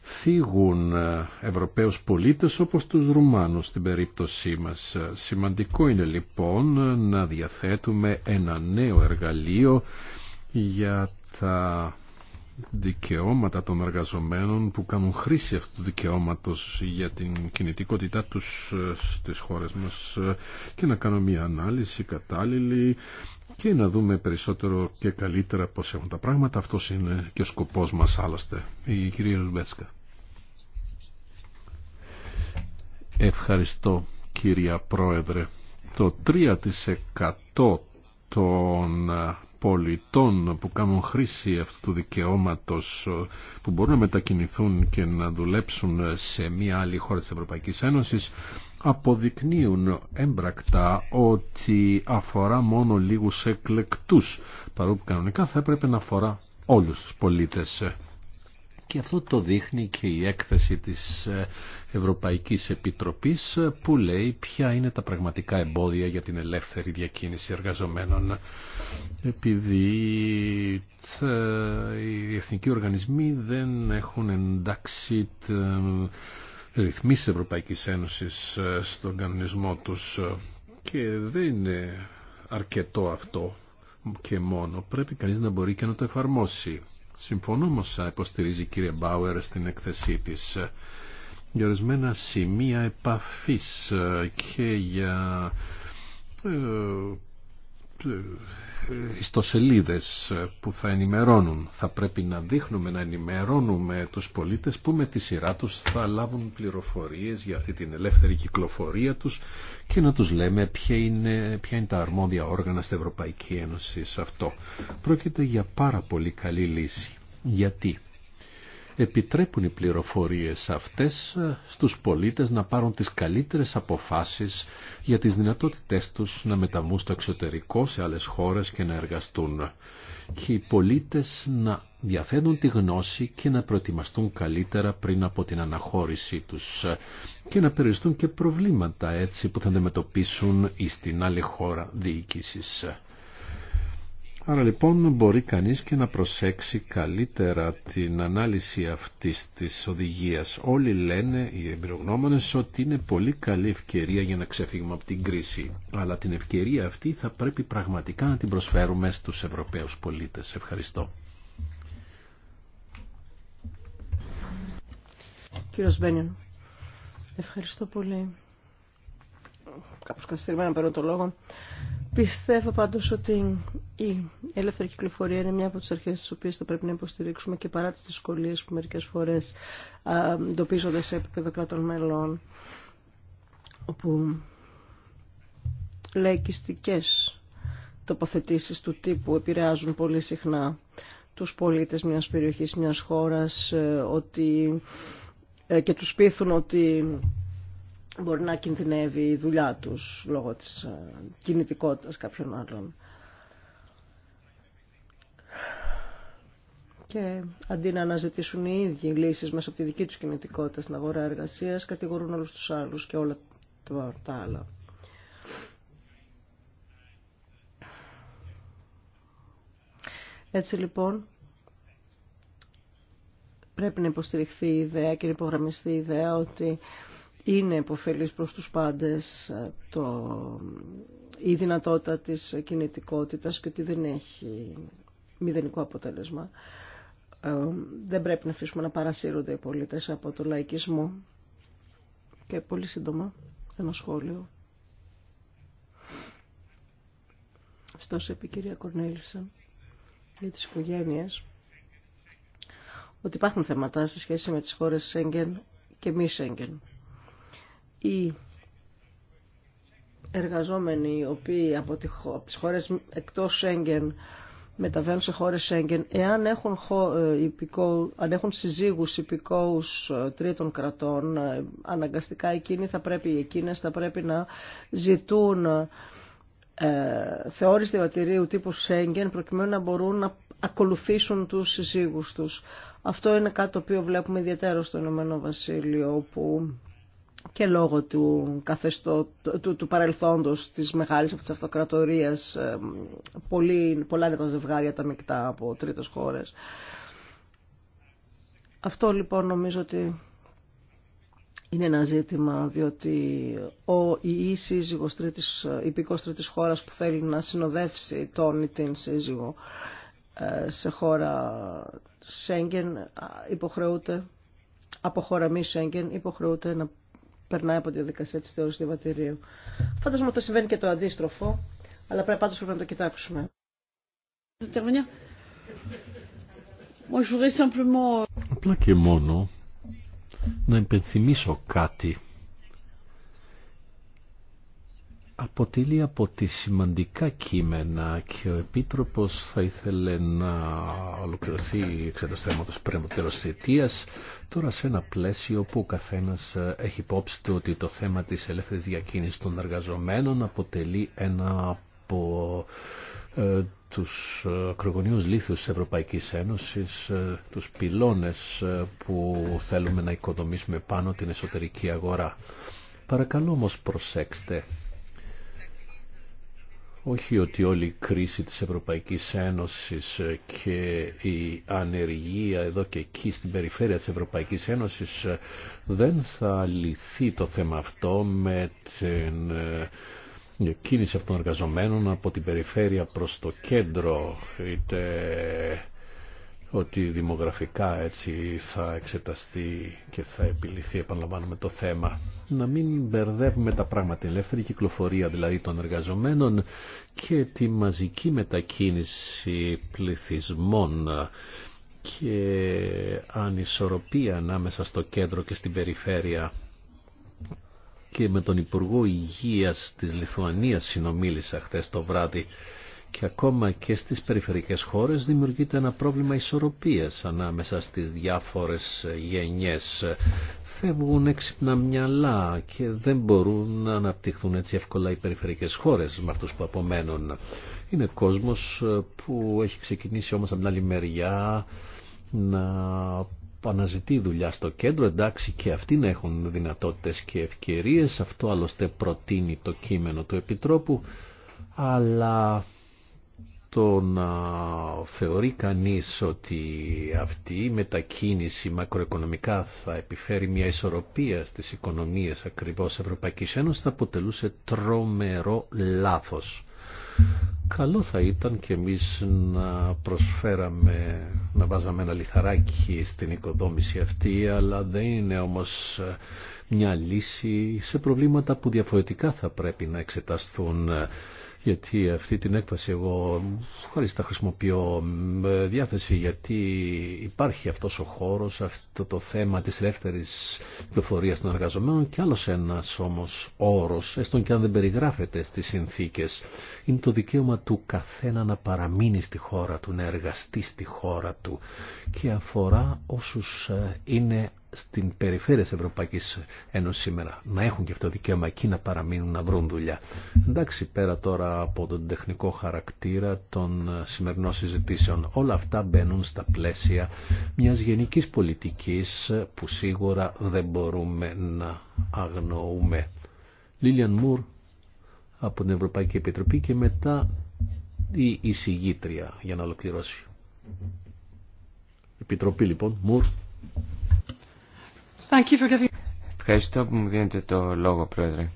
[SPEAKER 3] θίγουν ε, Ευρωπαίους πολίτες όπως τους Ρουμάνους στην περίπτωσή μας. Σημαντικό είναι λοιπόν να διαθέτουμε ένα νέο εργαλείο για τα δικαιώματα των εργαζομένων που κάνουν χρήση αυτού του δικαιώματος για την κινητικότητά τους ε, στις χώρες μας ε, και να κάνω μια ανάλυση κατάλληλη και να δούμε περισσότερο και καλύτερα πώς έχουν τα πράγματα. Αυτός είναι και ο σκοπός μας άλλωστε. Η κυρία Λουμπέτσκα. Ευχαριστώ κυρία Πρόεδρε. Το 3% των ε, πολιτών που κάνουν χρήση αυτού του δικαιώματος ε, που μπορούν να μετακινηθούν και να δουλέψουν σε μια άλλη χώρα της Ευρωπαϊκής Ένωσης αποδεικνύουν έμπρακτα ότι αφορά μόνο λίγους εκλεκτούς παρόλο που κανονικά θα έπρεπε να αφορά όλους τους πολίτες. Και αυτό το δείχνει και η έκθεση της ε, Ευρωπαϊκής Επιτροπής ε, που λέει ποια είναι τα πραγματικά εμπόδια για την ελεύθερη διακίνηση εργαζομένων. Επειδή ε, οι εθνικοί οργανισμοί δεν έχουν εντάξει ρυθμίσει Ευρωπαϊκής Ένωσης στον κανονισμό τους και δεν είναι αρκετό αυτό και μόνο. Πρέπει κανείς να μπορεί και να το εφαρμόσει. Συμφωνώ όμως υποστηρίζει η κυρία Μπάουερ στην εκθεσή της για ορισμένα σημεία επαφής ε, και για ε, ε, ιστοσελίδες ε, που θα ενημερώνουν. Θα πρέπει να δείχνουμε, να ενημερώνουμε τους πολίτες που με τη σειρά τους θα λάβουν πληροφορίες για αυτή την ελεύθερη κυκλοφορία τους και να τους λέμε ποια είναι, ποια είναι τα αρμόδια όργανα στην Ευρωπαϊκή Ένωση σε αυτό. Πρόκειται για πάρα πολύ καλή λύση. Γιατί επιτρέπουν οι πληροφορίες αυτές ε, στους πολίτες να πάρουν τις καλύτερες αποφάσεις για τις δυνατότητές τους να μεταμούν στο εξωτερικό σε άλλες χώρες και να εργαστούν και οι πολίτες να διαθέτουν τη γνώση και να προετοιμαστούν καλύτερα πριν από την αναχώρησή τους ε, και να περιστούν και προβλήματα έτσι που θα αντιμετωπίσουν στην άλλη χώρα διοίκησης. Άρα λοιπόν μπορεί κανείς και να προσέξει καλύτερα την ανάλυση αυτής της οδηγίας. Όλοι λένε οι εμπειρογνώμονες ότι είναι πολύ καλή ευκαιρία για να ξεφύγουμε από την κρίση. Αλλά την ευκαιρία αυτή θα πρέπει πραγματικά να την προσφέρουμε στους Ευρωπαίους πολίτες. Ευχαριστώ.
[SPEAKER 1] Κύριος Μπένιον, ευχαριστώ πολύ. λόγο. Πιστεύω πάντως ότι η ελεύθερη κυκλοφορία είναι μια από τις αρχές τις οποίες θα πρέπει να υποστηρίξουμε και παρά τις δυσκολίες που μερικές φορές εντοπίζονται σε επίπεδο κρατών μελών όπου λαϊκιστικές τοποθετήσεις του τύπου επηρεάζουν πολύ συχνά τους πολίτες μιας περιοχής, μιας χώρας ε, ότι, ε, και τους πείθουν ότι μπορεί να κινδυνεύει η δουλειά τους λόγω της ε, κινητικότητας κάποιων άλλων. Και αντί να αναζητήσουν οι ίδιοι λύσεις μέσα από τη δική τους κινητικότητα στην αγορά εργασίας, κατηγορούν όλους τους άλλους και όλα τα άλλα. Έτσι λοιπόν, πρέπει να υποστηριχθεί η ιδέα και να υπογραμμιστεί η ιδέα ότι είναι υποφελής προς τους πάντες ε, το, η δυνατότητα της κινητικότητας και ότι δεν έχει μηδενικό αποτέλεσμα. Ε, δεν πρέπει να αφήσουμε να παρασύρονται οι πολίτες από το λαϊκισμό. Και πολύ σύντομα ένα σχόλιο. Ωστόσο, επί κυρία Κορνέλισσα, για τις οικογένειες, ότι υπάρχουν θέματα σε σχέση με τις χώρες Σέγγεν και μη Σέγγεν οι εργαζόμενοι οι οποίοι από τις χώρες εκτός Σέγγεν μεταβαίνουν σε χώρες Σέγγεν, εάν έχουν, ε, υπηκό, αν έχουν συζύγους υπηκόους ε, τρίτων κρατών, ε, αναγκαστικά εκείνοι θα πρέπει, εκείνες θα πρέπει να ζητούν θεώρηση διαβατηρίου τύπου Σέγγεν προκειμένου να μπορούν να ακολουθήσουν τους συζύγους τους. Αυτό είναι κάτι το οποίο βλέπουμε ιδιαίτερο στο Ηνωμένο Βασίλειο, και λόγω του, καθεστώ, του, του παρελθόντος της μεγάλης αυτοκρατορίας ε, πολύ πολλά είναι τα ζευγάρια τα μεικτά από τρίτες χώρες. Αυτό λοιπόν νομίζω ότι είναι ένα ζήτημα διότι ο, η, η σύζυγος τρίτης, υπηκός χώρας που θέλει να συνοδεύσει τον ή την σύζυγο ε, σε χώρα Σέγγεν υποχρεούται από χώρα μη Σέγγεν υποχρεούται να περνάει από τη διαδικασία της θεώρησης διαβατηρίου. Φαντάζομαι ότι συμβαίνει και το αντίστροφο, αλλά πρέπει πάντως να το κοιτάξουμε. Απλά και μόνο
[SPEAKER 3] να υπενθυμίσω κάτι αποτελεί από τη σημαντικά κείμενα και ο Επίτροπος θα ήθελε να ολοκληρωθεί η πριν από τώρα σε ένα πλαίσιο που ο καθένας ε, έχει υπόψη του ότι το θέμα της ελεύθερης διακίνησης των εργαζομένων αποτελεί ένα από ε, τους ακρογωνίους λήθους της Ευρωπαϊκής Ένωσης, ε, τους πυλώνες ε, που θέλουμε να οικοδομήσουμε πάνω την εσωτερική αγορά. Παρακαλώ όμως προσέξτε όχι ότι όλη η κρίση της Ευρωπαϊκής Ένωσης και η ανεργία εδώ και εκεί στην περιφέρεια της Ευρωπαϊκής Ένωσης δεν θα λυθεί το θέμα αυτό με την ε, κίνηση αυτών των εργαζομένων από την περιφέρεια προς το κέντρο είτε ότι δημογραφικά έτσι θα εξεταστεί και θα επιληθεί, επαναλαμβάνουμε το θέμα. Να μην μπερδεύουμε τα πράγματα. Η ελεύθερη κυκλοφορία δηλαδή των εργαζομένων και τη μαζική μετακίνηση πληθυσμών και ανισορροπία ανάμεσα στο κέντρο και στην περιφέρεια και με τον Υπουργό Υγείας της Λιθουανίας συνομίλησα χθες το βράδυ και ακόμα και στις περιφερειακές χώρες δημιουργείται ένα πρόβλημα ισορροπίας ανάμεσα στις διάφορες γενιές. Φεύγουν έξυπνα μυαλά και δεν μπορούν να αναπτυχθούν έτσι εύκολα οι περιφερικές χώρες με αυτούς που απομένουν. Είναι κόσμος ε, που έχει ξεκινήσει όμως από την άλλη μεριά να αναζητεί δουλειά στο κέντρο, εντάξει και αυτοί να έχουν δυνατότητες και ευκαιρίες, αυτό άλλωστε προτείνει το κείμενο του Επιτρόπου, αλλά το να θεωρεί κανείς ότι αυτή η μετακίνηση μακροοικονομικά θα επιφέρει μια ισορροπία στις οικονομίες ακριβώς Ευρωπαϊκής Ένωσης θα αποτελούσε τρομερό λάθος. Καλό θα ήταν και εμείς να προσφέραμε, να βάζαμε ένα λιθαράκι στην οικοδόμηση αυτή, αλλά δεν είναι όμως μια λύση σε προβλήματα που διαφορετικά θα πρέπει να εξεταστούν γιατί αυτή την έκφραση εγώ χωρίς τα χρησιμοποιώ με διάθεση γιατί υπάρχει αυτός ο χώρος, αυτό το θέμα της ελεύθερη πληροφορίας των εργαζομένων και άλλος ένας όμως όρος, έστω και αν δεν περιγράφεται στις συνθήκες, είναι το δικαίωμα του καθένα να παραμείνει στη χώρα του, να εργαστεί στη χώρα του και αφορά όσους ε, είναι στην περιφέρεια της Ευρωπαϊκής Ένωσης σήμερα να έχουν και αυτό δικαίωμα εκεί να παραμείνουν να βρουν δουλειά. Εντάξει, πέρα τώρα από τον τεχνικό χαρακτήρα των σημερινών συζητήσεων, όλα αυτά μπαίνουν στα πλαίσια μιας γενικής πολιτικής που σίγουρα δεν μπορούμε να αγνοούμε. Λίλιαν Μουρ από την Ευρωπαϊκή Επιτροπή και μετά η εισηγήτρια για να ολοκληρώσει. Επιτροπή
[SPEAKER 2] λοιπόν, Μουρ. Ευχαριστώ που μου δίνετε το λόγο, Πρόεδρε.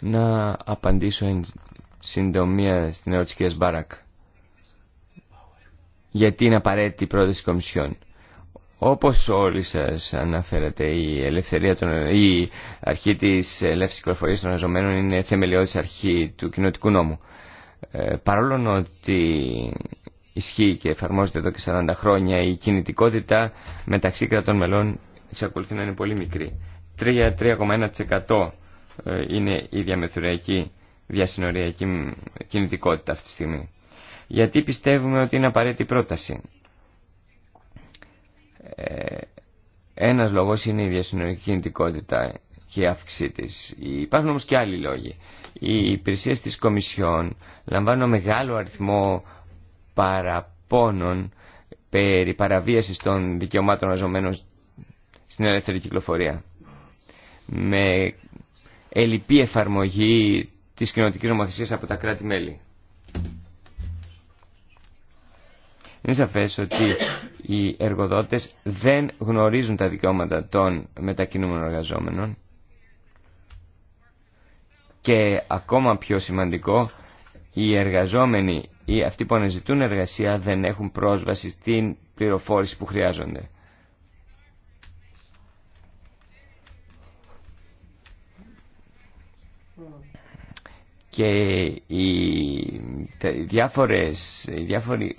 [SPEAKER 2] Να απαντήσω εν συντομία στην ερώτηση κυρίας Μπάρακ. Γιατί είναι απαραίτητη η πρόταση Κομισιόν. Όπως όλοι σας αναφέρατε, η, ελευθερία των, η αρχή της ελεύθερης κυκλοφορίας των εργαζομένων είναι θεμελιώδη αρχή του κοινωτικού νόμου. Ε, παρόλο ότι ισχύει και εφαρμόζεται εδώ και 40 χρόνια, η κινητικότητα μεταξύ κρατών μελών εξακολουθεί να είναι πολύ μικρή. 3,1% ε, είναι η διαμεθουριακή διασυνοριακή κινητικότητα αυτή τη στιγμή. Γιατί πιστεύουμε ότι είναι απαραίτητη πρόταση. Ε, ένας λόγος είναι η διασυνοριακή κινητικότητα και η αύξησή της. Υπάρχουν όμως και άλλοι λόγοι. Οι υπηρεσίε της Κομισιόν λαμβάνουν μεγάλο αριθμό παραπώνων περί παραβίασης των δικαιωμάτων αζωμένων στην ελεύθερη κυκλοφορία. Με ελλειπή εφαρμογή της κοινωνικής νομοθεσίας από τα κράτη-μέλη. Είναι σαφές ότι οι εργοδότες δεν γνωρίζουν τα δικαιώματα των μετακινούμενων εργαζόμενων και ακόμα πιο σημαντικό οι εργαζόμενοι ή αυτοί που αναζητούν εργασία δεν έχουν πρόσβαση στην πληροφόρηση που χρειάζονται. Και οι, διάφορες, οι διάφοροι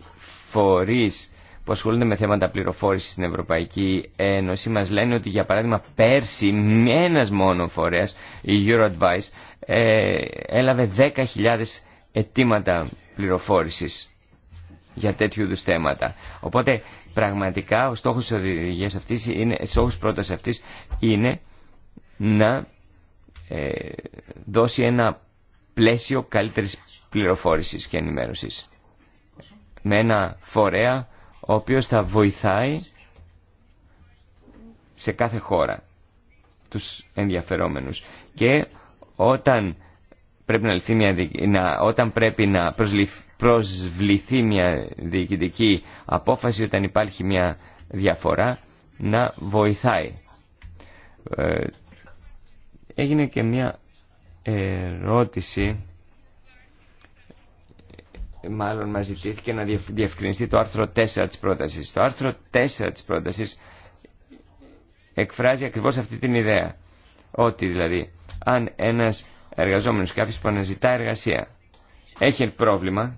[SPEAKER 2] φορείς που ασχολούνται με θέματα πληροφόρησης στην Ευρωπαϊκή Ένωση μας λένε ότι για παράδειγμα πέρσι ένας μόνο φορέας, η EuroAdvice, ε, έλαβε 10.000 αιτήματα πληροφόρησης για τέτοιου είδου θέματα. Οπότε πραγματικά ο στόχος της οδηγίας αυτής είναι, στόχος αυτής είναι να ε, δώσει ένα πλαίσιο καλύτερης πληροφόρησης και ενημέρωση. Με ένα φορέα ο οποίος θα βοηθάει σε κάθε χώρα τους ενδιαφερόμενους. Και όταν πρέπει να λυθεί μια, να, όταν πρέπει να προσβληθεί μια διοικητική απόφαση, όταν υπάρχει μια διαφορά, να βοηθάει. Ε, έγινε και μια ερώτηση, μάλλον μας ζητήθηκε να διευκρινιστεί το άρθρο 4 της πρότασης. Το άρθρο 4 της πρότασης εκφράζει ακριβώς αυτή την ιδέα, ότι δηλαδή αν ένας Εργαζόμενος κάποιος που αναζητά εργασία, έχει πρόβλημα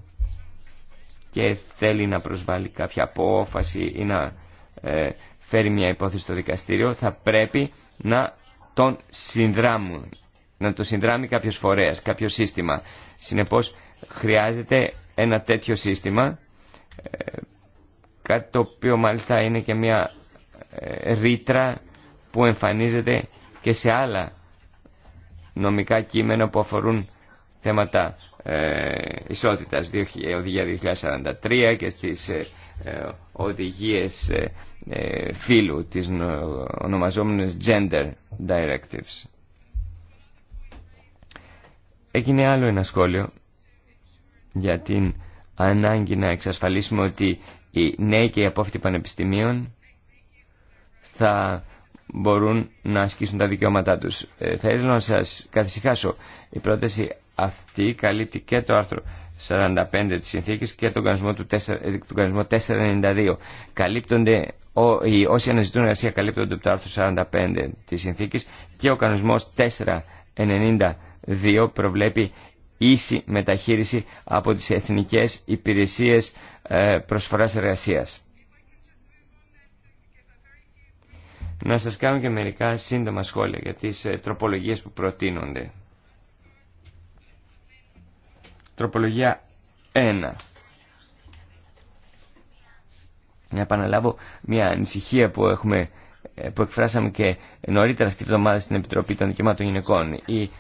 [SPEAKER 2] και θέλει να προσβάλλει κάποια απόφαση ή να ε, φέρει μια υπόθεση στο δικαστήριο, θα πρέπει να τον συνδράμουν, να το συνδράμει κάποιος φορέας, κάποιο σύστημα. Συνεπώς χρειάζεται ένα τέτοιο σύστημα, ε, κάτι το οποίο μάλιστα είναι και μια ε, ρήτρα που εμφανίζεται και σε άλλα νομικά κείμενα που αφορούν θέματα ε, ισότητας, ε, οδηγία 2043 και στις ε, ε οδηγίες ε, φύλου, της ονομαζόμενης gender directives. Έγινε άλλο ένα σχόλιο για την ανάγκη να εξασφαλίσουμε ότι οι νέοι και οι απόφοιτοι πανεπιστημίων θα μπορούν να ασκήσουν τα δικαιώματά τους. Ε, θα ήθελα να σας καθησυχάσω. Η πρόταση αυτή καλύπτει και το άρθρο 45 της συνθήκης και τον κανονισμό, του 4, 492. Ε, καλύπτονται ό, οι, όσοι αναζητούν εργασία καλύπτονται από το άρθρο 45 της συνθήκης και ο κανονισμός 492 προβλέπει ίση μεταχείριση από τις εθνικές υπηρεσίες ε, προσφοράς εργασίας. Να σας κάνω και μερικά σύντομα σχόλια για τις ε, τροπολογίες που προτείνονται. Τροπολογία 1. Να επαναλάβω μια ανησυχία που, έχουμε, ε, που εκφράσαμε και νωρίτερα αυτή τη βδομάδα στην Επιτροπή των Δικαιωμάτων Γυναικών. Η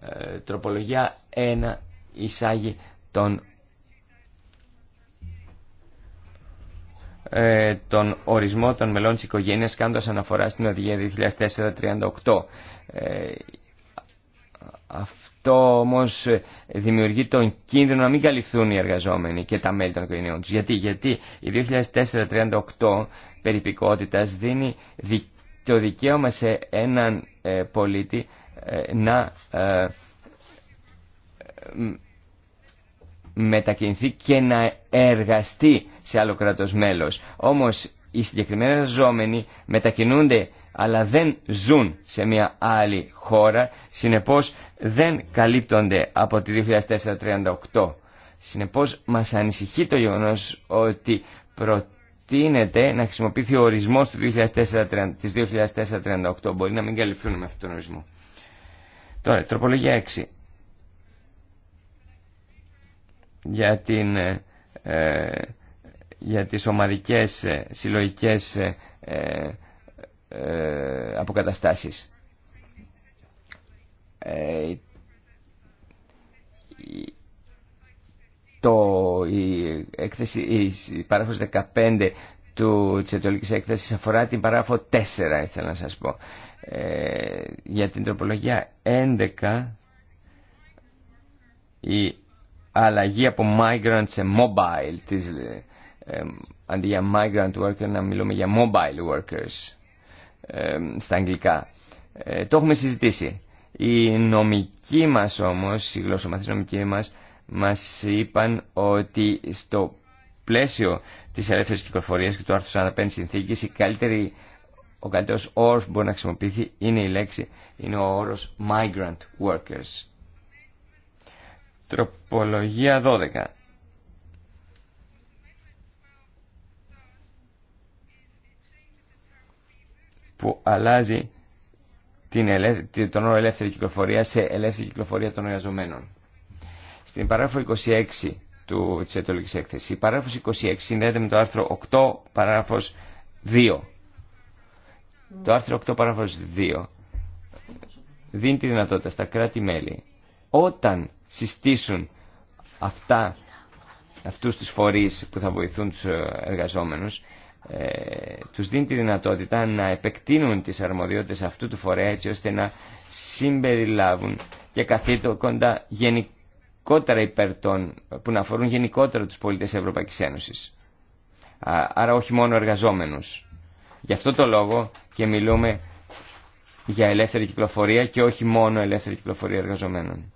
[SPEAKER 2] ε, τροπολογία 1 εισάγει τον Ε, τον ορισμό των μελών της οικογένειας κάνοντας αναφορά στην οδηγία 2004-38. Ε, αυτό όμως δημιουργεί τον κίνδυνο να μην καλυφθούν οι εργαζόμενοι και τα μέλη των οικογενειών τους. Γιατί, Γιατί η 2004-38 περιπικότητας δίνει το δικαίωμα σε έναν ε, πολίτη να μετακινηθεί και να εργαστεί σε άλλο κράτος μέλος. Όμως οι συγκεκριμένοι ζώμενοι μετακινούνται αλλά δεν ζουν σε μια άλλη χώρα, συνεπώς δεν καλύπτονται από τη 2438. Συνεπώς μας ανησυχεί το γεγονός ότι προτείνεται να χρησιμοποιηθεί ο ορισμός του 2004, της Μπορεί να μην καλυφθούν με αυτόν τον ορισμό. Τώρα, τροπολογία 6. για, την, ε, ε, για τις ομαδικές ε, συλλογικές ε, ε, ε αποκαταστάσεις. το, η, έκθεση, η παράγραφος 15 του, της Ετωλικής έκθεσης αφορά την παράγραφο 4 ήθελα να σας πω. για την τροπολογία 11 η αλλαγή από migrant σε mobile, ε, ε, αντί για migrant worker να μιλούμε για mobile workers ε, στα αγγλικά. Ε, το έχουμε συζητήσει. η νομική μας όμως, η γλωσσομαθής νομική μας, μας είπαν ότι στο πλαίσιο της ελεύθερης κυκλοφορίας και του άρθρου 45 συνθήκης η καλύτερη, ο καλύτερος όρος που μπορεί να χρησιμοποιηθεί είναι η λέξη, είναι ο όρος migrant workers. Τροπολογία 12. που αλλάζει την τον όρο ελεύθερη κυκλοφορία σε ελεύθερη κυκλοφορία των εργαζομένων. Στην παράγραφο 26 του, της έκθεση. Έκθεσης, η παράγραφο 26 συνδέεται με το άρθρο 8, παράγραφος 2. Το άρθρο 8, παράγραφος 2 δίνει τη δυνατότητα στα κράτη-μέλη όταν συστήσουν αυτά, αυτούς τους φορείς που θα βοηθούν τους ε, εργαζόμενους, ε, τους δίνει τη δυνατότητα να επεκτείνουν τις αρμοδιότητες αυτού του φορέα έτσι ώστε να συμπεριλάβουν και καθήκοντα γενικότερα υπέρ των, που να αφορούν γενικότερα τους πολίτες της Ευρωπαϊκής Ένωσης. Άρα όχι μόνο εργαζόμενους. Γι' αυτό το λόγο και μιλούμε για ελεύθερη κυκλοφορία και όχι μόνο ελεύθερη κυκλοφορία εργαζομένων.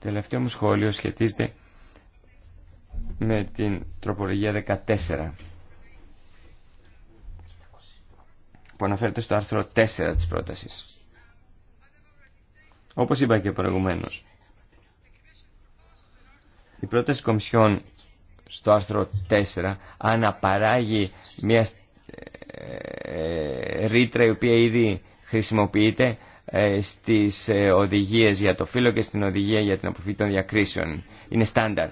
[SPEAKER 2] Τελευταίο μου σχόλιο σχετίζεται με την τροπολογία 14 που αναφέρεται στο άρθρο 4 της πρότασης. Όπως είπα και προηγουμένως, η πρόταση Κομισιόν στο άρθρο 4 αναπαράγει μια ε, ε, ρήτρα η οποία ήδη χρησιμοποιείται ε, στις ε, οδηγίες για το φύλλο και στην οδηγία για την αποφύγη των διακρίσεων. Είναι στάνταρ.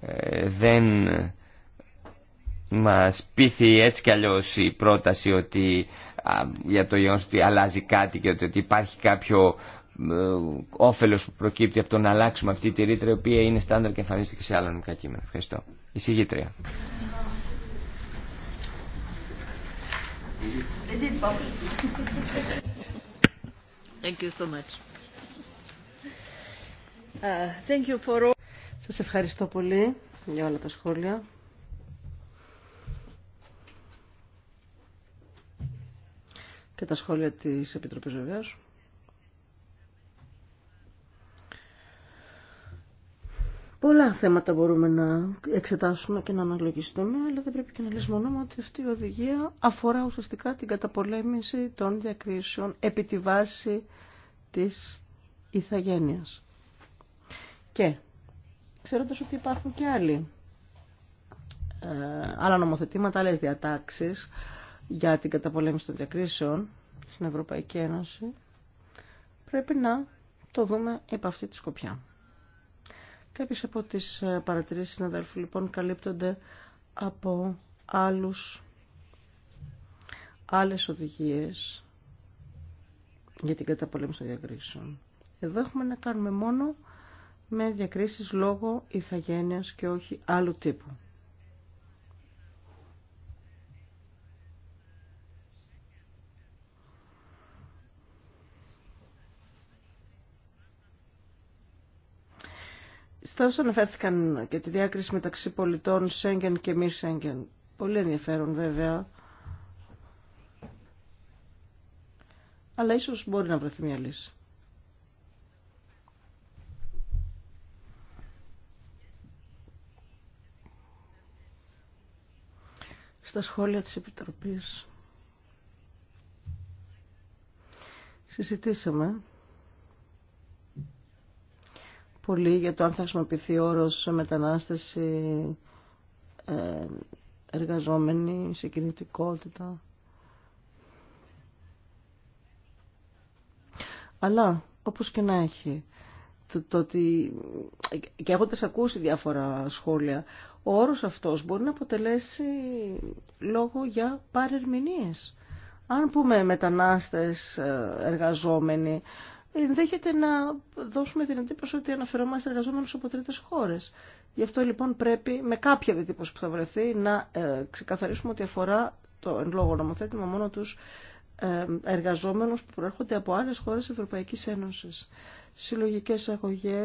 [SPEAKER 2] Ε, δεν μας πείθει έτσι κι αλλιώς η πρόταση ότι για το γεγονός ότι αλλάζει κάτι και ότι υπάρχει κάποιο όφελος που προκύπτει από το να αλλάξουμε αυτή τη ρήτρα η οποία είναι στάνταρ και εμφανίστηκε σε άλλα νομικά κείμενα. Ευχαριστώ. Εισηγήτρια.
[SPEAKER 1] Ε, Σας ευχαριστώ πολύ για όλα τα σχόλια. Και τα σχόλια της Επιτροπής βεβαίως. Πολλά θέματα μπορούμε να εξετάσουμε και να αναλογιστούμε, αλλά δεν πρέπει και να λησμονούμε ότι αυτή η οδηγία αφορά ουσιαστικά την καταπολέμηση των διακρίσεων επί τη βάση της ηθαγένειας. Και ξέροντας ότι υπάρχουν και άλλοι, ε, άλλα νομοθετήματα, άλλες διατάξεις για την καταπολέμηση των διακρίσεων στην Ευρωπαϊκή Ένωση, πρέπει να το δούμε επ' αυτή τη σκοπιά. Κάποιες από τις ε, παρατηρήσεις συναδέλφου λοιπόν καλύπτονται από άλλους, άλλες οδηγίες για την καταπολέμηση των διακρίσεων. Εδώ έχουμε να κάνουμε μόνο με διακρίσεις λόγω ηθαγένειας και όχι άλλου τύπου. Στα όσα αναφέρθηκαν και τη διάκριση μεταξύ πολιτών Σέγγεν και μη Σέγγεν. Πολύ ενδιαφέρον βέβαια. Αλλά ίσως μπορεί να βρεθεί μια λύση. Στα σχόλια της Επιτροπής συζητήσαμε πολύ για το αν θα χρησιμοποιηθεί ο όρος μετανάστευση ε, εργαζόμενη σε κινητικότητα. Αλλά, όπως και να έχει, το, ότι, και έχοντας ακούσει διάφορα σχόλια, ο όρος αυτός μπορεί να αποτελέσει λόγο για παρερμηνίες. Αν πούμε μετανάστες ε, εργαζόμενοι, ενδέχεται να δώσουμε την εντύπωση ότι αναφερόμαστε εργαζόμενους από τρίτε χώρες. Γι' αυτό λοιπόν πρέπει με κάποια διατύπωση που θα βρεθεί να ε, ξεκαθαρίσουμε ότι αφορά το εν λόγω νομοθέτημα μόνο τους ε, εργαζόμενους που προέρχονται από άλλες χώρες Ευρωπαϊκής Ένωση. Συλλογικές αγωγέ.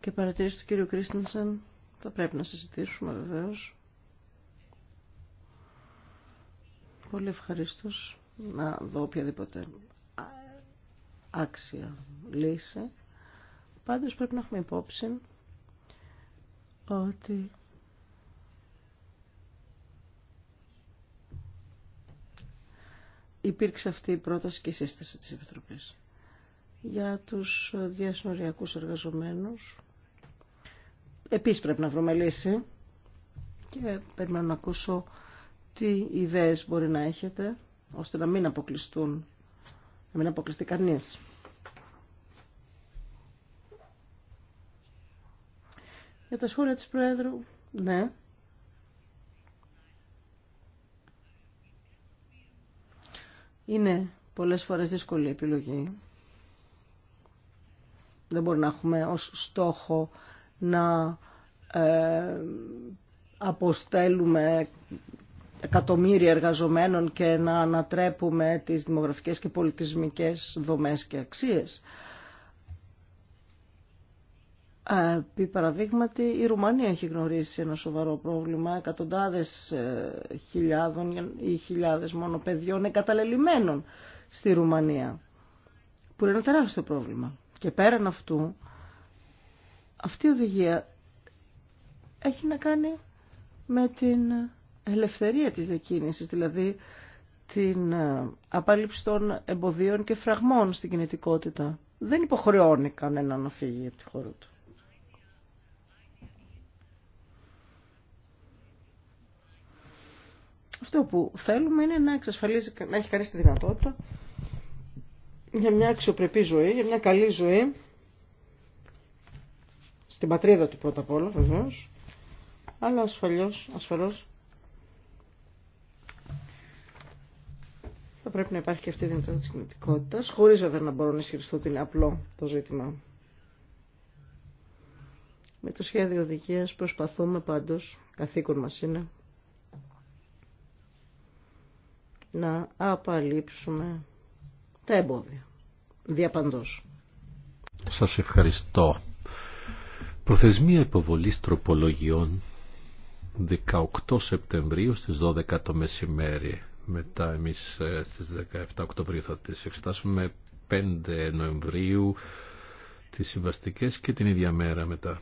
[SPEAKER 1] και παρατηρήσει του κύριου Κρίστινσεν θα πρέπει να συζητήσουμε βεβαίω. Πολύ ευχαριστώ να δω οποιαδήποτε άξια λύση. Πάντως πρέπει να έχουμε υπόψη ότι υπήρξε αυτή η πρόταση και η σύσταση της Επιτροπής. Για τους διασυνοριακούς εργαζομένους, επίσης πρέπει να βρούμε λύση και περιμένω να ακούσω τι ιδέες μπορεί να έχετε, ώστε να μην αποκλειστούν, να μην αποκλειστεί κανείς. Για τα σχόλια της Προέδρου, ναι. Είναι πολλές φορές δύσκολη επιλογή. Δεν μπορεί να έχουμε ως στόχο να ε, αποστέλουμε εκατομμύρια εργαζομένων και να ανατρέπουμε τις δημογραφικές και πολιτισμικές δομές και αξίες. Ε, επί παραδείγματι, η Ρουμανία έχει γνωρίσει ένα σοβαρό πρόβλημα. Εκατοντάδες ε, χιλιάδων ή χιλιάδες μόνο παιδιών εγκαταλελειμμένων στη Ρουμανία, που είναι ένα τεράστιο πρόβλημα. Και πέραν αυτού, αυτή η οδηγία έχει να κάνει με την ελευθερία της διακίνησης, δηλαδή την ε, απάλληψη των εμποδίων και φραγμών στην κινητικότητα. Δεν υποχρεώνει κανέναν να φύγει από τη χώρα του. Αυτό που θέλουμε είναι να εξασφαλίζει, να έχει κανείς τη δυνατότητα για μια αξιοπρεπή ζωή, για μια καλή ζωή, στην πατρίδα του πρώτα απ' όλα βεβαίως, αλλά ασφαλώς, ασφαλώς πρέπει να υπάρχει και αυτή η δυνατότητα της κινητικότητα, χωρίς βέβαια να μπορώ να ισχυριστώ ότι είναι απλό το ζήτημα. Με το σχέδιο οδηγία προσπαθούμε πάντως, καθήκον μας είναι, να απαλείψουμε τα εμπόδια. διαπαντό.
[SPEAKER 3] Σας ευχαριστώ. Προθεσμία υποβολή τροπολογιών 18 Σεπτεμβρίου στι 12 το μεσημέρι. Μετά εμείς ε, στις 17 Οκτωβρίου θα τις εξετάσουμε 5 Νοεμβρίου τις συμβαστικές και την ίδια μέρα μετά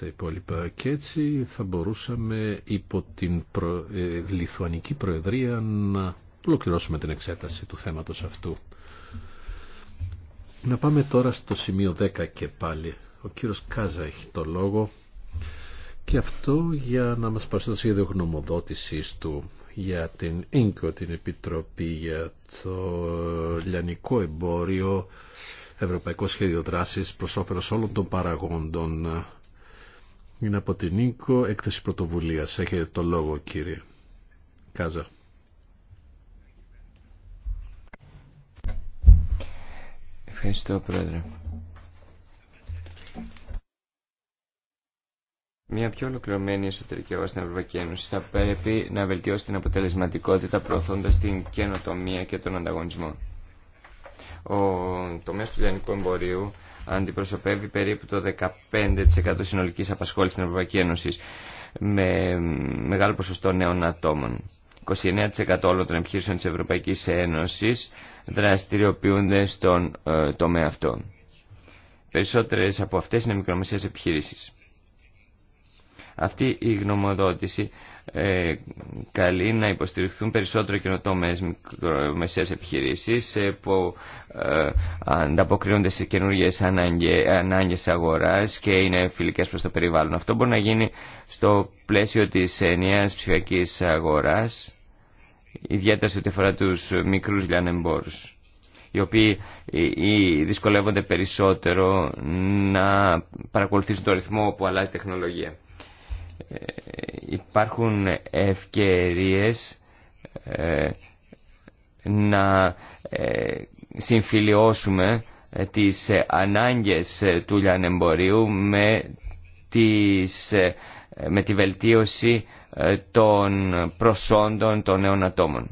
[SPEAKER 3] τα υπόλοιπα. Και έτσι θα μπορούσαμε υπό την προ... Ε, Λιθουανική Προεδρία να ολοκληρώσουμε την εξέταση του θέματος αυτού. Να πάμε τώρα στο σημείο 10 και πάλι. Ο κύριος Κάζα έχει το λόγο και αυτό για να μας παρουσιάσει το σχέδιο του για την ΙΝΚΟ, την Επιτροπή για το Λιανικό Εμπόριο, Ευρωπαϊκό Σχέδιο Δράσης προς όφελος όλων των παραγόντων. Είναι από την ΙΝΚΟ, έκθεση πρωτοβουλίας. Έχετε το λόγο κύριε Κάζα.
[SPEAKER 2] Ευχαριστώ πρόεδρε. Μια πιο ολοκληρωμένη εσωτερική αγορά στην Ευρωπαϊκή Ένωση θα πρέπει να βελτιώσει την αποτελεσματικότητα προωθώντα την καινοτομία και τον ανταγωνισμό. Ο τομέα του λιανικού εμπορίου αντιπροσωπεύει περίπου το 15% συνολική απασχόληση στην Ευρωπαϊκή Ένωση με μεγάλο ποσοστό νέων ατόμων. 29% όλων των επιχείρησεων τη Ευρωπαϊκή Ένωση δραστηριοποιούνται στον ε, τομέα αυτό. Περισσότερε από αυτέ είναι μικρομεσαίες επιχείρησει. Αυτή η γνωμοδότηση ε, καλεί να υποστηριχθούν περισσότερο καινοτόμες μεσαίες επιχειρήσεις ε, που ε, ανταποκρίνονται σε καινούργιες ανάγκε ανάγκες αγοράς και είναι φιλικές προς το περιβάλλον. Αυτό μπορεί να γίνει στο πλαίσιο της ενιαίας ψηφιακής αγοράς, ιδιαίτερα σε ό,τι αφορά τους μικρούς λιανεμπόρους οι οποίοι ε, δυσκολεύονται περισσότερο να παρακολουθήσουν το ρυθμό που αλλάζει η τεχνολογία υπάρχουν ευκαιρίες ε, να ε, συμφιλιώσουμε ε, τις ανάγκες του λιανεμπορίου με, τις, με τη βελτίωση των προσόντων των νέων ατόμων.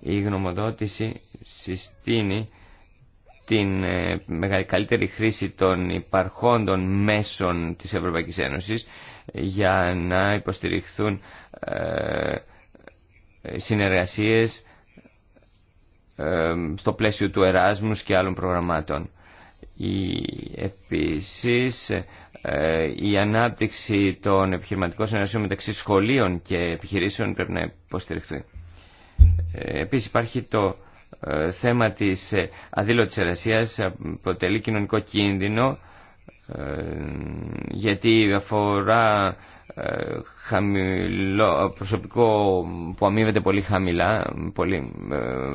[SPEAKER 2] Η γνωμοδότηση συστήνει την ε, καλύτερη χρήση των υπαρχόντων μέσων της Ευρωπαϊκής Ένωσης ε, για να υποστηριχθούν ε, συνεργασίες στο πλαίσιο του Εράσμους και άλλων προγραμμάτων. Η, επίσης, η ανάπτυξη των επιχειρηματικών συνεργασίων μεταξύ σχολείων και επιχειρήσεων πρέπει να υποστηριχθεί. Επίσης υπάρχει το θέμα της ε, αδήλωτης εργασίας ε, αποτελεί κοινωνικό κίνδυνο ε, γιατί αφορά χαμηλό, προσωπικό που αμείβεται πολύ χαμηλά,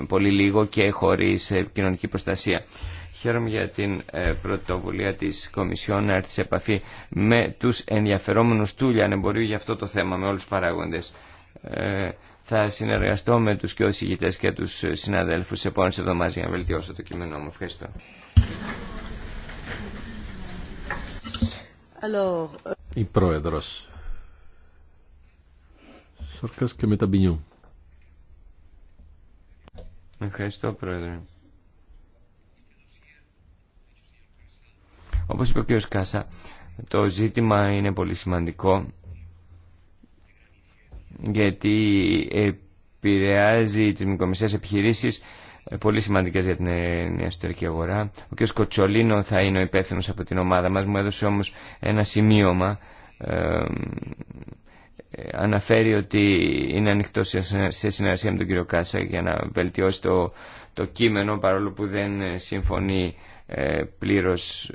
[SPEAKER 2] πολύ, λίγο και χωρίς κοινωνική προστασία. Χαίρομαι για την πρωτοβουλία της Κομισιόν να έρθει σε επαφή με τους ενδιαφερόμενους του λιανεμπορίου για αυτό το θέμα, με όλους τους παράγοντες. Θα συνεργαστώ με τους και ηγητές και τους συναδέλφους σε επόμενες εβδομάδες για να βελτιώσω το κείμενό μου. Ευχαριστώ. Η Πρόεδρος.
[SPEAKER 3] Σορκάς και Μεταμπινιού.
[SPEAKER 2] Ευχαριστώ Πρόεδρε. Όπως είπε ο κ. Κάσα, το ζήτημα είναι πολύ σημαντικό γιατί επηρεάζει τις μικρομεσαίες επιχειρήσεις ε, πολύ σημαντικές για την ε, εσωτερική αγορά. Ο κ. Κοτσολίνο θα είναι ο υπεύθυνο από την ομάδα μας, μου έδωσε όμως ένα σημείωμα. Ε, αναφέρει ότι είναι ανοιχτό σε συνεργασία με τον κύριο Κάσα για να βελτιώσει το, το κείμενο παρόλο που δεν συμφωνεί πλήρως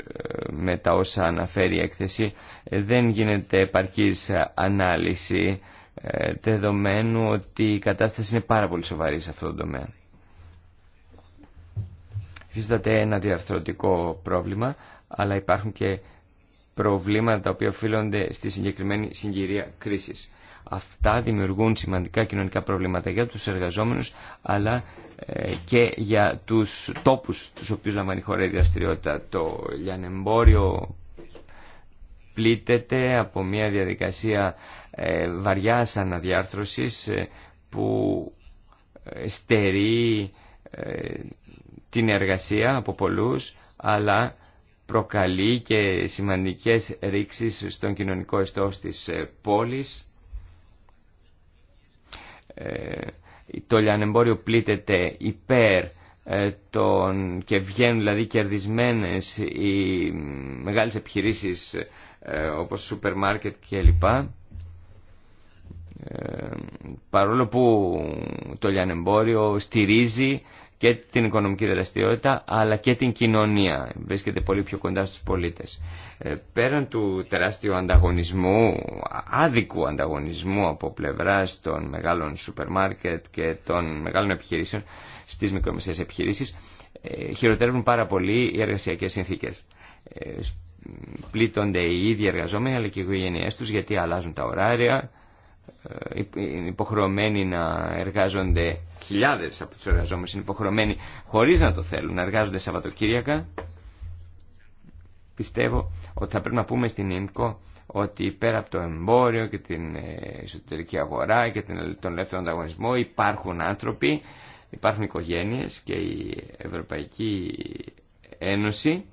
[SPEAKER 2] με τα όσα αναφέρει η έκθεση δεν γίνεται επαρκής ανάλυση ε, δεδομένου ότι η κατάσταση είναι πάρα πολύ σοβαρή σε αυτό το τομέα. Υφίσταται ένα διαρθρωτικό πρόβλημα, αλλά υπάρχουν και προβλήματα τα οποία οφείλονται στη συγκεκριμένη συγκυρία κρίσης. Αυτά δημιουργούν σημαντικά κοινωνικά προβλήματα για τους εργαζόμενους αλλά ε, και για τους τόπους τους οποίους λαμβάνει η χώρα η δραστηριότητα. Το λιανεμπόριο πλήττεται από μια διαδικασία ε, βαριάς αναδιάρθρωσης ε, που ε, στερεί την εργασία από πολλούς αλλά προκαλεί και σημαντικές ρήξεις στον κοινωνικό ιστό της πόλης. Το λιανεμπόριο πλήττεται υπέρ των, και βγαίνουν δηλαδή κερδισμένες οι μεγάλες επιχειρήσεις όπως σούπερ μάρκετ κλπ. Ε, παρόλο που το λιανεμπόριο στηρίζει και την οικονομική δραστηριότητα αλλά και την κοινωνία. Βρίσκεται πολύ πιο κοντά στους πολίτες. Ε, πέραν του τεράστιου ανταγωνισμού, άδικου ανταγωνισμού από πλευράς των μεγάλων σούπερ μάρκετ και των μεγάλων επιχειρήσεων στις μικρομεσαίες επιχειρήσεις, ε, χειροτερεύουν πάρα πολύ οι εργασιακές συνθήκες. πλήττονται οι ίδιοι εργαζόμενοι αλλά και οι τους γιατί αλλάζουν τα ωράρια, ε, είναι υποχρεωμένοι να εργάζονται χιλιάδες από τους εργαζόμενους είναι υποχρεωμένοι χωρίς να το θέλουν να εργάζονται Σαββατοκύριακα πιστεύω ότι θα πρέπει να πούμε στην ΕΜΚΟ ότι πέρα από το εμπόριο και την ε, εσωτερική αγορά και τον ελεύθερο ανταγωνισμό υπάρχουν άνθρωποι, υπάρχουν οικογένειες και η Ευρωπαϊκή Ένωση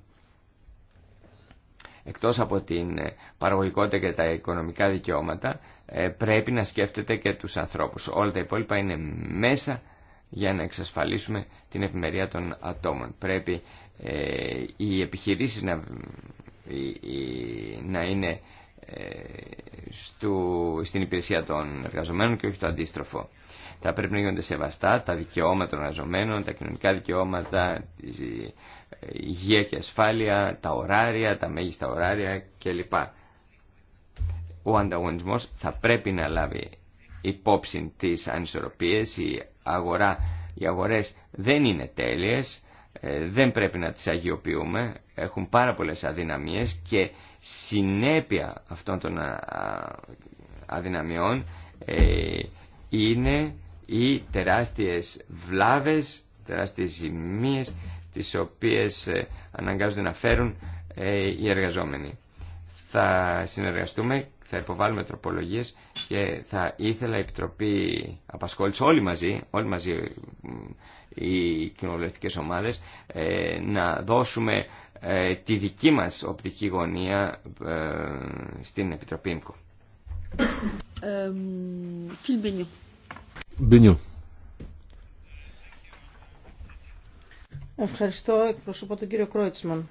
[SPEAKER 2] εκτός από την ε, παραγωγικότητα και τα οικονομικά δικαιώματα ε, πρέπει να σκέφτεται και τους ανθρώπους. Όλα τα υπόλοιπα είναι μέσα για να εξασφαλίσουμε την ευημερία των ατόμων. Πρέπει ε, οι επιχειρήσεις να, να είναι ε, στην υπηρεσία των εργαζομένων και όχι το αντίστροφο. Θα πρέπει να γίνονται σεβαστά τα δικαιώματα των εργαζομένων, τα κοινωνικά δικαιώματα, η υγεία και ασφάλεια, τα ωράρια, τα μέγιστα ωράρια κλπ ο ανταγωνισμός θα πρέπει να λάβει υπόψη τις ανισορροπίες, η αγορά, οι αγορές δεν είναι τέλειες, ε, δεν πρέπει να τις αγιοποιούμε, έχουν πάρα πολλές αδυναμίες και συνέπεια αυτών των αδυναμιών ε, είναι οι τεράστιες βλάβες, τεράστιες ζημίες τις οποίες ε, αναγκάζονται να φέρουν οι εργαζόμενοι. Θα συνεργαστούμε θα υποβάλουμε τροπολογίες και θα ήθελα η Επιτροπή Απασχόληση όλοι μαζί, όλοι μαζί οι κοινοβουλευτικές ομάδες ε, να δώσουμε ε, τη δική μας οπτική γωνία ε, στην Επιτροπή ΜΚΟ.
[SPEAKER 1] Ευχαριστώ. Εκπροσωπώ τον κύριο Κρόιτσμαν,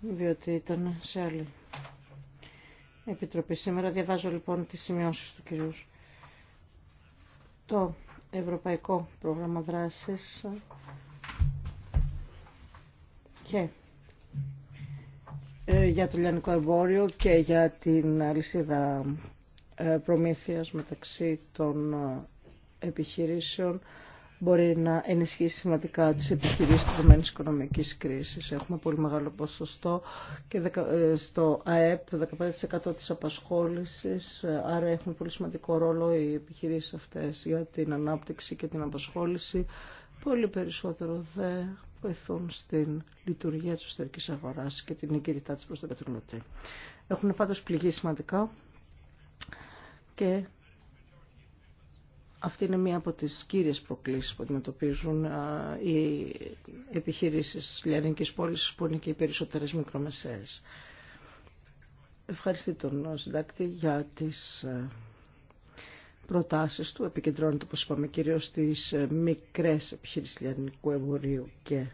[SPEAKER 1] διότι ήταν σε άλλη Επιτροπή. Σήμερα διαβάζω λοιπόν τις σημειώσεις του κυρίου. Το Ευρωπαϊκό Πρόγραμμα Δράσης και ε, για το λιανικό εμπόριο και για την αλυσίδα ε, προμήθειας μεταξύ των ε, επιχειρήσεων μπορεί να ενισχύσει σημαντικά τις επιχειρήσεις τη δεδομένη οικονομικής κρίσης. Έχουμε πολύ μεγάλο ποσοστό και ε, στο ΑΕΠ 15% της απασχόλησης, ε, άρα έχουν πολύ σημαντικό ρόλο οι επιχειρήσεις αυτές για την ανάπτυξη και την απασχόληση. Πολύ περισσότερο δε βοηθούν στην λειτουργία τη εσωτερική αγοράς και την εγκυρητά της προς τον καταναλωτή. Έχουν πάντως πληγεί σημαντικά και αυτή είναι μία από τις κύριες προκλήσεις που αντιμετωπίζουν οι επιχειρήσεις λιανικής πόλης, που είναι και οι περισσότερες μικρομεσαίες. Ευχαριστώ τον συντάκτη για τις προτάσεις του. Επικεντρώνεται, όπως είπαμε, κυρίως στις ε, μικρές επιχειρήσεις λιανικού εμπορίου και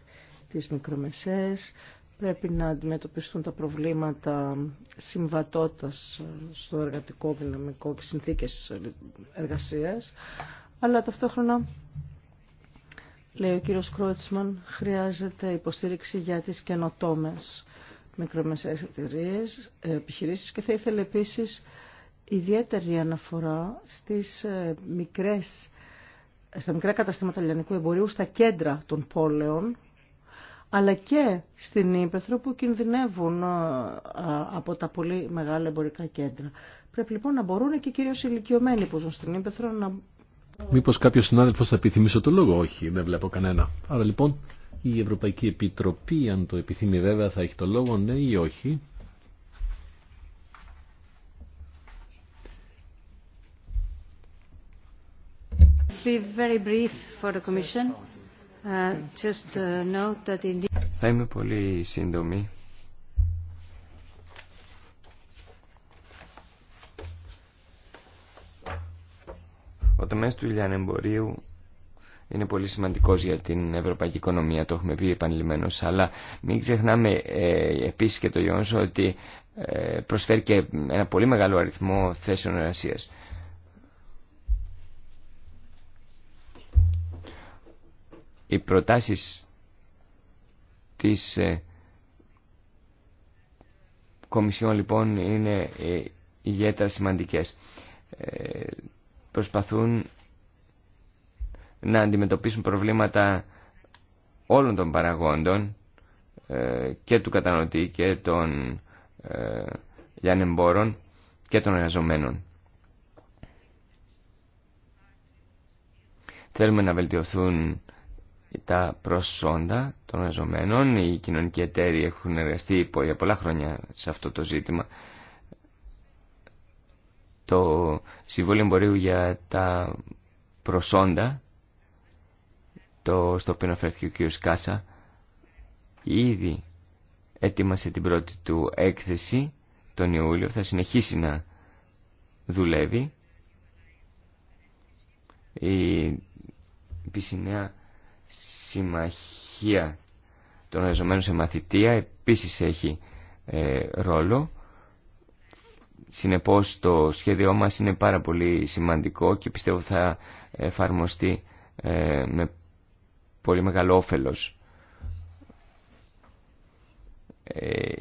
[SPEAKER 1] τις μικρομεσαίες πρέπει να αντιμετωπιστούν τα προβλήματα συμβατότητας ε, στο εργατικό δυναμικό και συνθήκες εργασίας, αλλά ταυτόχρονα, λέει ο κύριος Κρότσμαν, χρειάζεται υποστήριξη για τις καινοτόμες μικρομεσαίες εταιρείες, ε, επιχειρήσεις και θα ήθελε επίσης ιδιαίτερη αναφορά στις ε, μικρές, στα μικρά καταστήματα λιανικού εμπορίου, στα κέντρα των πόλεων, αλλά και στην Ήπεθρο που κινδυνεύουν ε, ε, από τα πολύ μεγάλα εμπορικά κέντρα. Πρέπει λοιπόν να μπορούν και κυρίως οι ηλικιωμένοι που ζουν στην Ήπεθρο να...
[SPEAKER 3] Μήπως κάποιος συνάδελφος θα επιθυμίσω το λόγο. Όχι, δεν βλέπω κανένα. Άρα λοιπόν η Ευρωπαϊκή Επιτροπή, αν το επιθυμεί βέβαια, θα έχει το λόγο, ναι ή όχι.
[SPEAKER 1] Be very brief for the Commission. Uh, uh,
[SPEAKER 2] Θα είμαι πολύ σύντομη. Ο τομέας του λιανεμπορίου είναι πολύ σημαντικός για την ευρωπαϊκή οικονομία, το έχουμε πει επανειλημμένως, αλλά μην ξεχνάμε ε, επίσης και το γεγονός ότι ε, προσφέρει και ένα πολύ μεγάλο αριθμό θέσεων εργασίας. Οι προτάσεις της ε, Κομισιόν λοιπόν είναι ε, ιδιαίτερα σημαντικές. Ε, προσπαθούν να αντιμετωπίσουν προβλήματα όλων των παραγόντων και του καταναλωτή και των λιανεμπόρων και των εργαζομένων. Θέλουμε να βελτιωθούν τα προσόντα των εργαζομένων. Οι κοινωνικοί εταίροι έχουν εργαστεί για πολλά χρόνια σε αυτό το ζήτημα. Το Συμβούλιο Εμπορίου για τα προσόντα, το, στο οποίο αναφέρθηκε ο κ. Κάσα, ήδη έτοιμασε την πρώτη του έκθεση τον Ιούλιο, θα συνεχίσει να δουλεύει. Η, η Συμμαχία των εργαζομένων σε μαθητεία επίσης έχει ε, ρόλο. Συνεπώς το σχέδιό μας είναι πάρα πολύ σημαντικό και πιστεύω θα εφαρμοστεί ε, με πολύ μεγάλο όφελος. Ε,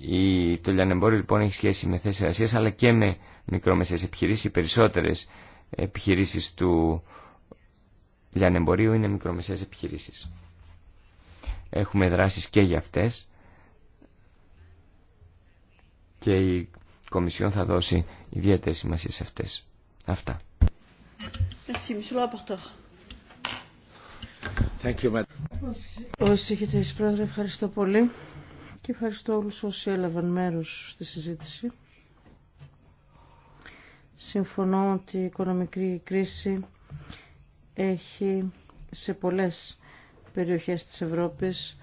[SPEAKER 2] η, το λιανεμπόριο λοιπόν έχει σχέση με θέσεις εργασίας αλλά και με μικρόμεσες επιχειρήσεις. Οι περισσότερες επιχειρήσεις του λιανεμπορίου είναι μικρομεσαίες επιχειρήσεις. Έχουμε δράσεις και για αυτές και η Κομισιόν θα δώσει ιδιαίτερη σημασία σε αυτές. Αυτά.
[SPEAKER 1] Ο εις πρόεδρε, ευχαριστώ πολύ και ευχαριστώ όλους όσοι έλαβαν μέρος στη συζήτηση. Συμφωνώ ότι η οικονομική κρίση έχει σε πολλές περιοχές της Ευρώπης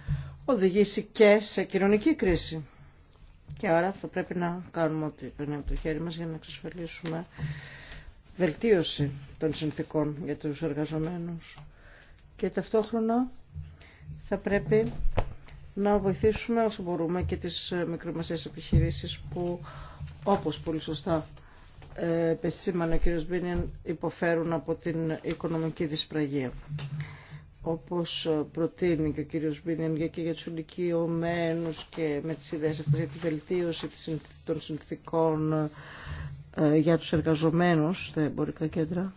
[SPEAKER 1] οδηγήσει και σε κοινωνική κρίση. Και άρα θα πρέπει να κάνουμε ό,τι περνάει από το χέρι μας για να εξασφαλίσουμε βελτίωση των συνθήκων για τους εργαζομένους. Και ταυτόχρονα θα πρέπει να βοηθήσουμε όσο μπορούμε και τις μικρομεσαίες επιχειρήσεις που όπως πολύ σωστά επεσήμανε ο κύριος Μπίνιεν, υποφέρουν από την οικονομική δυσπραγία. Όπως προτείνει και ο κύριος Μπίνιαν και για τους και με τις ιδέες αυτές για τη βελτίωση των συνθήκων ε, για τους εργαζομένους στα εμπορικά κέντρα.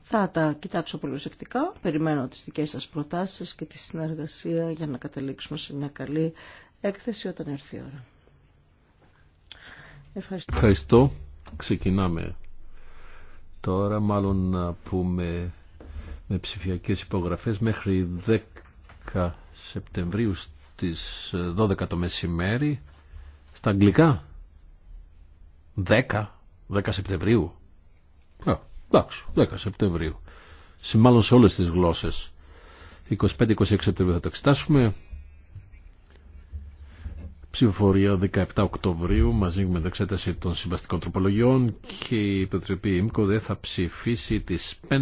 [SPEAKER 1] Θα τα κοιτάξω πολύ προσεκτικά. Περιμένω τις δικές σας προτάσεις και τη συνεργασία για να καταλήξουμε σε μια καλή έκθεση όταν έρθει η ώρα. Ευχαριστώ.
[SPEAKER 3] Ευχαριστώ. Ξεκινάμε τώρα μάλλον να πούμε με ψηφιακές υπογραφές μέχρι 10 Σεπτεμβρίου στις 12 το μεσημέρι στα αγγλικά 10 10 Σεπτεμβρίου Α, εντάξει 10 Σεπτεμβρίου Συμμάλλον σε όλες τις γλώσσες 25-26 Σεπτεμβρίου θα το εξετάσουμε ψηφοφορία 17 Οκτωβρίου μαζί με την εξέταση των συμβαστικών τροπολογιών και η Επιτροπή ΙΜΚΟ δεν θα ψηφίσει τις 5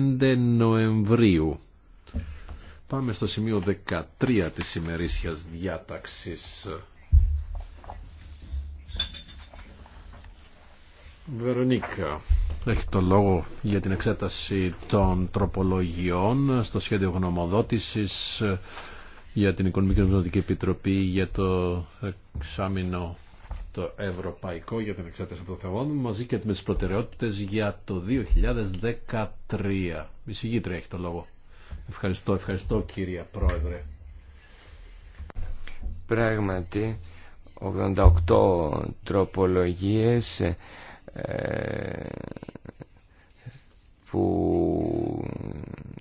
[SPEAKER 3] Νοεμβρίου. Πάμε στο σημείο 13 της ημερήσιας διάταξης. Βερονίκα, έχει το λόγο για την εξέταση των τροπολογιών στο σχέδιο γνωμοδότησης για την Οικονομική Νομισματική Επιτροπή για το εξάμεινο το ευρωπαϊκό για την εξάρτηση θεών μαζί και με τις προτεραιότητες για το 2013. Η έχει το λόγο. Ευχαριστώ, ευχαριστώ κύριε Πρόεδρε.
[SPEAKER 2] Πράγματι, 88 τροπολογίες ε, που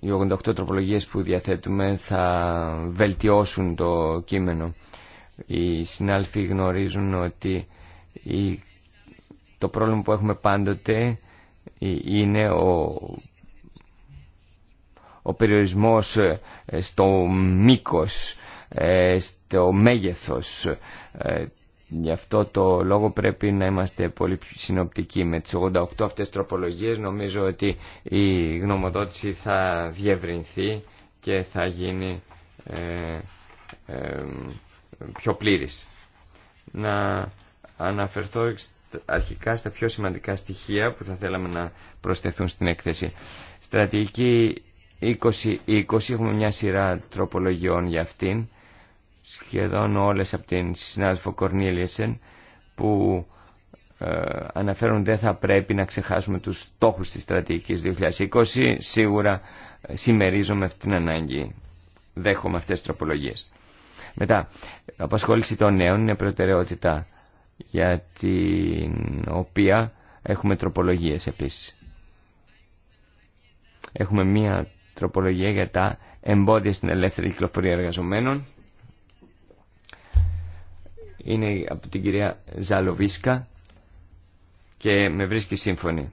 [SPEAKER 2] οι 88 τροπολογίες που διαθέτουμε θα βελτιώσουν το κείμενο. Οι συνάλφοι γνωρίζουν ότι το πρόβλημα που έχουμε πάντοτε είναι ο, ο περιορισμός ε, στο μήκος, ε, στο μέγεθος ε, Γι' αυτό το λόγο πρέπει να είμαστε πολύ συνοπτικοί. Με τις 88 αυτές τροπολογίες νομίζω ότι η γνωμοδότηση θα διευρυνθεί και θα γίνει ε, ε, πιο πλήρης. Να αναφερθώ αρχικά στα πιο σημαντικά στοιχεία που θα θέλαμε να προσθεθούν στην έκθεση. Στρατηγική 2020, έχουμε μια σειρά τροπολογιών για αυτήν σχεδόν όλες από την συνάδελφο Κορνίλιεσεν που ε, αναφέρουν δεν θα πρέπει να ξεχάσουμε τους στόχους της στρατηγικής 2020. Σίγουρα ε, συμμερίζομαι αυτή την ανάγκη. Δέχομαι αυτές τις τροπολογίες. Μετά, απασχόληση των νέων είναι προτεραιότητα για την οποία έχουμε τροπολογίες επίσης. Έχουμε μία τροπολογία για τα εμπόδια στην ελεύθερη κυκλοφορία εργαζομένων είναι από την κυρία Ζαλοβίσκα και με βρίσκει σύμφωνη.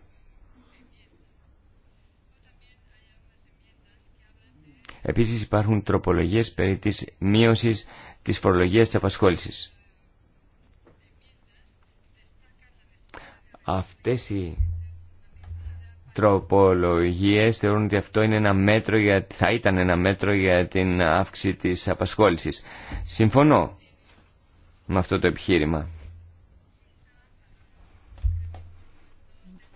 [SPEAKER 2] Επίσης υπάρχουν τροπολογίες περί της μείωσης της φορολογίας της απασχόλησης. Αυτές οι τροπολογίες θεωρούν ότι αυτό είναι ένα μέτρο για, θα ήταν ένα μέτρο για την αύξηση της απασχόλησης. Συμφωνώ με αυτό το επιχείρημα.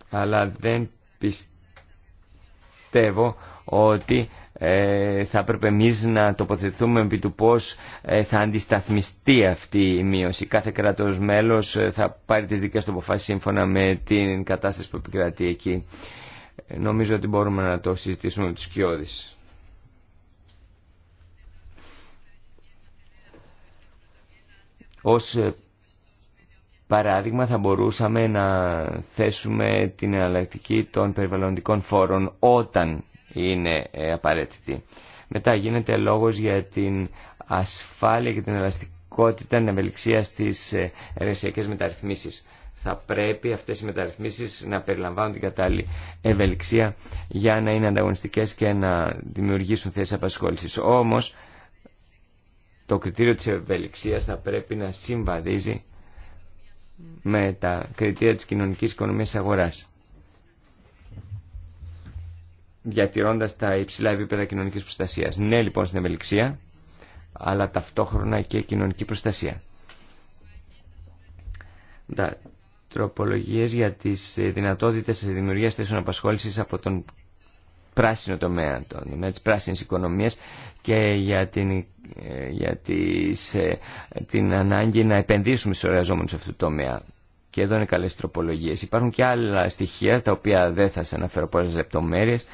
[SPEAKER 2] Αλλά δεν πιστεύω ότι ε, θα έπρεπε εμεί να τοποθετηθούμε επί του πώς ε, θα αντισταθμιστεί αυτή η μείωση. Κάθε κράτος μέλος ε, θα πάρει τι δικέ του αποφάσει σύμφωνα με την κατάσταση που επικρατεί εκεί. Νομίζω ότι μπορούμε να το συζητήσουμε με του κοιόδη. Ως ε, παράδειγμα θα μπορούσαμε να θέσουμε την εναλλακτική των περιβαλλοντικών φόρων όταν είναι ε, απαραίτητη. Μετά γίνεται λόγος για την ασφάλεια και την ελαστικότητα, την ευελιξία στις ε, εργασιακές μεταρρυθμίσεις. Θα πρέπει αυτές οι μεταρρυθμίσεις να περιλαμβάνουν την κατάλληλη ευελιξία για να είναι ανταγωνιστικές και να δημιουργήσουν θέσεις απασχόλησης. Όμως, το κριτήριο της ευελιξίας θα πρέπει να συμβαδίζει με τα κριτήρια της κοινωνικής οικονομίας αγοράς διατηρώντας τα υψηλά επίπεδα κοινωνικής προστασίας. Ναι λοιπόν στην ευελιξία, αλλά ταυτόχρονα και κοινωνική προστασία. Τα τροπολογίες για τις δυνατότητες της δημιουργίας θέσεων απασχόλησης από τον πράσινο τομέα, των, τομέα της πράσινης οικονομίας και για την, για τις, ε, την ανάγκη να επενδύσουμε στους εργαζόμενους σε αυτό το τομέα. Και εδώ είναι καλές τροπολογίες. Υπάρχουν και άλλα στοιχεία, τα οποία δεν θα σε αναφέρω πολλές λεπτομέρειες.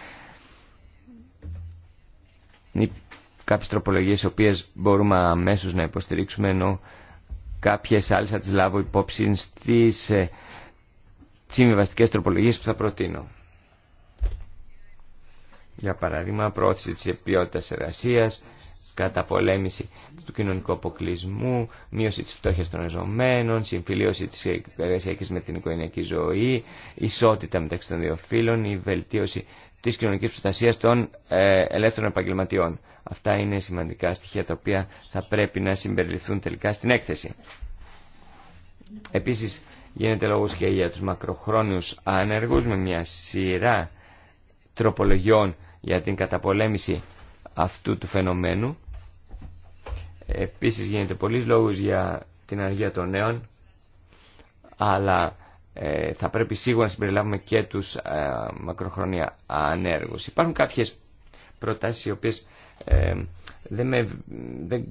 [SPEAKER 2] Κάποιες τροπολογίες, οι οποίες μπορούμε αμέσω να υποστηρίξουμε, ενώ κάποιες άλλες θα τις λάβω υπόψη στις ε, συμβιβαστικές τροπολογίες που θα προτείνω. Για παράδειγμα, πρόθεση της ποιότητας εργασίας, καταπολέμηση του κοινωνικού αποκλεισμού, μείωση της φτώχειας των εργαζομένων, συμφιλίωση της εργασιακής με την οικογενειακή ζωή, ισότητα μεταξύ των δύο φύλων, η βελτίωση της κοινωνικής προστασίας των ε, ελεύθερων επαγγελματιών. Αυτά είναι σημαντικά στοιχεία τα οποία θα πρέπει να συμπεριληφθούν τελικά στην έκθεση. Επίσης γίνεται λόγος και για τους μακροχρόνιους άνεργους με μια σειρά τροπολογιών για την καταπολέμηση αυτού του φαινομένου. Επίσης γίνεται πολλής λόγους για την αργία των νέων, αλλά ε, θα πρέπει σίγουρα να συμπεριλάβουμε και τους ε, μακροχρόνια ανέργους. Υπάρχουν κάποιες προτάσεις οι οποίες ε, δεν,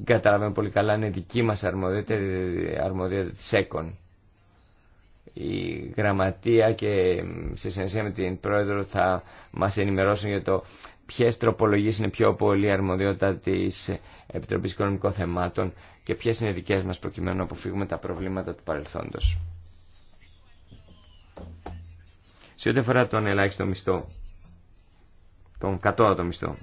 [SPEAKER 2] καταλαβαίνω πολύ καλά, είναι δική μας αρμοδιότητα, αρμοδιότητα της ΕΚΟΝ η γραμματεία και σε συνεργασία με την πρόεδρο θα μας ενημερώσουν για το ποιε τροπολογίες είναι πιο πολύ αρμοδιότητα της Επιτροπής Οικονομικών Θεμάτων και ποιε είναι δικέ μας προκειμένου να αποφύγουμε τα προβλήματα του παρελθόντος. Σε ό,τι αφορά τον ελάχιστο μισθό, τον κατώτατο μισθό,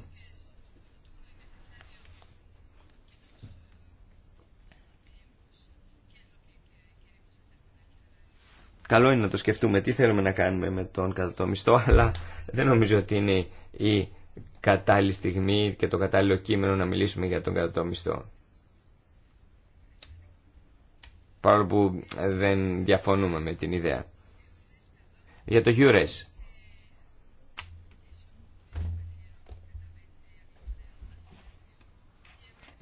[SPEAKER 2] Καλό είναι να το σκεφτούμε τι θέλουμε να κάνουμε με τον το αλλά δεν νομίζω ότι είναι η κατάλληλη στιγμή και το κατάλληλο κείμενο να μιλήσουμε για τον το Παρόλο που δεν διαφωνούμε με την ιδέα. Για το Γιούρες.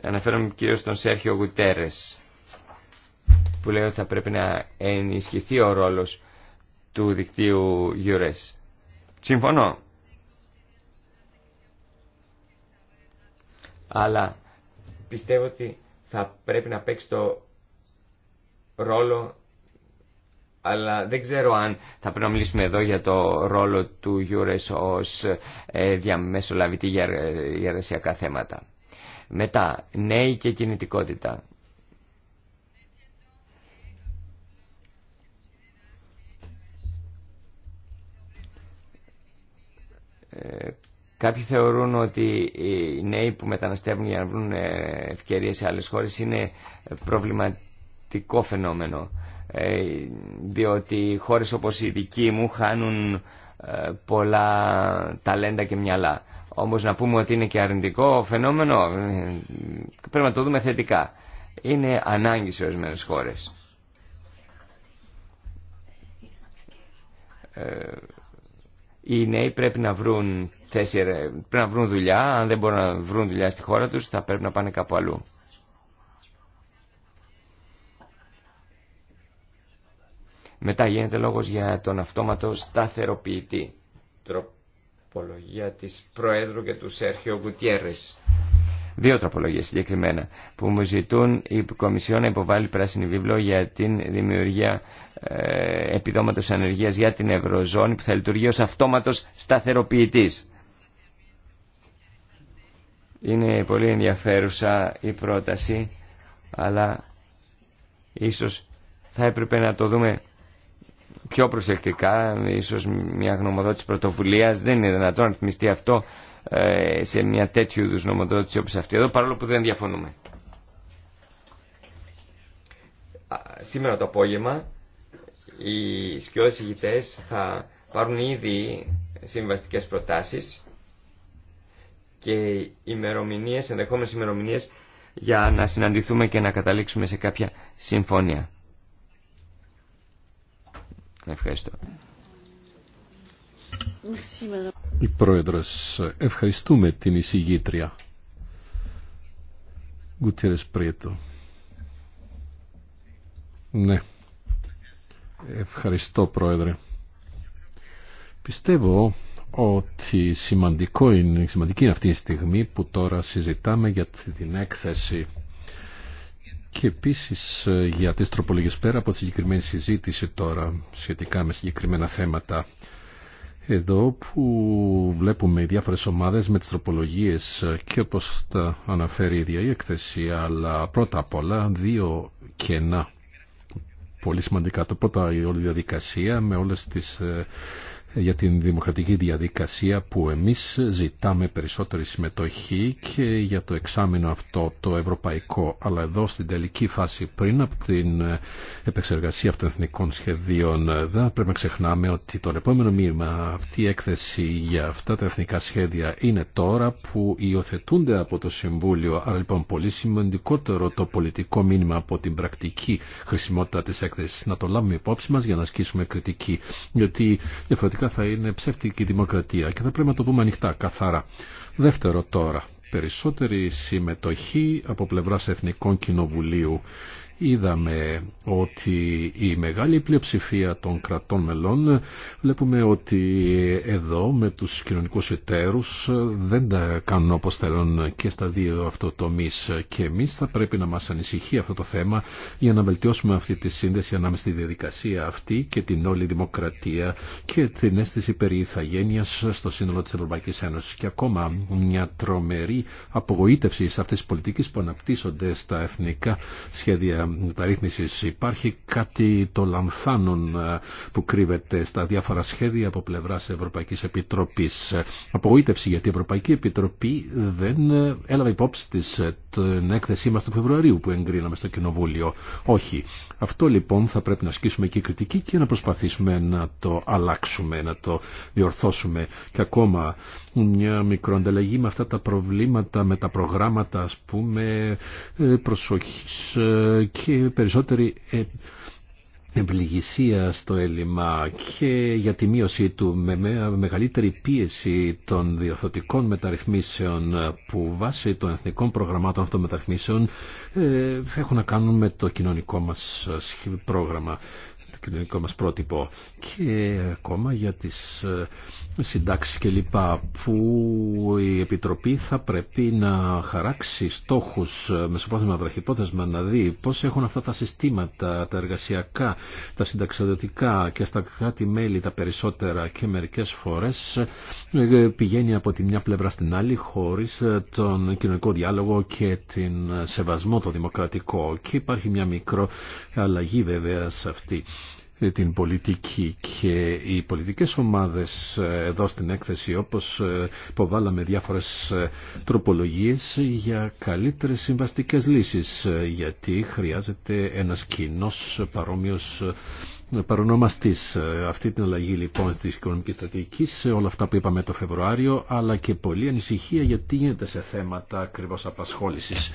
[SPEAKER 2] Αναφέρομαι κυρίως στον Σέρχιο Γουτέρες που λέει ότι θα πρέπει να ενισχυθεί ο ρόλος του δικτύου EURES. Συμφωνώ. Αλλά πιστεύω ότι θα πρέπει να παίξει το ρόλο αλλά δεν ξέρω αν θα πρέπει να μιλήσουμε εδώ για το ρόλο του Γιούρες ως ε, διαμεσολαβητή για εργασιακά θέματα. Μετά, νέοι και κινητικότητα. Ε, κάποιοι θεωρούν ότι οι νέοι που μεταναστεύουν για να βρουν ε, ευκαιρίες σε άλλες χώρες είναι προβληματικό φαινόμενο. Ε, διότι χώρες όπως η δική μου χάνουν πολλά ταλέντα και μυαλά. Όμως να πούμε ότι είναι και αρνητικό φαινόμενο πρέπει να το δούμε θετικά. Είναι ανάγκη σε ορισμένες χώρες. Οι νέοι πρέπει να βρουν θέση, πρέπει να βρουν δουλειά. Αν δεν μπορούν να βρουν δουλειά στη χώρα τους, θα πρέπει να πάνε κάπου αλλού. Μετά γίνεται λόγος για τον αυτόματο σταθεροποιητή. Τροπολογία της Προέδρου και του Σέρχιο Γκουτιέρες δύο τροπολογίε συγκεκριμένα που μου ζητούν η Κομισιόν να υποβάλει πράσινη βίβλο για την δημιουργία ε, επιδόματος ανεργίας για την Ευρωζώνη που θα λειτουργεί ω αυτόματος σταθεροποιητής. Είναι πολύ ενδιαφέρουσα η πρόταση αλλά ίσως θα έπρεπε να το δούμε πιο προσεκτικά, ίσως μια γνωμοδότηση πρωτοβουλίας, δεν είναι δυνατόν να ρυθμιστεί αυτό ε, σε μια τέτοιου είδου νομοδότηση όπως αυτή εδώ, παρόλο που δεν διαφωνούμε. Σήμερα το απόγευμα οι σκιώδες ηγητές θα πάρουν ήδη συμβαστικές προτάσεις και ημερομηνίες, ενδεχομένε ημερομηνίες για να συναντηθούμε και να καταλήξουμε σε κάποια συμφωνία. Ευχαριστώ.
[SPEAKER 3] Η Πρόεδρος, ευχαριστούμε την εισηγήτρια. Γκουτήρες Ναι. Ευχαριστώ Πρόεδρε. Πιστεύω ότι σημαντικό είναι, σημαντική είναι αυτή η στιγμή που τώρα συζητάμε για την έκθεση και επίσης ε, για τις τροπολογίες πέρα από τη συγκεκριμένη συζήτηση τώρα σχετικά με συγκεκριμένα θέματα εδώ που βλέπουμε διάφορες ομάδες με τις τροπολογίες και όπως τα αναφέρει η ίδια η έκθεση, αλλά πρώτα απ' όλα δύο κενά. Πολύ σημαντικά. Το πρώτα η όλη διαδικασία με όλες τις ε, για την δημοκρατική διαδικασία που εμείς ζητάμε περισσότερη συμμετοχή και για το εξάμεινο αυτό το ευρωπαϊκό. Αλλά εδώ στην τελική φάση πριν από την επεξεργασία αυτών των εθνικών σχεδίων δεν πρέπει να ξεχνάμε ότι το επόμενο μήνυμα αυτή η έκθεση για αυτά τα εθνικά σχέδια είναι τώρα που υιοθετούνται από το Συμβούλιο. Άρα λοιπόν πολύ σημαντικότερο το πολιτικό μήνυμα από την πρακτική χρησιμότητα της έκθεσης να το λάβουμε υπόψη μας για να ασκήσουμε κριτική. Γιατί διαφορετικά θα είναι ψεύτικη δημοκρατία και θα πρέπει να το δούμε ανοιχτά, καθαρά. Δεύτερο τώρα, περισσότερη συμμετοχή από πλευράς Εθνικών Κοινοβουλίου είδαμε ότι η μεγάλη πλειοψηφία των κρατών μελών βλέπουμε ότι εδώ με τους κοινωνικούς εταίρους δεν τα κάνουν όπως θέλουν και στα δύο αυτοτομείς και εμείς θα πρέπει να μας ανησυχεί αυτό το θέμα για να βελτιώσουμε αυτή τη σύνδεση ανάμεσα στη διαδικασία αυτή και την όλη δημοκρατία και την αίσθηση περί ηθαγένειας στο σύνολο της Ευρωπαϊκής Ένωσης και ακόμα μια τρομερή απογοήτευση σε αυτές τις πολιτικές που αναπτύσσονται στα εθνικά σχέδια μεταρρύθμισης. Υπάρχει κάτι το λανθάνων ε, που κρύβεται στα διάφορα σχέδια από πλευράς Ευρωπαϊκής Επιτροπής. Απογοήτευση γιατί η Ευρωπαϊκή Επιτροπή δεν ε, έλαβε υπόψη της ε, την έκθεσή μας του Φεβρουαρίου που εγκρίναμε στο Κοινοβούλιο. Όχι. Αυτό λοιπόν θα πρέπει να ασκήσουμε και κριτική και να προσπαθήσουμε να το αλλάξουμε, να το διορθώσουμε και ακόμα μια μικροανταλλαγή με αυτά τα προβλήματα, με τα προγράμματα ας πούμε προσοχής και περισσότερη ε, ευληγησία στο έλλειμμα και για τη μείωση του με μεγαλύτερη πίεση των διορθωτικών μεταρρυθμίσεων που βάσει των εθνικών προγραμμάτων αυτών μεταρρυθμίσεων ε, έχουν να κάνουν με το κοινωνικό μας ε, πρόγραμμα κοινωνικό μας πρότυπο και ακόμα για τις ε, συντάξεις κλπ. που η Επιτροπή θα πρέπει να χαράξει στόχους ε, μεσοπρόθεσμα, βραχυπόθεσμα, να δει πώς έχουν αυτά τα συστήματα, τα εργασιακά, τα συνταξιδοτικά και στα κάτι μελη τα περισσότερα και μερικές φορές ε, πηγαίνει από τη μια πλευρά στην άλλη χωρίς τον κοινωνικό διάλογο και την σεβασμό το δημοκρατικό και υπάρχει μια μικρό αλλαγή βέβαια σε αυτή την πολιτική και οι πολιτικές ομάδες ε, εδώ στην έκθεση όπως ε, υποβάλαμε διάφορες ε, τροπολογίες για καλύτερες συμβαστικές λύσεις γιατί χρειάζεται ένας κοινό παρόμοιος παρονομαστής αυτή την αλλαγή λοιπόν στις οικονομικές στρατηγικής σε όλα αυτά που είπαμε το Φεβρουάριο αλλά και πολλή ανησυχία γιατί γίνεται σε θέματα ακριβώς απασχόλησης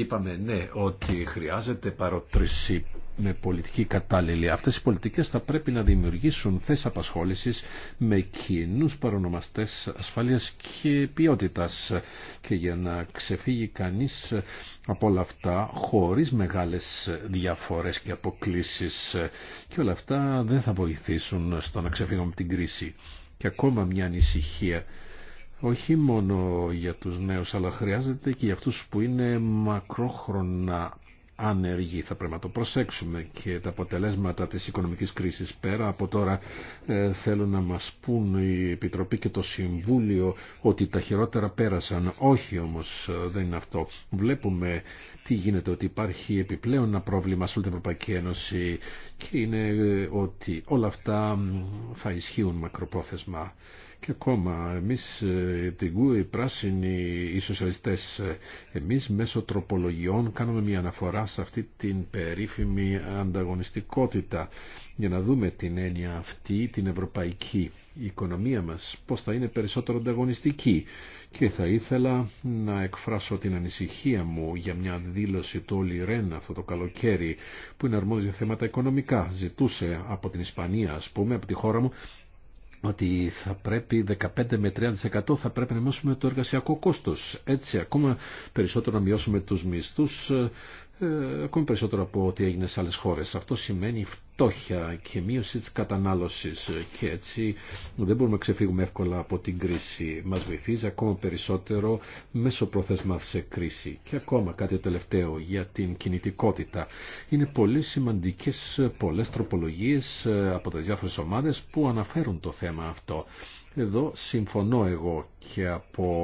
[SPEAKER 3] είπαμε ναι ότι χρειάζεται παροτρυσή με πολιτική κατάλληλη. Αυτές οι πολιτικές θα πρέπει να δημιουργήσουν θέσεις απασχόλησης με κοινού παρονομαστές ασφαλείας και ποιότητας και για να ξεφύγει κανείς από όλα αυτά χωρίς μεγάλες διαφορές και αποκλήσεις και όλα αυτά δεν θα βοηθήσουν στο να ξεφύγουμε από την κρίση. Και ακόμα μια ανησυχία όχι μόνο για τους νέους αλλά χρειάζεται και για αυτούς που είναι μακρόχρονα άνεργοι. Θα πρέπει να το προσέξουμε και τα αποτελέσματα της οικονομικής κρίσης πέρα από τώρα ε, θέλω να μας πούν η Επιτροπή και το Συμβούλιο ότι τα χειρότερα πέρασαν. Όχι όμως ε, δεν είναι αυτό. Βλέπουμε τι γίνεται, ότι υπάρχει επιπλέον ένα πρόβλημα σε όλη την Ευρωπαϊκή Ένωση και είναι ε, ότι όλα αυτά θα ισχύουν μακροπρόθεσμα. Και ακόμα εμείς ε, την οι πράσινοι, οι σοσιαλιστές, ε, εμείς μέσω τροπολογιών κάνουμε μια αναφορά σε αυτή την περίφημη ανταγωνιστικότητα για να δούμε την έννοια αυτή, την ευρωπαϊκή οικονομία μας, πώς θα είναι περισσότερο ανταγωνιστική. Και θα ήθελα να εκφράσω την ανησυχία μου για μια δήλωση του όλη Ρεν αυτό το καλοκαίρι που είναι αρμόδιο θέματα οικονομικά. Ζητούσε από την Ισπανία, α πούμε, από τη χώρα μου, ότι θα πρέπει 15 με 30% θα πρέπει να μειώσουμε το εργασιακό κόστος. Έτσι ακόμα περισσότερο να μειώσουμε τους μισθούς ε, ακόμη περισσότερο από ό,τι έγινε σε άλλες χώρες. Αυτό σημαίνει φτώχεια και μείωση της κατανάλωσης και έτσι δεν μπορούμε να ξεφύγουμε εύκολα από την κρίση. Μας βοηθίζει ακόμα περισσότερο μέσω πρόθεσμα σε κρίση. Και ακόμα κάτι τελευταίο για την κινητικότητα. Είναι πολύ σημαντικές πολλές τροπολογίες ε, από τις διάφορες ομάδες που αναφέρουν το θέμα αυτό. Εδώ συμφωνώ εγώ και από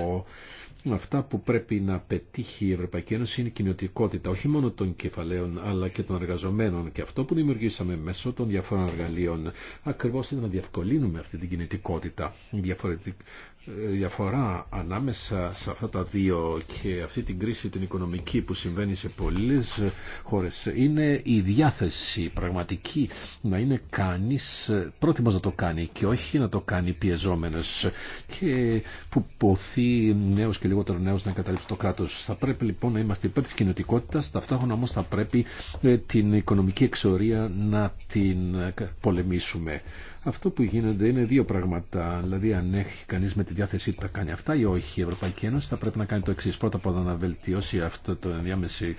[SPEAKER 3] αυτά που πρέπει να πετύχει η Ευρωπαϊκή Ένωση είναι η κοινωτικότητα όχι μόνο των κεφαλαίων αλλά και των εργαζομένων και αυτό που δημιουργήσαμε μέσω των διαφόρων εργαλείων ακριβώς είναι να διευκολύνουμε αυτή την κινητικότητα διαφορά ανάμεσα σε αυτά τα δύο και αυτή την κρίση την οικονομική που συμβαίνει σε πολλές χώρες είναι η διάθεση πραγματική να είναι κανείς πρόθυμος να το κάνει και όχι να το κάνει πιεζόμενος και που ποθεί νέος και λιγότερο νέος να εγκαταλείψει το κράτος. Θα πρέπει λοιπόν να είμαστε υπέρ της κοινωτικότητας, ταυτόχρονα όμως θα πρέπει ε, την οικονομική εξορία να την ε, πολεμήσουμε. Αυτό που γίνεται είναι δύο πράγματα. Δηλαδή, αν έχει κανεί με τη διάθεσή του να κάνει αυτά ή όχι, η Ευρωπαϊκή Ένωση θα πρέπει να κάνει το εξή. Πρώτα απ' όλα να βελτιώσει αυτό το ενδιάμεση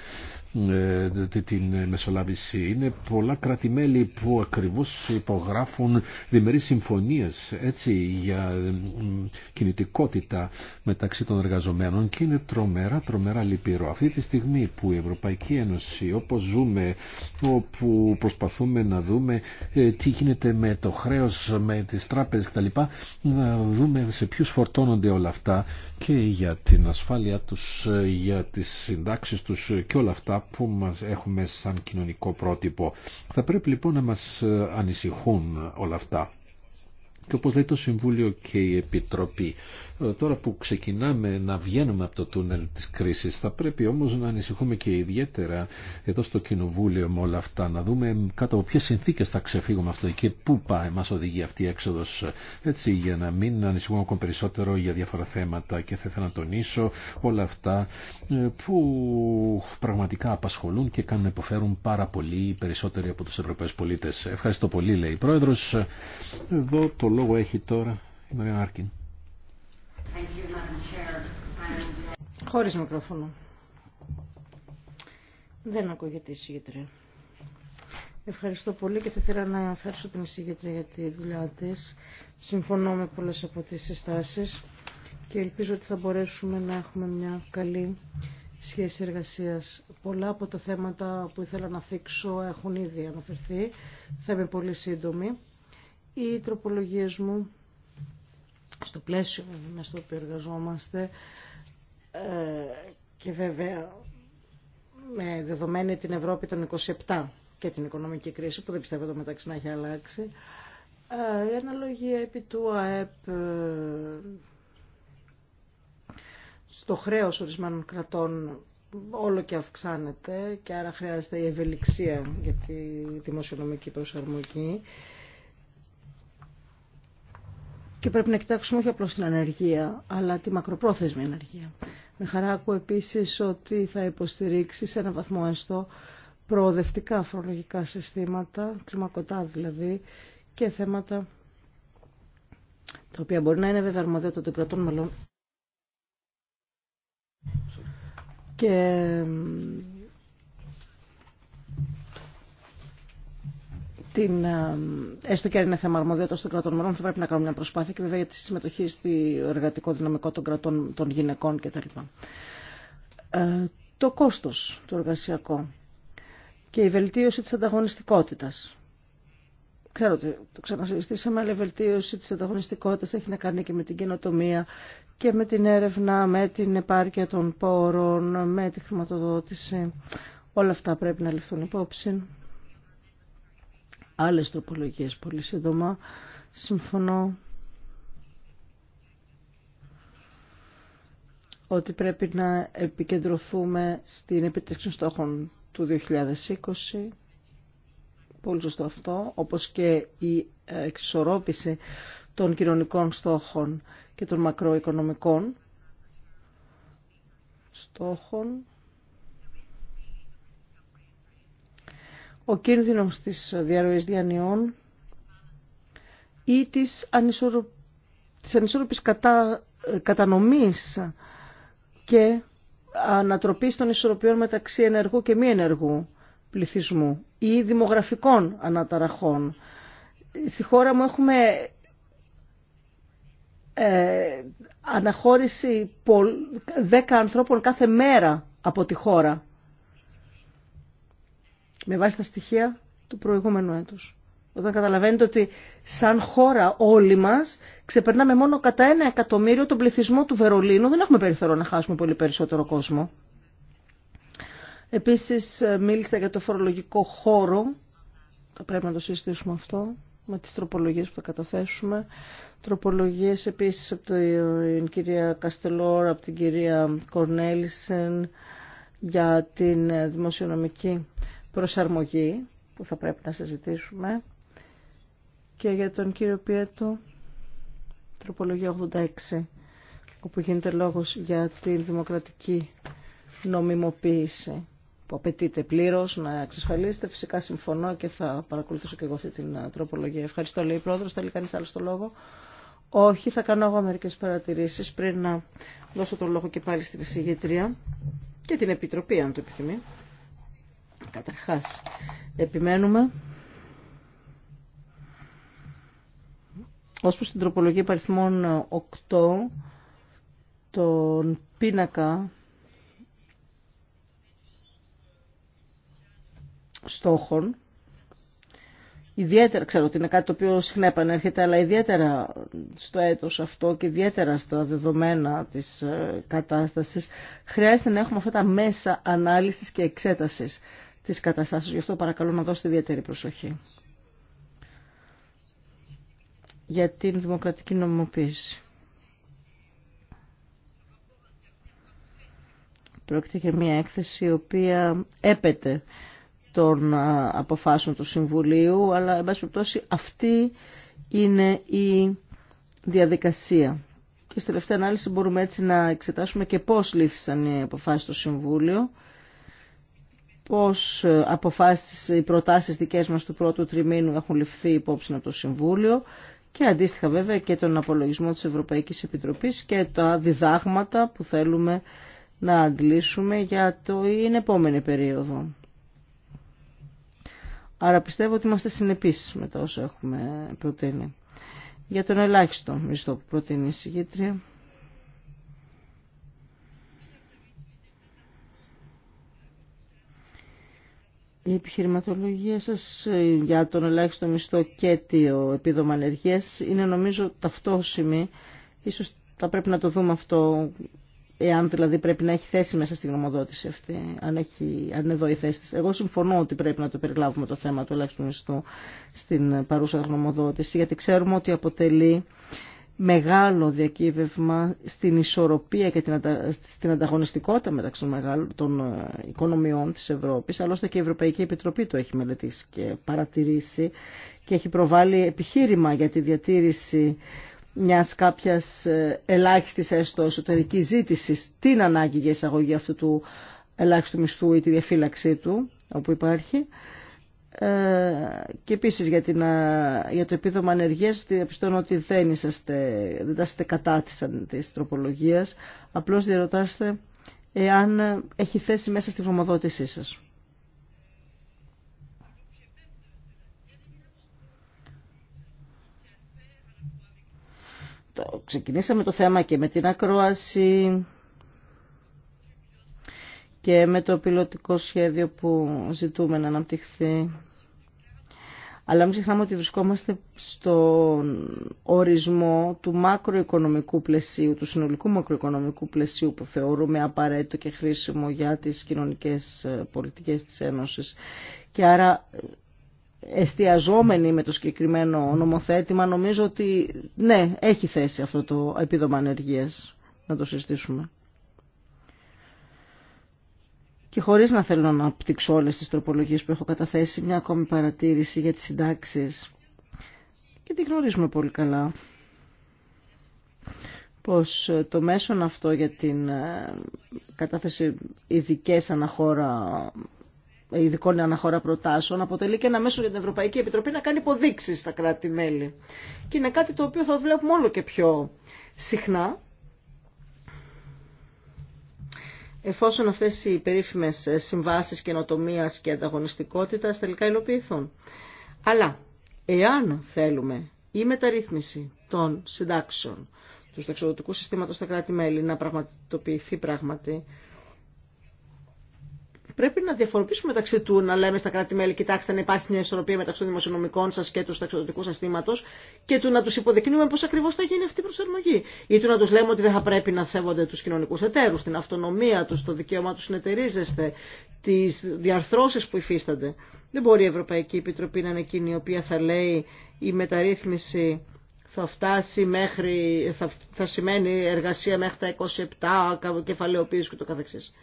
[SPEAKER 3] ε, την μεσολάβηση. Είναι πολλά κρατημέλη που ακριβώς υπογράφουν διμερείς συμφωνίες έτσι, για κινητικότητα μεταξύ των εργαζομένων και είναι τρομερά, τρομερά λυπηρό. Αυτή τη στιγμή που η Ευρωπαϊκή Ένωση όπως ζούμε, όπου προσπαθούμε να δούμε ε, τι γίνεται με το χρέος, με τις τράπεζες κτλ. Να δούμε σε ποιους φορτώνονται όλα αυτά και για την ασφάλεια τους, ε, για τις συντάξεις τους και όλα αυτά που μας έχουμε σαν κοινωνικό πρότυπο. Θα πρέπει λοιπόν να μας ε, ανησυχούν όλα αυτά. Και όπως λέει το Συμβούλιο και η Επιτροπή, ε, τώρα που ξεκινάμε να βγαίνουμε από το τούνελ της κρίσης θα πρέπει όμως να ανησυχούμε και ιδιαίτερα εδώ στο Κοινοβούλιο με όλα αυτά να δούμε κάτω από ποιες συνθήκες θα ξεφύγουμε αυτό και πού πάει μας οδηγεί αυτή η έξοδος έτσι για να μην ανησυχούμε ακόμα περισσότερο για διάφορα θέματα και θα ήθελα να τονίσω όλα αυτά ε, που πραγματικά απασχολούν και κάνουν να υποφέρουν πάρα πολύ περισσότεροι από τους Ευρωπαίους πολίτες. Ευχαριστώ πολύ λέει η Πρόεδρος. Εδώ το λόγο έχει τώρα η Μαρία Άρκιν.
[SPEAKER 1] Χωρίς μικρόφωνο. Δεν ακούγεται η συγγετρία. Ευχαριστώ πολύ και θα ήθελα να ευχαριστώ την εισηγήτρια για τη δουλειά τη. Συμφωνώ με πολλές από τις συστάσεις και ελπίζω ότι θα μπορέσουμε να έχουμε μια καλή σχέση εργασίας. Πολλά από τα θέματα που ήθελα να θίξω έχουν ήδη αναφερθεί. Θα είμαι πολύ σύντομη. Οι τροπολογίες μου στο πλαίσιο μέσα στο οποίο εργαζόμαστε ε, και βέβαια με δεδομένη την Ευρώπη των 27 και την οικονομική κρίση που δεν πιστεύω το μεταξύ να έχει αλλάξει ε, η αναλογία επί του ΑΕΠ ε, στο χρέος ορισμένων κρατών όλο και αυξάνεται και άρα χρειάζεται η ευελιξία για τη δημοσιονομική προσαρμογή και πρέπει να κοιτάξουμε όχι απλώς την ανεργία, αλλά τη μακροπρόθεσμη ανεργία. Με χαρά ακούω επίσης ότι θα υποστηρίξει σε έναν βαθμό έστω προοδευτικά φορολογικά συστήματα, κλιμακωτά δηλαδή, και θέματα τα οποία μπορεί να είναι βέβαια των κρατών μελών. την, ε, έστω και αν είναι θέμα αρμοδιότητα των κρατών μερών, θα πρέπει να κάνουμε μια προσπάθεια και βέβαια για τη συμμετοχή στο εργατικό δυναμικό των κρατών των γυναικών κτλ. Ε, το κόστος του εργασιακού και η βελτίωση της ανταγωνιστικότητας. Ξέρω ότι το ξανασυζητήσαμε, αλλά η βελτίωση της ανταγωνιστικότητας έχει να κάνει και με την καινοτομία και με την έρευνα, με την επάρκεια των πόρων, με τη χρηματοδότηση. Όλα αυτά πρέπει να ληφθούν υπόψη άλλες τροπολογίες πολύ σύντομα. Συμφωνώ ότι πρέπει να επικεντρωθούμε στην επιτύχηση στόχων του 2020. Πολύ σωστό αυτό, όπως και η εξισορρόπηση των κοινωνικών στόχων και των μακροοικονομικών στόχων ο κίνδυνος της διαρροής διανοιών ή της, ανισορροπ... της ανισορροπής κατά... κατανομής και ανατροπής των ισορροπιών μεταξύ ενεργού και μη ενεργού πληθυσμού ή δημογραφικών αναταραχών. Στη χώρα μου έχουμε ε, αναχώρηση 10 ανθρώπων κάθε μέρα από τη χώρα με βάση τα στοιχεία του προηγούμενου έτους. Όταν καταλαβαίνετε ότι σαν χώρα όλοι μας ξεπερνάμε μόνο κατά ένα εκατομμύριο τον πληθυσμό του Βερολίνου, δεν έχουμε περιθώριο να χάσουμε πολύ περισσότερο κόσμο. Επίσης ε, μίλησα για το φορολογικό χώρο, θα πρέπει να το συζητήσουμε αυτό, με τις τροπολογίες που θα καταθέσουμε. Τροπολογίες επίσης από ε, την κυρία Καστελόρ, από την κυρία Κορνέλισεν για την ε, δημοσιονομική προσαρμογή που θα πρέπει να συζητήσουμε και για τον κύριο Πιέτο τροπολογία 86 όπου γίνεται λόγος για τη δημοκρατική νομιμοποίηση που απαιτείται πλήρω να εξασφαλίσετε. Φυσικά συμφωνώ και θα παρακολουθήσω και εγώ αυτή την τροπολογία. Ευχαριστώ, λέει η πρόεδρο. Θέλει κανεί άλλο το λόγο. Όχι, θα κάνω εγώ μερικέ παρατηρήσει πριν να δώσω το λόγο και πάλι στην εισηγήτρια και την Επιτροπή, αν το επιθυμεί. Καταρχάς, επιμένουμε ως προς την τροπολογία παριθμών 8 τον πίνακα στόχων ιδιαίτερα, ξέρω ότι είναι κάτι το οποίο συχνά επανέρχεται, αλλά ιδιαίτερα στο έτος αυτό και ιδιαίτερα στα δεδομένα της ε, κατάστασης, χρειάζεται να έχουμε αυτά τα μέσα ανάλυσης και εξέτασης της καταστάσεως. Γι' αυτό παρακαλώ να δώσετε ιδιαίτερη προσοχή. Για την δημοκρατική νομιμοποίηση. Πρόκειται για μια έκθεση η οποία έπεται των αποφάσεων του Συμβουλίου, αλλά εν πάση περιπτώσει αυτή είναι η διαδικασία. Και στη τελευταία ανάλυση μπορούμε έτσι να εξετάσουμε και πώς λήφθησαν οι αποφάσεις του Συμβούλιο πώς ε, αποφάσεις, οι προτάσεις δικές μας του πρώτου τριμήνου έχουν ληφθεί υπόψη από το Συμβούλιο και αντίστοιχα βέβαια και τον απολογισμό της Ευρωπαϊκής Επιτροπής και τα διδάγματα που θέλουμε να αντλήσουμε για το επόμενη περίοδο. Άρα πιστεύω ότι είμαστε συνεπείς με τα όσα έχουμε προτείνει. Για τον ελάχιστο μισθό που προτείνει η συγκήτρια. η επιχειρηματολογία σας ε, για τον ελάχιστο μισθό και το επίδομα ανεργία είναι νομίζω ταυτόσιμη. Ίσως θα πρέπει να το δούμε αυτό, εάν δηλαδή πρέπει να έχει θέση μέσα στην γνωμοδότηση αυτή, αν, έχει, αν είναι εδώ η θέση της. Εγώ συμφωνώ ότι πρέπει να το περιλάβουμε το θέμα του ελάχιστου μισθού στην παρούσα γνωμοδότηση, γιατί ξέρουμε ότι αποτελεί μεγάλο διακύβευμα στην ισορροπία και στην ανταγωνιστικότητα μεταξύ των μεγάλων των ε, οικονομιών της Ευρώπης. Άλλωστε και η Ευρωπαϊκή Επιτροπή το έχει μελετήσει και παρατηρήσει και έχει προβάλει επιχείρημα για τη διατήρηση μιας κάποιας ε, ελάχιστης έστω εσωτερικής ζήτησης την ανάγκη για εισαγωγή αυτού του ελάχιστου μισθού ή τη διαφύλαξή του όπου υπάρχει ε, και επίσης για, την, ε, για το επίδομα ανεργίας διαπιστώνω ότι δεν, είσαστε, δεν κατά της, της τροπολογίας απλώς διαρωτάστε εάν έχει θέση μέσα στη βρωμοδότησή σας ξεκινήσαμε το θέμα και με την ακρόαση και με το πιλωτικό σχέδιο που ζητούμε να αναπτυχθεί. Αλλά μην ξεχνάμε ότι βρισκόμαστε στον ορισμό του μακροοικονομικού πλαισίου, του συνολικού μακροοικονομικού πλαισίου που θεωρούμε απαραίτητο και χρήσιμο για τις κοινωνικές ε, πολιτικές της Ένωσης. Και άρα εστιαζόμενοι με το συγκεκριμένο νομοθέτημα νομίζω ότι ναι, έχει θέση αυτό το επίδομα ανεργίας να το συστήσουμε. Και χωρίς να θέλω να αναπτύξω όλε τις τροπολογίες που έχω καταθέσει, μια ακόμη παρατήρηση για τι συντάξει. Και τη γνωρίζουμε πολύ καλά. Πως ε, το μέσον αυτό για την ε, κατάθεση ειδικέ αναχώρα ειδικών αναχώρα προτάσεων αποτελεί και ένα μέσο για την Ευρωπαϊκή Επιτροπή να κάνει υποδείξει στα κράτη-μέλη. Και είναι κάτι το οποίο θα βλέπουμε όλο και πιο συχνά εφόσον αυτές οι περίφημες ε, συμβάσεις καινοτομία και ανταγωνιστικότητα τελικά υλοποιηθούν. Αλλά εάν θέλουμε η μεταρρύθμιση των συντάξεων του συνταξιδοτικού συστήματος στα κράτη-μέλη να πραγματοποιηθεί πράγματι, πρέπει να διαφοροποιήσουμε μεταξύ του να λέμε στα κράτη-μέλη, κοιτάξτε να υπάρχει μια ισορροπία μεταξύ των δημοσιονομικών σα και του ταξιδιωτικού συστήματο και του να του υποδεικνύουμε πώ ακριβώ θα γίνει αυτή η προσαρμογή. Ή του να του λέμε ότι δεν θα πρέπει να σέβονται του κοινωνικού εταίρου, την αυτονομία του, το δικαίωμα του συνεταιρίζεστε, τι διαρθρώσει που υφίστανται. Δεν μπορεί η Ευρωπαϊκή Επιτροπή να είναι εκείνη η οποία θα λέει η μεταρρύθμιση θα φτάσει μέχρι, θα, σημαίνει εργασία μέχρι τα 27, κεφαλαιοποίηση και το καθεξής.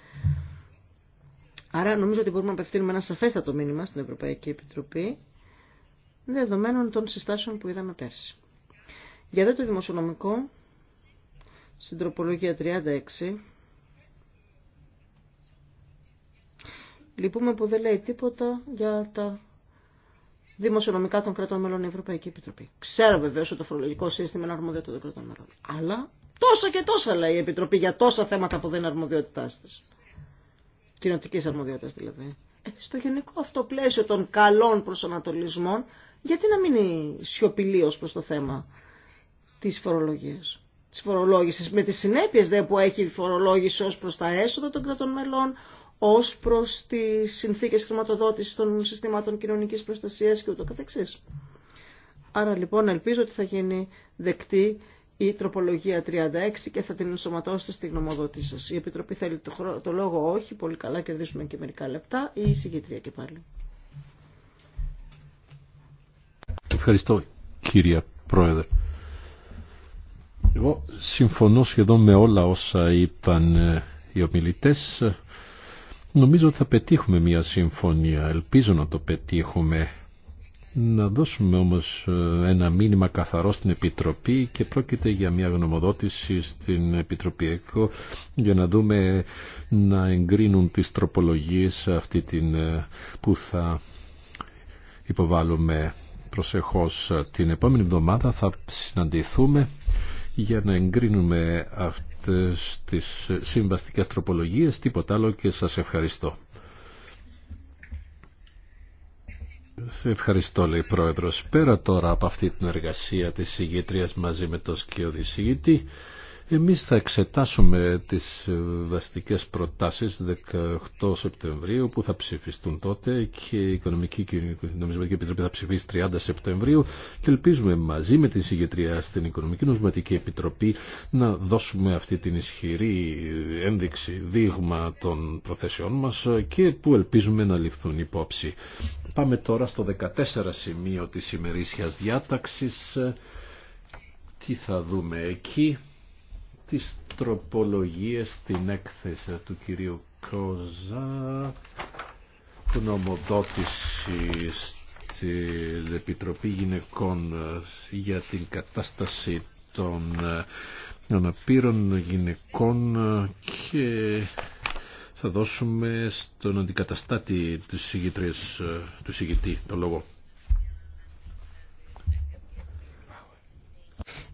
[SPEAKER 1] Άρα νομίζω ότι μπορούμε να απευθύνουμε ένα σαφέστατο μήνυμα στην Ευρωπαϊκή Επιτροπή δεδομένων των συστάσεων που είδαμε πέρσι. Για δε το δημοσιονομικό, στην τροπολογία 36, λυπούμε που δεν λέει τίποτα για τα δημοσιονομικά των κρατών μελών η Ευρωπαϊκή Επιτροπή. Ξέρω βεβαίω ότι το φορολογικό σύστημα είναι αρμοδιότητα των κρατών μελών. Αλλά τόσα και τόσα λέει η Επιτροπή για τόσα θέματα που δεν είναι αρμοδιότητά τη κοινοτικής αρμοδιότητας δηλαδή. Ε, στο γενικό αυτό πλαίσιο των καλών προσανατολισμών, γιατί να μην είναι σιωπηλή ω προς το θέμα της φορολογίας. Της φορολόγησης, με τις συνέπειες δε που έχει η φορολόγηση ως προς τα έσοδα των κρατών μελών, ως προς τις συνθήκες χρηματοδότησης των συστημάτων κοινωνικής προστασίας και Άρα λοιπόν ελπίζω ότι θα γίνει δεκτή η τροπολογία 36 και θα την ενσωματώσετε στη γνωμοδότή σας. Η Επιτροπή θέλει το, το λόγο όχι, πολύ καλά, κερδίσουμε και μερικά λεπτά. Η συγκεκριά και πάλι.
[SPEAKER 3] Ευχαριστώ κύριε Πρόεδρε. Εγώ συμφωνώ σχεδόν με όλα όσα είπαν ε, οι ομιλητές. Νομίζω ότι θα πετύχουμε μια συμφωνία. Ελπίζω να το πετύχουμε. Να δώσουμε όμως ε, ένα μήνυμα καθαρό στην Επιτροπή και πρόκειται για μια γνωμοδότηση στην Επιτροπή ΕΚΟ για να δούμε να εγκρίνουν τις τροπολογίες αυτή την ε, που θα υποβάλλουμε προσεχώς την επόμενη εβδομάδα θα συναντηθούμε για να εγκρίνουμε αυτές τις συμβαστικές τροπολογίες τίποτα άλλο και σας ευχαριστώ. Ευχαριστώ, λέει Πρόεδρος. Πέρα τώρα από αυτή την εργασία της συγγήτριας μαζί με τον σκιώδη εμείς θα εξετάσουμε τις βασικές προτάσεις 18 Σεπτεμβρίου που θα ψηφιστούν τότε και η Οικονομική και η Νομισματική Επιτροπή θα ψηφίσει 30 Σεπτεμβρίου και ελπίζουμε μαζί με την συγκεντρία στην Οικονομική Νομισματική Επιτροπή να δώσουμε αυτή την ισχυρή ένδειξη, δείγμα των προθέσεών μας και που ελπίζουμε να ληφθούν υπόψη. Πάμε τώρα στο 14 σημείο της ημερήσιας διάταξης. Τι θα δούμε εκεί τις τροπολογίες στην έκθεση του κυρίου Κόζα την νομοδότηση στην Επιτροπή Γυναικών για την κατάσταση των αναπήρων γυναικών και θα δώσουμε στον αντικαταστάτη του συγητή το λόγο.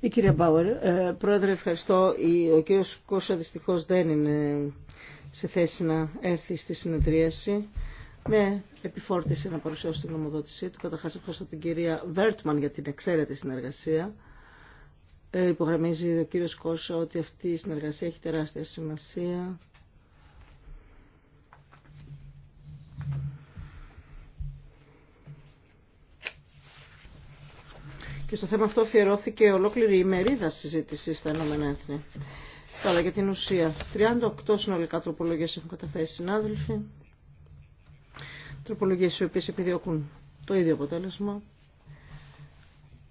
[SPEAKER 1] Η κυρία Μπάουερ, ε, πρόεδρε ευχαριστώ. Ο κύριος Κώσσα δυστυχώς δεν είναι σε θέση να έρθει στη συνεδρίαση με επιφόρτηση να παρουσιάσω την νομοδότησή του. Καταρχάς ευχαριστώ την κυρία Βέρτμαν για την εξαίρετη συνεργασία. Ε, υπογραμμίζει ο κύριος Κώσσα ότι αυτή η συνεργασία έχει τεράστια σημασία και στο θέμα αυτό αφιερώθηκε ολόκληρη ημερίδα συζήτηση στα Ηνωμένα Έθνη. Τώρα για την ουσία. 38 συνολικά τροπολογίε έχουν καταθέσει συνάδελφοι. Τροπολογίε οι οποίε επιδιώκουν το ίδιο αποτέλεσμα.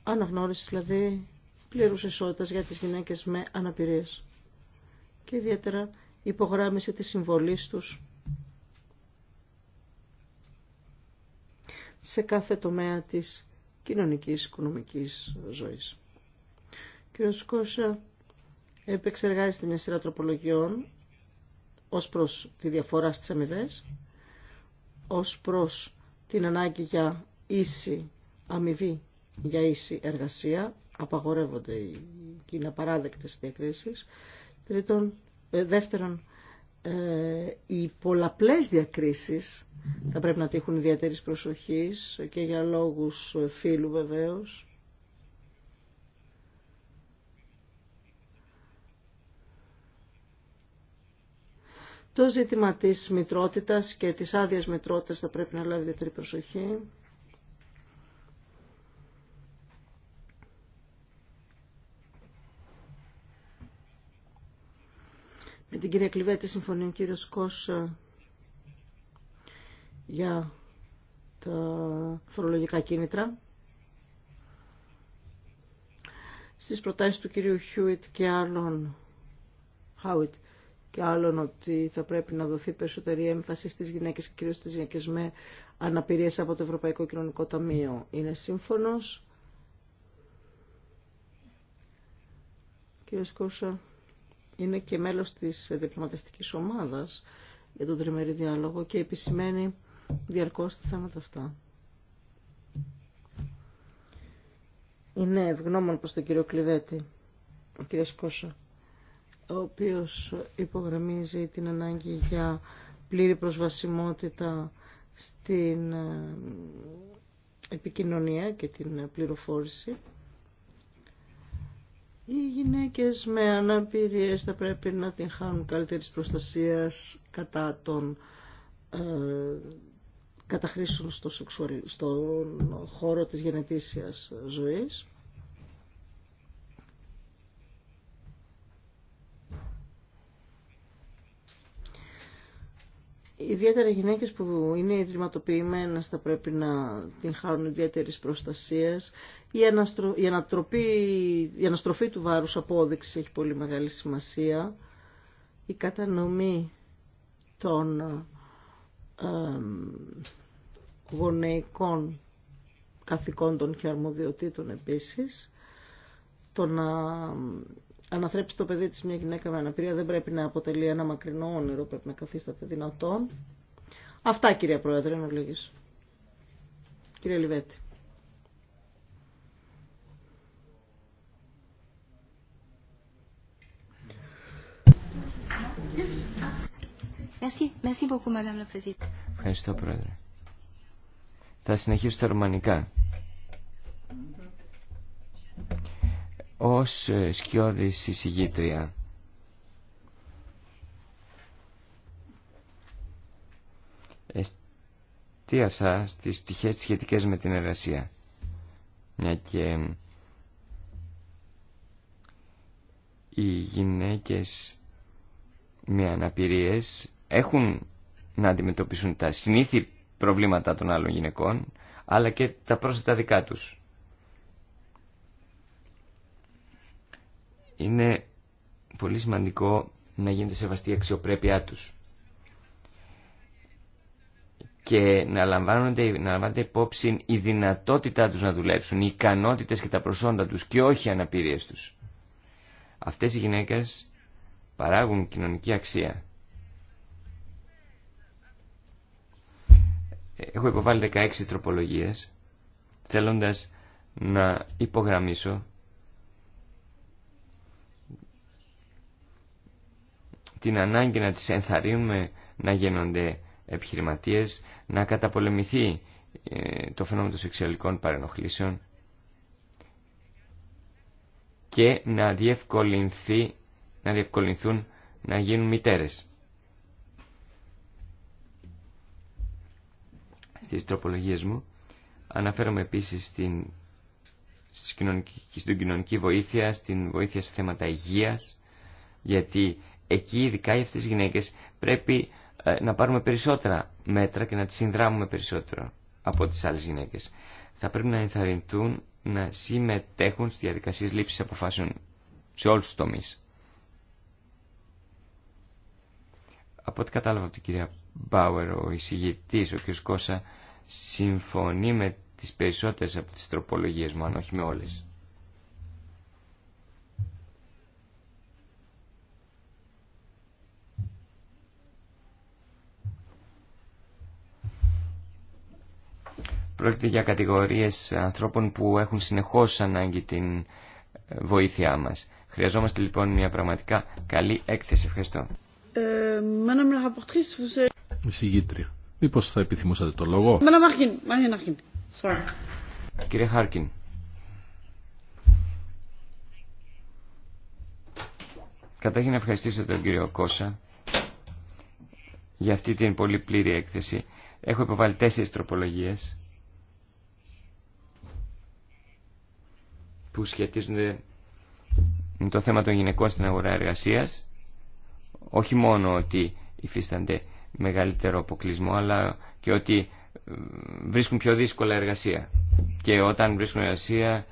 [SPEAKER 1] Αναγνώριση δηλαδή πλήρου ισότητα για τι γυναίκε με αναπηρίε. Και ιδιαίτερα υπογράμμιση τη συμβολή του σε κάθε τομέα της κοινωνικής, οικονομικής ζωής. Ο κ. Σκόσα επεξεργάζεται μια σειρά τροπολογιών ως προς τη διαφορά στις αμοιβέ, ως προς την ανάγκη για ίση αμοιβή για ίση εργασία, απαγορεύονται οι, και διακρίσεις. Τρίτον, ε, δεύτερον, ε, οι πολλαπλές διακρίσεις θα πρέπει να τύχουν ιδιαίτερης προσοχής και για λόγους φίλου βεβαίως. Το ζήτημα της μητρότητας και της άδειας μητρότητας θα πρέπει να λάβει ιδιαίτερη προσοχή. Με την κυρία Κλειβέτη συμφωνεί ο κύριος Κος ε, για τα φορολογικά κίνητρα. Στις προτάσεις του κυρίου Χιούιτ και άλλων, Χάουιτ και άλλων ότι θα πρέπει να δοθεί περισσότερη έμφαση στις γυναίκες και κυρίως στις γυναίκες με αναπηρίες από το Ευρωπαϊκό Κοινωνικό Ταμείο. Είναι σύμφωνος. Κύριε Σκούσα είναι και μέλος της διπλωματευτικής ομάδας για τον τριμερή διάλογο και επισημαίνει διαρκώς τα θέματα αυτά. Είναι ευγνώμων προς τον κύριο Κλειδέτη, ο κύριο Κώσα, ο οποίος υπογραμμίζει την ανάγκη για πλήρη προσβασιμότητα στην ε, επικοινωνία και την πληροφόρηση οι γυναίκες με αναπηρίες θα πρέπει να την χάνουν καλύτερης προστασίας κατά των ε, στο, στον χώρο της γενετήσιας ζωής. Ιδιαίτερα οι γυναίκες που είναι ιδρυματοποιημένες θα πρέπει να την χάνουν ιδιαίτερη απόδειξη έχει πολύ μεγάλη σημασία. Η, η, ανατροπή... η αναστροφή του βάρους απόδειξη έχει πολύ μεγάλη σημασία. Η κατανομή των ε, γονεϊκών καθηκόντων και αρμοδιοτήτων επίσης. Το να αναθρέψει το παιδί τη μια γυναίκα με αναπηρία δεν πρέπει να αποτελεί ένα μακρινό όνειρο, πρέπει να καθίσταται δυνατόν. Αυτά κυρία Πρόεδρε, εν ολίγης. Κύριε Λιβέτη.
[SPEAKER 2] Ευχαριστώ, Πρόεδρε. Θα συνεχίσω στα ρουμανικά ως ε, σκιώδης εισηγήτρια. Εστίασα στις πτυχές σχετικές με την εργασία. Μια και οι γυναίκες με αναπηρίες έχουν να αντιμετωπίσουν τα συνήθη προβλήματα των άλλων γυναικών, αλλά και τα πρόσθετα δικά τους. είναι πολύ σημαντικό να γίνεται σεβαστή η αξιοπρέπειά τους και να λαμβάνονται, να υπόψη η δυνατότητά τους να δουλέψουν, οι ικανότητες και τα προσόντα τους και όχι οι αναπηρίες τους. Αυτές οι γυναίκες παράγουν κοινωνική αξία. Έχω υποβάλει 16 τροπολογίες θέλοντας να υπογραμμίσω την ανάγκη να τις ενθαρρύνουμε να γίνονται επιχειρηματίες, να καταπολεμηθεί ε, το φαινόμενο των σεξουαλικών παρενοχλήσεων και να, διευκολυνθεί, να διευκολυνθούν να γίνουν μητέρες. Στις τροπολογίες μου αναφέρομαι επίσης στην, στην κοινωνική βοήθεια, στην βοήθεια σε θέματα υγείας, γιατί εκεί ειδικά για αυτές τις γυναίκες πρέπει ε, να πάρουμε περισσότερα μέτρα και να τις συνδράμουμε περισσότερο από τις άλλες γυναίκες. Θα πρέπει να ενθαρρυνθούν να συμμετέχουν στις διαδικασίες λήψης αποφάσεων σε όλους τους τομείς. Από ό,τι κατάλαβα από την κυρία Μπάουερ, ο εισηγητής, ο κ. Κώσα, συμφωνεί με τις περισσότερες από τις τροπολογίες μου, αν όχι με όλες. Πρόκειται για κατηγορίες ανθρώπων που έχουν συνεχώς ανάγκη την ε, βοήθειά μας. Χρειαζόμαστε λοιπόν μια πραγματικά καλή έκθεση. Ευχαριστώ.
[SPEAKER 1] Ε,
[SPEAKER 3] Εισηγήτρια, μήπως θα επιθυμούσατε το λόγο.
[SPEAKER 2] Κύριε Χάρκιν. Καταρχήν να ευχαριστήσω τον κύριο Κώσα για αυτή την πολύ πλήρη έκθεση. Έχω υποβάλει τέσσερις τροπολογίες που σχετίζονται με το θέμα των γυναικών στην αγορά εργασίας. Όχι μόνο ότι υφίστανται μεγαλύτερο αποκλεισμό, αλλά και ότι ε, βρίσκουν πιο δύσκολα εργασία. Και όταν βρίσκουν εργασία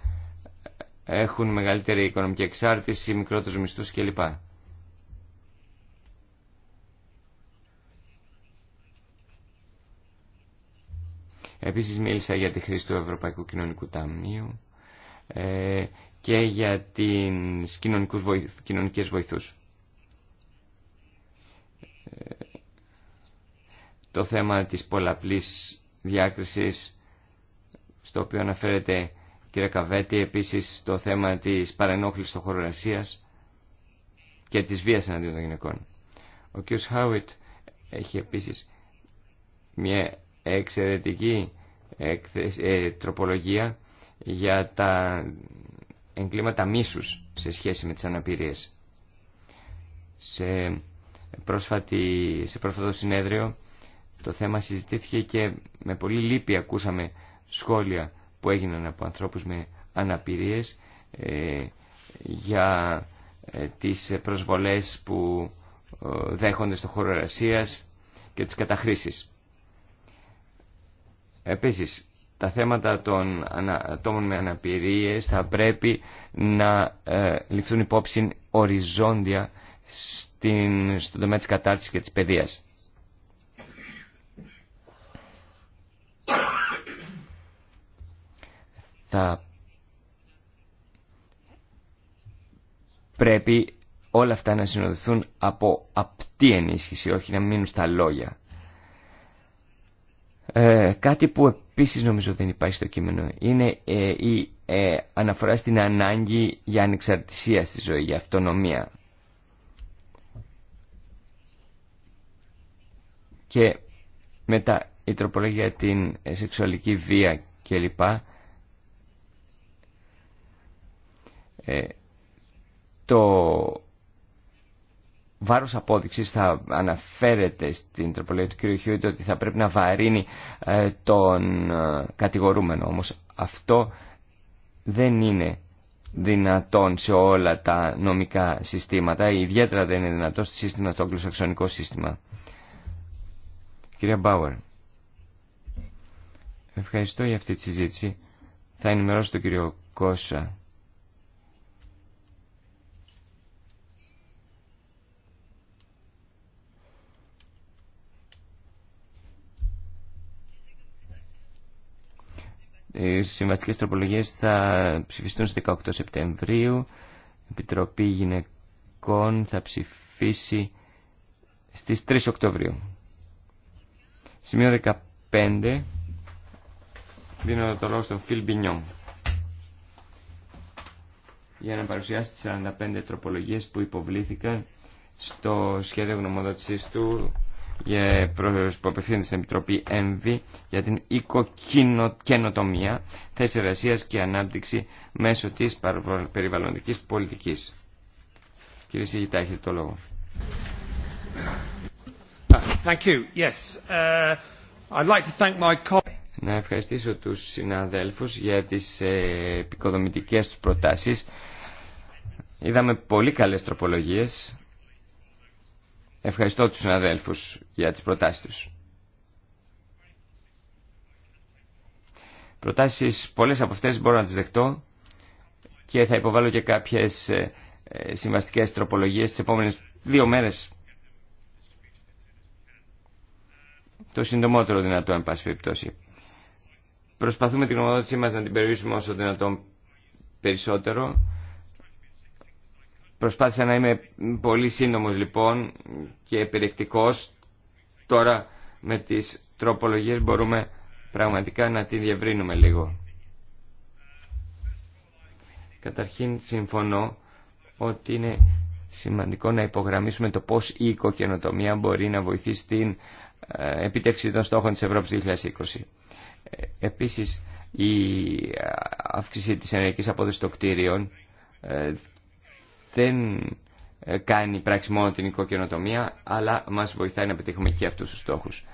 [SPEAKER 2] έχουν μεγαλύτερη οικονομική εξάρτηση, μικρότερους μισθούς κλπ. Επίσης μίλησα για τη χρήση του Ευρωπαϊκού Κοινωνικού Ταμείου. Ε, και για τις κοινωνικούς βοηθ, βοηθούς. Ε, το θέμα της πολλαπλής διάκρισης στο οποίο αναφέρεται κύριε Καβέτη, επίσης το θέμα της παρενόχλησης των και της βίας εναντίον των γυναικών. Ο κ. Χάουιτ έχει επίσης μια εξαιρετική ε, τροπολογία για τα εγκλήματα μίσους σε σχέση με τις αναπηρίες. Σε, πρόσφατη, σε πρόσφατο συνέδριο το θέμα συζητήθηκε και με πολύ λύπη ακούσαμε σχόλια που έγιναν από ανθρώπους με αναπηρίες ε, για ε, τις προσβολές που ε, δέχονται στο χώρο εργασία και τις καταχρήσεις. Επίσης, τα θέματα των ατόμων με αναπηρίες θα πρέπει να ε, ληφθούν υπόψη οριζόντια στην, στον τομέα της κατάρτισης και της παιδείας. Θα πρέπει όλα αυτά να συνοδευτούν από απτή ενίσχυση, όχι να μείνουν στα λόγια. Ε, κάτι που επίσης νομίζω δεν υπάρχει στο κείμενο είναι ε, η ε, αναφορά στην ανάγκη για ανεξαρτησία στη ζωή, για αυτονομία. Και μετά η τροπολογία για την σεξουαλική βία κλπ. το βάρος απόδειξης θα αναφέρεται στην τροπολογία του κ. Χιούιτ ότι θα πρέπει να βαρύνει ε, τον ε, κατηγορούμενο. Όμως αυτό δεν είναι δυνατόν σε όλα τα νομικά συστήματα, ιδιαίτερα δεν είναι δυνατόν στο σύστημα, στο αγγλοσαξονικό σύστημα. Κυρία Μπάουερ, ευχαριστώ για αυτή τη συζήτηση. Θα ενημερώσω τον κύριο Κώσσα Οι συμβαστικές τροπολογίες θα ψηφιστούν στις 18 Σεπτεμβρίου. Η Επιτροπή Γυναικών θα ψηφίσει στις 3 Οκτωβρίου. Σημείο 15. Δίνω το λόγο στον Φιλ για να παρουσιάσει τις 45 τροπολογίες που υποβλήθηκαν στο σχέδιο γνωμοδότησής του ε, που απευθύνεται στην Επιτροπή ΕΜΒΗ για την οικοκαινοτομία, θέση εργασία και ανάπτυξη μέσω της περιβαλλοντικής πολιτικής. Κύριε Σιγητά, έχετε το λόγο. Thank you. Yes. Uh, I'd like to thank my... Να ευχαριστήσω τους συναδέλφους για τις ε, επικοδομητικές τους προτάσεις. Είδαμε πολύ καλές τροπολογίες Ευχαριστώ τους συναδέλφους για τις προτάσεις τους. Προτάσεις, πολλές από αυτές μπορώ να τις δεχτώ και θα υποβάλω και κάποιες ε, ε, συμβαστικές τροπολογίες τις επόμενες δύο μέρες. Το συντομότερο δυνατό, εν πάση περιπτώσει. Προσπαθούμε την γνωμοδότησή μας να την περιορίσουμε όσο δυνατόν περισσότερο Προσπάθησα να είμαι πολύ σύντομος λοιπόν και επιρρεκτικός. Τώρα με τις τροπολογίες μπορούμε πραγματικά να τη διευρύνουμε λίγο. Καταρχήν συμφωνώ ότι είναι σημαντικό να υπογραμμίσουμε το πώς η οικοκαινοτομία μπορεί να βοηθήσει την ε, επίτευξη των στόχων της Ευρώπης 2020. Ε, επίσης, η ε, αύξηση της ενεργικής απόδοσης των κτίριων δεν ε, κάνει πράξη μόνο την οικοκαινοτομία, αλλά μας βοηθάει να πετύχουμε και αυτού τους στόχους.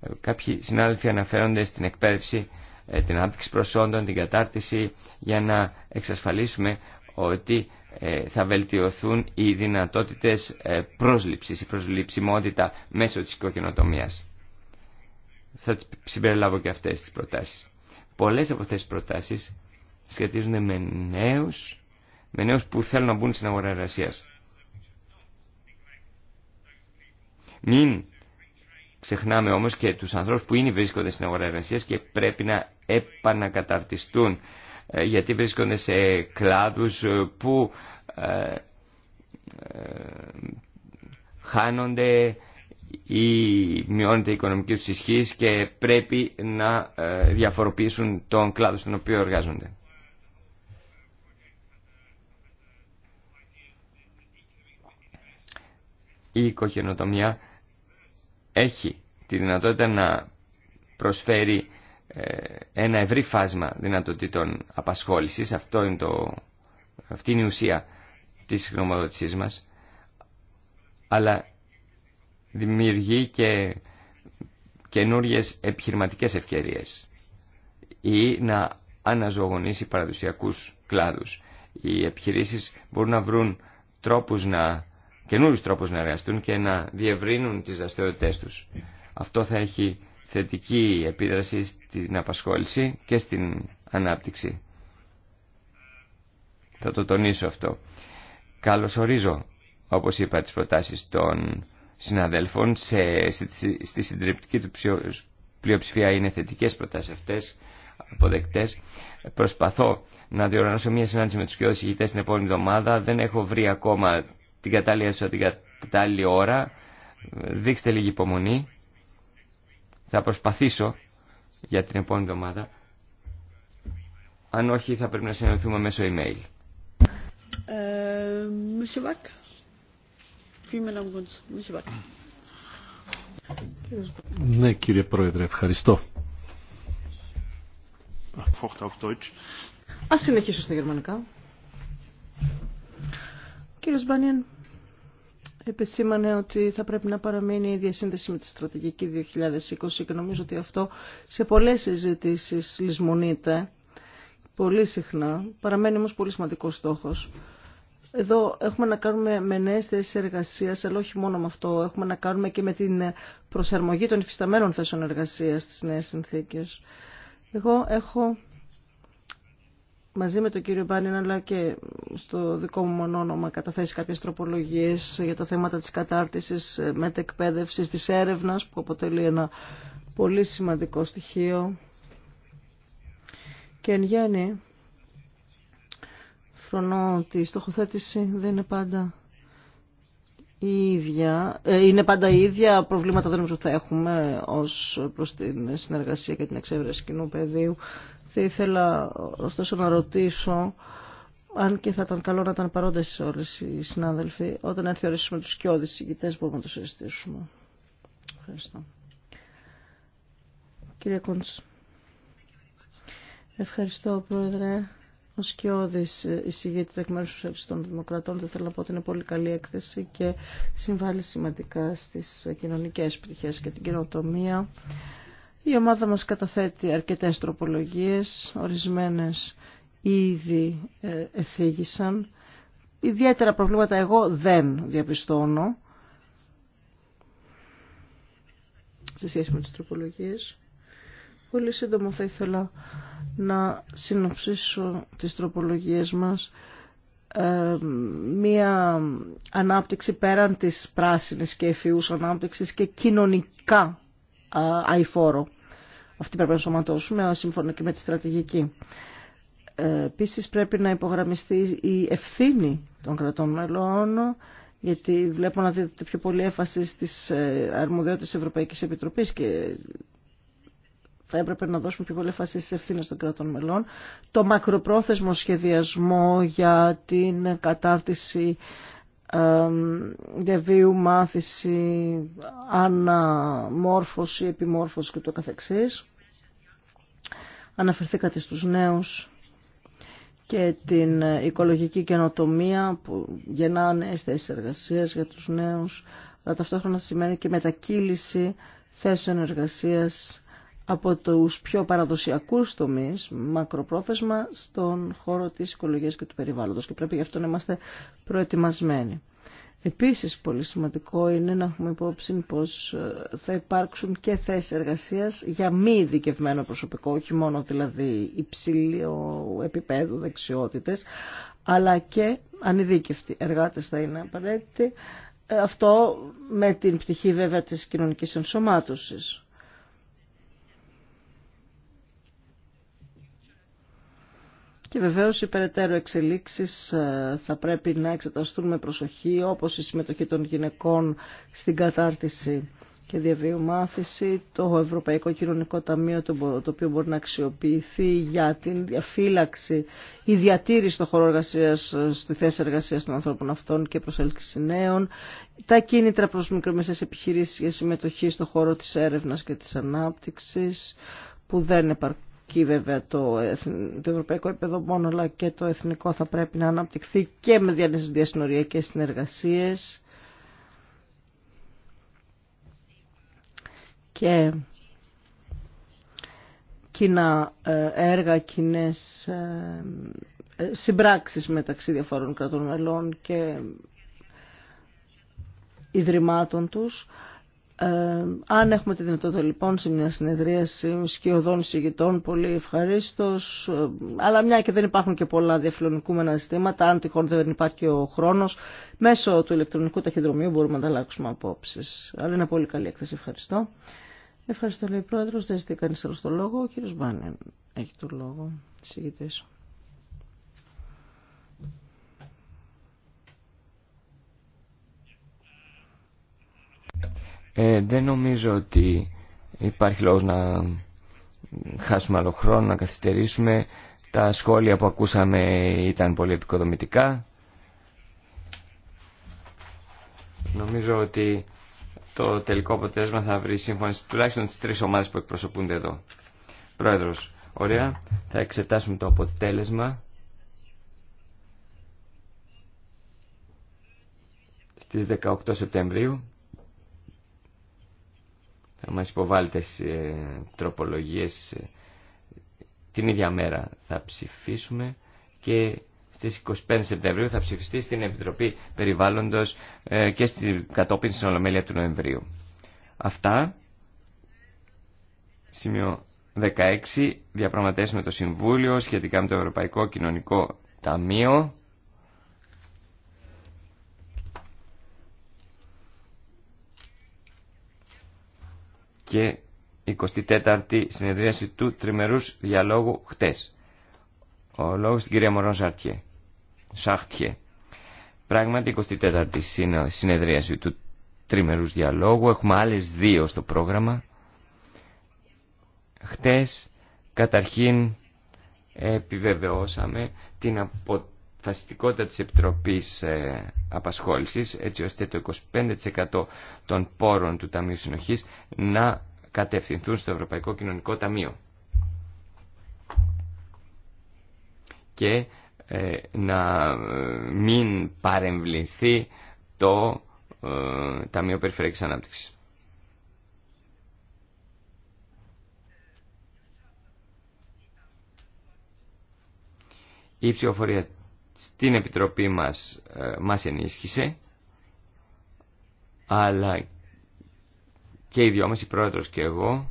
[SPEAKER 2] Ε, κάποιοι συνάδελφοι αναφέρονται στην εκπαίδευση, ε, την ανάπτυξη προσόντων, την κατάρτιση, για να εξασφαλίσουμε ότι θα βελτιωθούν οι δυνατότητες πρόσληψης, η προσληψιμότητα μέσω της οικοκαινοτομίας. Θα συμπεριλάβω και αυτές τις προτάσεις. Πολλές από αυτές τις προτάσεις σχετίζονται με νέους με νέου που θέλουν να μπουν στην αγορά εργασία. Μην ξεχνάμε όμως και τους ανθρώπους που είναι βρίσκονται στην αγορά εργασία και πρέπει να επανακαταρτιστούν ε, γιατί βρίσκονται σε κλάδους ε, που ε, χάνονται ή μειώνεται η οικονομική τους ισχύς και πρέπει να διαφοροποιήσουν τον κλάδο στον οποίο εργάζονται. η οικογενοτομία έχει τη δυνατότητα να προσφέρει ε, ένα ευρύ φάσμα δυνατοτήτων απασχόλησης. Αυτό είναι αυτή είναι η ουσία της γνωμοδότησής μας. Αλλά δημιουργεί και καινούριες επιχειρηματικές ευκαιρίες ή να αναζωογονήσει παραδοσιακούς κλάδους. Οι επιχειρήσεις μπορούν να βρουν τρόπους να καινούριου τρόπου να εργαστούν και να διευρύνουν τι δραστηριότητε του. Αυτό θα έχει θετική επίδραση στην απασχόληση και στην ανάπτυξη. Θα το τονίσω αυτό. ορίζω, όπως είπα, τις προτάσεις των συναδέλφων. στη συντριπτική του πλειοψηφία είναι θετικές προτάσεις αυτές, αποδεκτές. Προσπαθώ να διοργανώσω μια συνάντηση με τους κοιόδους ηγητές την επόμενη εβδομάδα. Δεν έχω βρει ακόμα την κατάλληλη την κατάλληλη ώρα. Δείξτε λίγη υπομονή. Θα προσπαθήσω για την επόμενη εβδομάδα. Αν όχι, θα πρέπει να συνεχίσουμε μέσω email.
[SPEAKER 1] Ε,
[SPEAKER 3] ναι, κύριε Πρόεδρε, ευχαριστώ.
[SPEAKER 1] Ας συνεχίσω στα γερμανικά. Κύριος Σμπανιέν επεσήμανε ότι θα πρέπει να παραμείνει η διασύνδεση με τη στρατηγική 2020 και νομίζω ότι αυτό σε πολλές συζητήσει λησμονείται πολύ συχνά, παραμένει όμως πολύ σημαντικός στόχος. Εδώ έχουμε να κάνουμε με νέε θέσει εργασία, αλλά όχι μόνο με αυτό. Έχουμε να κάνουμε και με την προσαρμογή των υφισταμένων θέσεων εργασία στι νέε συνθήκε. Εγώ έχω μαζί με τον κύριο Μπάνιν αλλά και στο δικό μου μονόνομα καταθέσει κάποιες τροπολογίες για τα θέματα της κατάρτισης, ε, μετεκπαίδευσης, της έρευνας που αποτελεί ένα πολύ σημαντικό στοιχείο. Και εν γέννη, φρονώ ότι η στοχοθέτηση δεν είναι πάντα η ίδια. Ε, είναι πάντα η ίδια, προβλήματα δεν νομίζω θα έχουμε ως προς την συνεργασία και την εξέβρεση κοινού πεδίου. Θα ήθελα ωστόσο να ρωτήσω, αν και θα ήταν καλό να ήταν παρόντες όλες οι συνάδελφοι, όταν έρθει η ώρα με τους μπορούμε να το συζητήσουμε. Ευχαριστώ. Κύριε Κούντς. Ευχαριστώ, Πρόεδρε. Ο Σκιώδη εισηγείται εκ μέρου των Δημοκρατών. Δεν θέλω να πω ότι είναι πολύ καλή έκθεση και συμβάλλει σημαντικά στι κοινωνικέ πτυχέ και την κοινοτομία. Η ομάδα μας καταθέτει αρκετές τροπολογίες, ορισμένες ήδη ε, εφήγησαν. Ιδιαίτερα προβλήματα εγώ δεν διαπιστώνω σε σχέση με τις τροπολογίες. Πολύ σύντομα θα ήθελα να συνοψίσω τις τροπολογίες μας. Ε, μία ανάπτυξη πέραν της πράσινης και εφιούς ανάπτυξης και κοινωνικά αηφόρο. Αυτή πρέπει να σωματώσουμε, σύμφωνα και με τη στρατηγική. Ε, Επίση πρέπει να υπογραμμιστεί η ευθύνη των κρατών μελών, γιατί βλέπω να δίδεται πιο πολύ έφαση στις ε, αρμοδιότητες Ευρωπαϊκής Επιτροπής και θα έπρεπε να δώσουμε πιο πολύ έφαση στι ευθύνε των κρατών μελών. Το μακροπρόθεσμο σχεδιασμό για την κατάρτιση διαβίου μάθηση, αναμόρφωση, επιμόρφωση και το καθεξής. Αναφερθήκατε στους νέους και την οικολογική καινοτομία που γεννάνε στις για τους νέους, αλλά ταυτόχρονα σημαίνει και μετακύληση θέσεων εργασίας από τους πιο παραδοσιακούς τομείς μακροπρόθεσμα στον χώρο της οικολογίας και του περιβάλλοντος και πρέπει γι' αυτό να είμαστε προετοιμασμένοι. Επίσης πολύ σημαντικό είναι να έχουμε υπόψη πως ε, θα υπάρξουν και θέσεις εργασίας για μη ειδικευμένο προσωπικό, όχι μόνο δηλαδή υψηλό επίπεδο δεξιότητες, αλλά και ανειδίκευτοι εργάτες θα είναι απαραίτητοι. Ε, αυτό με την πτυχή βέβαια της κοινωνικής ενσωμάτωσης και βεβαίως οι περαιτέρω εξελίξεις ε, θα πρέπει να εξεταστούν με προσοχή όπως η συμμετοχή των γυναικών στην κατάρτιση και διαβίου το Ευρωπαϊκό Κοινωνικό Ταμείο το οποίο μπορεί να αξιοποιηθεί για την διαφύλαξη ή διατήρηση των χώρων εργασίας, ε, στη θέση εργασίας των ανθρώπων αυτών και προσέλκυση νέων, τα κίνητρα προς μικρομεσαίες επιχειρήσεις για συμμετοχή στον χώρο της έρευνας και της ανάπτυξης, που δεν επαρκούν και βέβαια το, το ευρωπαϊκό επίπεδο μόνο αλλά και το εθνικό θα πρέπει να αναπτυχθεί και με διασυνοριακές συνεργασίες και κοινά ε, έργα, κοινέ ε, ε, συμπράξεις μεταξύ διαφορών κρατών μελών και ιδρυμάτων τους. Ε, αν έχουμε τη δυνατότητα λοιπόν σε μια συνεδρίαση σκιωδών συγητών, πολύ ευχαρίστω, ε, αλλά μια και δεν υπάρχουν και πολλά διαφιλονικούμενα ζήτηματα, αν τυχόν δεν υπάρχει και ο χρόνο, μέσω του ηλεκτρονικού ταχυδρομείου μπορούμε να τα αλλάξουμε απόψει. Αλλά είναι πολύ καλή έκθεση. Ευχαριστώ. Ευχαριστώ, λέει πρόεδρο. Δεν ζητεί κανεί άλλο το λόγο. Ο κύριο Μπάνεν έχει το λόγο.
[SPEAKER 2] Ε, δεν νομίζω ότι υπάρχει λόγος να χάσουμε άλλο χρόνο, να καθυστερήσουμε. Τα σχόλια που ακούσαμε ήταν πολύ επικοδομητικά. Νομίζω ότι το τελικό αποτέλεσμα θα βρει σύμφωνα τουλάχιστον τις τρεις ομάδες που εκπροσωπούνται εδώ. Πρόεδρος, ωραία, θα εξετάσουμε το αποτέλεσμα. Στις 18 Σεπτεμβρίου να μας υποβάλλετε ε, τροπολογίες ε, την ίδια μέρα θα ψηφίσουμε και στις 25 Σεπτεμβρίου θα ψηφιστεί στην Επιτροπή Περιβάλλοντος ε, και στην κατόπιν στην Ολομέλεια του Νοεμβρίου. Αυτά, σημείο 16, διαπραγματεύσουμε το Συμβούλιο σχετικά με το Ευρωπαϊκό Κοινωνικό Ταμείο. και 24η συνεδρίαση του τριμερούς διαλόγου χτες. Ο λόγος στην κυρία Μωρόν Σαρτιέ. Σαρτιέ. Πράγματι 24η συνεδρίαση του τριμερούς διαλόγου. Έχουμε άλλες δύο στο πρόγραμμα. Χτες καταρχήν επιβεβαιώσαμε την αποτέλεσμα αποφασιστικότητα της Επιτροπής ε, Απασχόλησης έτσι ώστε το 25% των πόρων του Ταμείου Συνοχής να κατευθυνθούν στο Ευρωπαϊκό Κοινωνικό Ταμείο και ε, να ε, μην παρεμβληθεί το Ταμείο Περιφερειακής Ανάπτυξης. Η ψηφοφορία στην Επιτροπή μας ε, μας ενίσχυσε αλλά και οι δυο Πρόεδρος και εγώ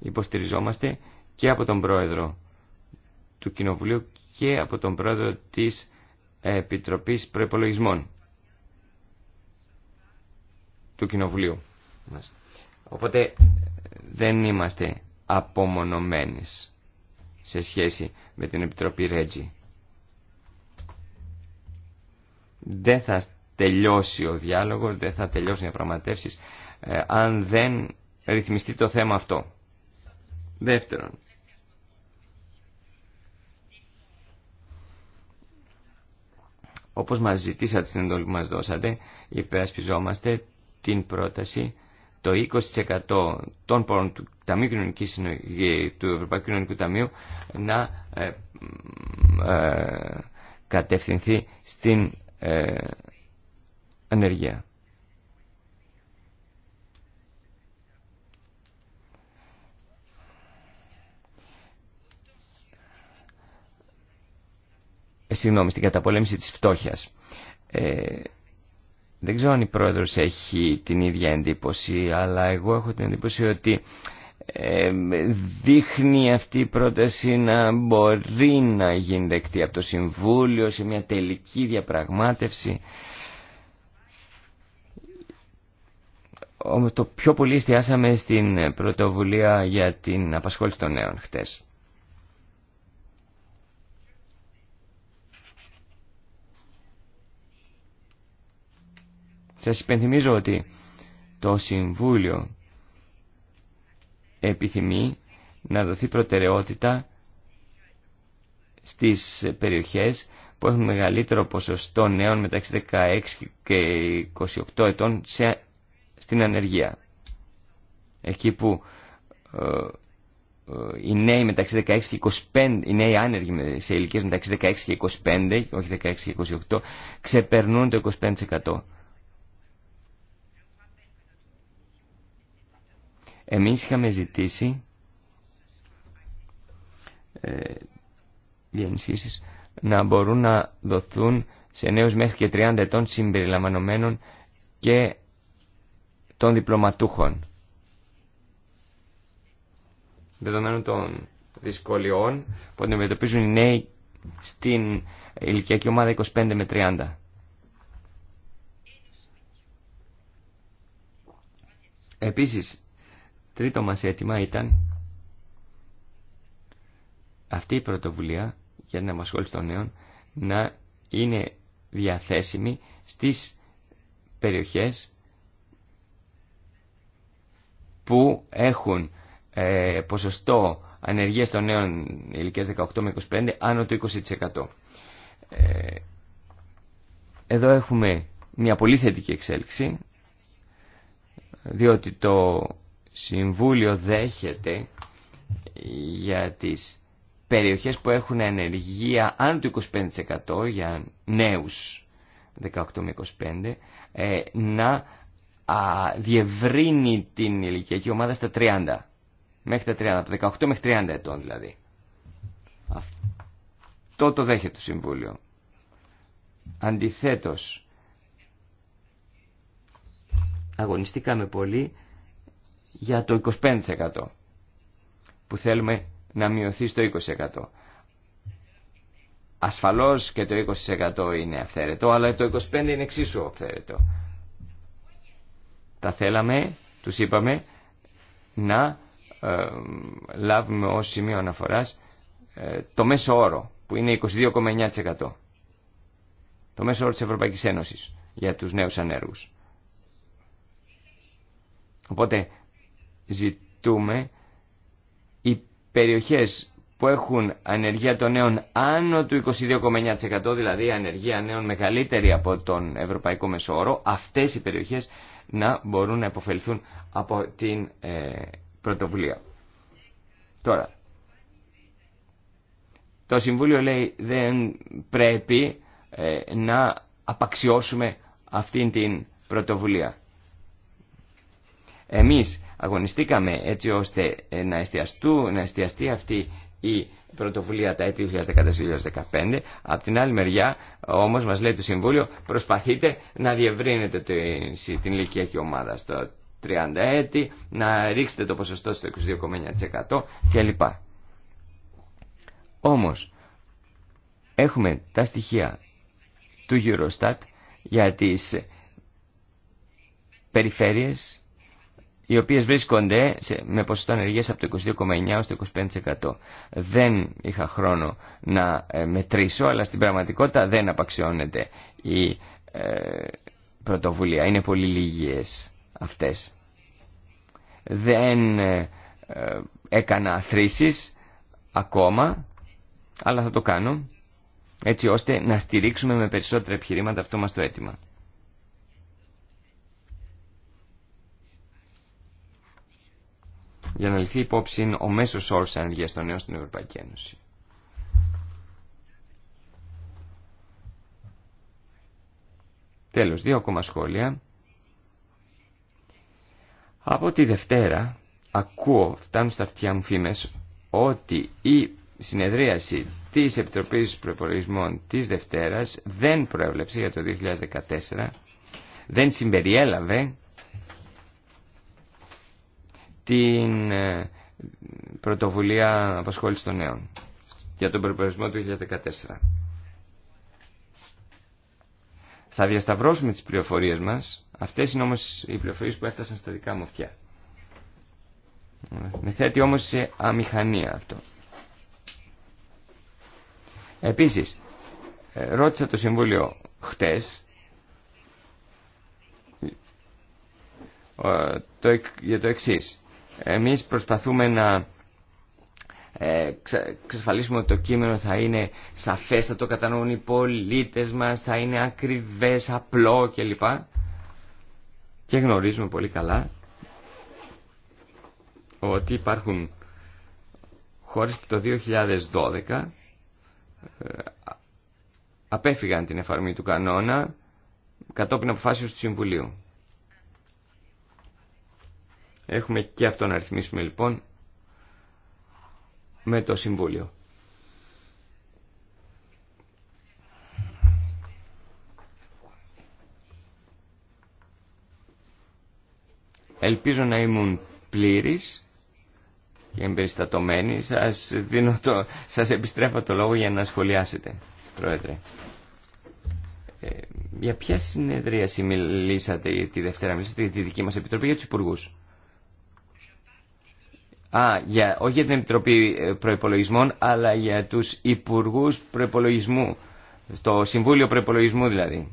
[SPEAKER 2] υποστηριζόμαστε και από τον Πρόεδρο του Κοινοβουλίου και από τον Πρόεδρο της Επιτροπής Προϋπολογισμών του Κοινοβουλίου μας. Οπότε ε, δεν είμαστε απομονωμένες σε σχέση με την Επιτροπή Ρέτζη. Δεν θα τελειώσει ο διάλογος, δεν θα τελειώσουν οι διαπραγματεύσεις ε, αν δεν ρυθμιστεί το θέμα αυτό. Δεύτερον, όπως μας ζητήσατε στην εντολή που μας δώσατε, υπερασπιζόμαστε την πρόταση το 20% των πόρων του Ταμείου Κοινωνικής ε, του Ευρωπαϊκού Κοινωνικού Ταμείου να ε, ε, κατευθυνθεί στην ε, ενεργεία. Συγγνώμη, στην καταπολέμηση της φτώχειας. Δεν ξέρω αν η πρόεδρος έχει την ίδια εντύπωση, αλλά εγώ έχω την εντύπωση ότι δείχνει αυτή η πρόταση να μπορεί να γίνει δεκτή από το Συμβούλιο σε μια τελική διαπραγμάτευση. Όμως το πιο πολύ εστιάσαμε στην πρωτοβουλία για την απασχόληση των νέων χτες. Σας υπενθυμίζω ότι το Συμβούλιο επιθυμεί να δοθεί προτεραιότητα στις περιοχές που έχουν μεγαλύτερο ποσοστό νέων μεταξύ 16 και 28 ετών σε, στην ανεργία. Εκεί που ε, ε, οι νέοι μεταξύ 16 και 25, οι νέοι άνεργοι σε ηλικίες μεταξύ 16 και 25, όχι 16 και 28, ξεπερνούν το 25%. Εμείς είχαμε ζητήσει ε, οι να μπορούν να δοθούν σε νέους μέχρι και 30 ετών συμπεριλαμβανομένων και των διπλωματούχων. δεδομένων των δυσκολιών που αντιμετωπίζουν οι νέοι στην ηλικιακή ομάδα 25 με 30. Επίσης, Τρίτο μας αίτημα ήταν αυτή η πρωτοβουλία για την αμασχόληση των νέων να είναι διαθέσιμη στις περιοχές που έχουν ε, ποσοστό ανεργίας των νέων ηλικίας 18 με 25 άνω του 20%. Ε, εδώ έχουμε μια πολύ θετική εξέλιξη, διότι το Συμβούλιο δέχεται για τις περιοχές που έχουν ενεργεία άνω του 25% για νέους 18 με 25 ε, να διευρύνει την ηλικιακή ομάδα στα 30 μέχρι τα 30, από 18 μέχρι 30 ετών δηλαδή. Αυτό το δέχεται το Συμβούλιο. Αντιθέτως, αγωνιστήκαμε πολύ για το 25% που θέλουμε να μειωθεί στο 20%. Ασφαλώς και το 20% είναι αυθαίρετο, αλλά το 25% είναι εξίσου αυθαίρετο. Τα θέλαμε, τους είπαμε, να ε, λάβουμε ως σημείο αναφοράς ε, το μέσο όρο, που είναι 22,9%. Το μέσο όρο της Ευρωπαϊκής Ένωσης για τους νέους ανέργους. Οπότε ζητούμε οι περιοχές που έχουν ανεργία των νέων άνω του 22,9% δηλαδή ανεργία νέων μεγαλύτερη από τον ευρωπαϊκό μεσόωρο αυτές οι περιοχές να μπορούν να υποφελθούν από την ε, πρωτοβουλία. Τώρα, το Συμβούλιο λέει δεν πρέπει ε, να απαξιώσουμε αυτήν την πρωτοβουλία. Εμείς αγωνιστήκαμε έτσι ώστε ε, να, εστιαστού, να εστιαστεί αυτή η πρωτοβουλία τα έτη 2014-2015. Απ' την άλλη μεριά όμως μας λέει το Συμβούλιο προσπαθείτε να διευρύνετε την ηλικιακή ομάδα στο 30 έτη, να ρίξετε το ποσοστό στο 22,9% κλπ. Όμως έχουμε τα στοιχεία του Eurostat για τις περιφέρειες οι οποίε βρίσκονται σε, με ποσοστό ανεργία από το 22,9% στο 25%. Δεν είχα χρόνο να ε, μετρήσω, αλλά στην πραγματικότητα δεν απαξιώνεται η ε, πρωτοβουλία. Είναι πολύ λίγες αυτές. Δεν ε, έκανα θρήσεις ακόμα, αλλά θα το κάνω, έτσι ώστε να στηρίξουμε με περισσότερα επιχειρήματα αυτό μας το αίτημα. για να ληφθεί υπόψη ο μέσο όρο ανεργία των νέων στην Ευρωπαϊκή Ένωση. Τέλο, δύο ακόμα σχόλια. Από τη Δευτέρα ακούω, φτάνουν στα αυτιά μου φήμε, ότι η συνεδρίαση τη επιτροπή Προπολογισμών τη Δευτέρα δεν προέβλεψε για το 2014, δεν συμπεριέλαβε την ε, πρωτοβουλία απασχόληση των νέων για τον προπερισμό του 2014. Θα διασταυρώσουμε τις πληροφορίες μας. Αυτές είναι όμως οι πληροφορίες που έφτασαν στα δικά μου αυτιά. Με θέτει όμως σε αμηχανία αυτό. Επίσης, ε, ρώτησα το Συμβούλιο χτες ε, για το εξής. Εμείς προσπαθούμε να ε, εξασφαλίσουμε ότι το κείμενο θα είναι σαφές, θα το κατανοούν οι πολίτες μας, θα είναι ακριβές, απλό κλπ. Και γνωρίζουμε πολύ καλά ότι υπάρχουν χώρες που το 2012 ε, απέφυγαν την εφαρμή του κανόνα κατόπιν αποφάσεως του Συμβουλίου. Έχουμε και αυτό να ρυθμίσουμε λοιπόν με το Συμβούλιο. Ελπίζω να ήμουν πλήρης και εμπεριστατωμένη. Σας, δίνω το, σας επιστρέφω το λόγο για να σχολιάσετε, Πρόεδρε. Ε, για ποια συνεδρίαση μιλήσατε τη Δευτέρα, μιλήσατε για τη δική μας Επιτροπή για τους Υπουργούς. Α, για, όχι για την Επιτροπή ε, Προπολογισμών, αλλά για τους Υπουργούς Προπολογισμού. Το Συμβούλιο Προπολογισμού δηλαδή.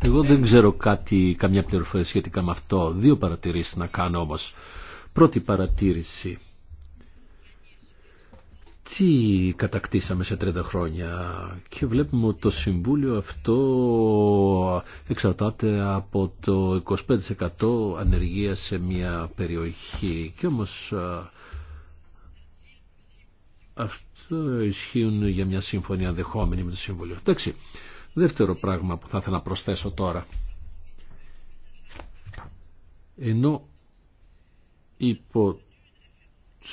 [SPEAKER 3] Εγώ δεν ξέρω κάτι, καμιά πληροφορία σχετικά με αυτό. Δύο παρατηρήσεις να κάνω όμως. Πρώτη παρατήρηση τι κατακτήσαμε σε 30 χρόνια και βλέπουμε ότι το Συμβούλιο αυτό εξαρτάται από το 25% ανεργία σε μια περιοχή και όμως αυτό ισχύουν για μια σύμφωνη δεχόμενη με το Συμβούλιο. Εντάξει, δεύτερο πράγμα που θα ήθελα να προσθέσω τώρα. Ενώ υπό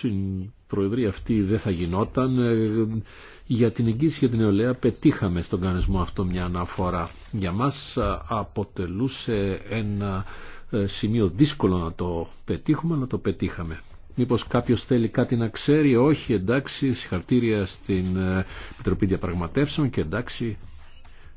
[SPEAKER 3] την Προεδρία αυτή δεν θα γινόταν. Ε, για την εγγύηση για την νεολαία πετύχαμε στον κανονισμό αυτό μια αναφορά. Για μας ε, αποτελούσε ένα ε, σημείο δύσκολο να το πετύχουμε, να το πετύχαμε. Μήπως κάποιος θέλει κάτι να ξέρει, όχι, εντάξει, συγχαρτήρια στην Επιτροπή Διαπραγματεύσεων και εντάξει,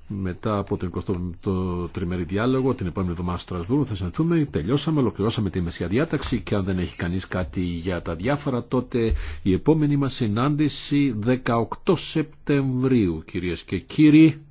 [SPEAKER 3] μετά από το 20ο τριμερή διάλογο, την επόμενη εβδομάδα στο Στρασβούργο θα συνθούμε, Τελειώσαμε, ολοκληρώσαμε τη μεσιά διάταξη και αν δεν έχει κανεί κάτι για τα διάφορα, τότε η επόμενη μα συνάντηση 18 Σεπτεμβρίου, κυρίε και κύριοι.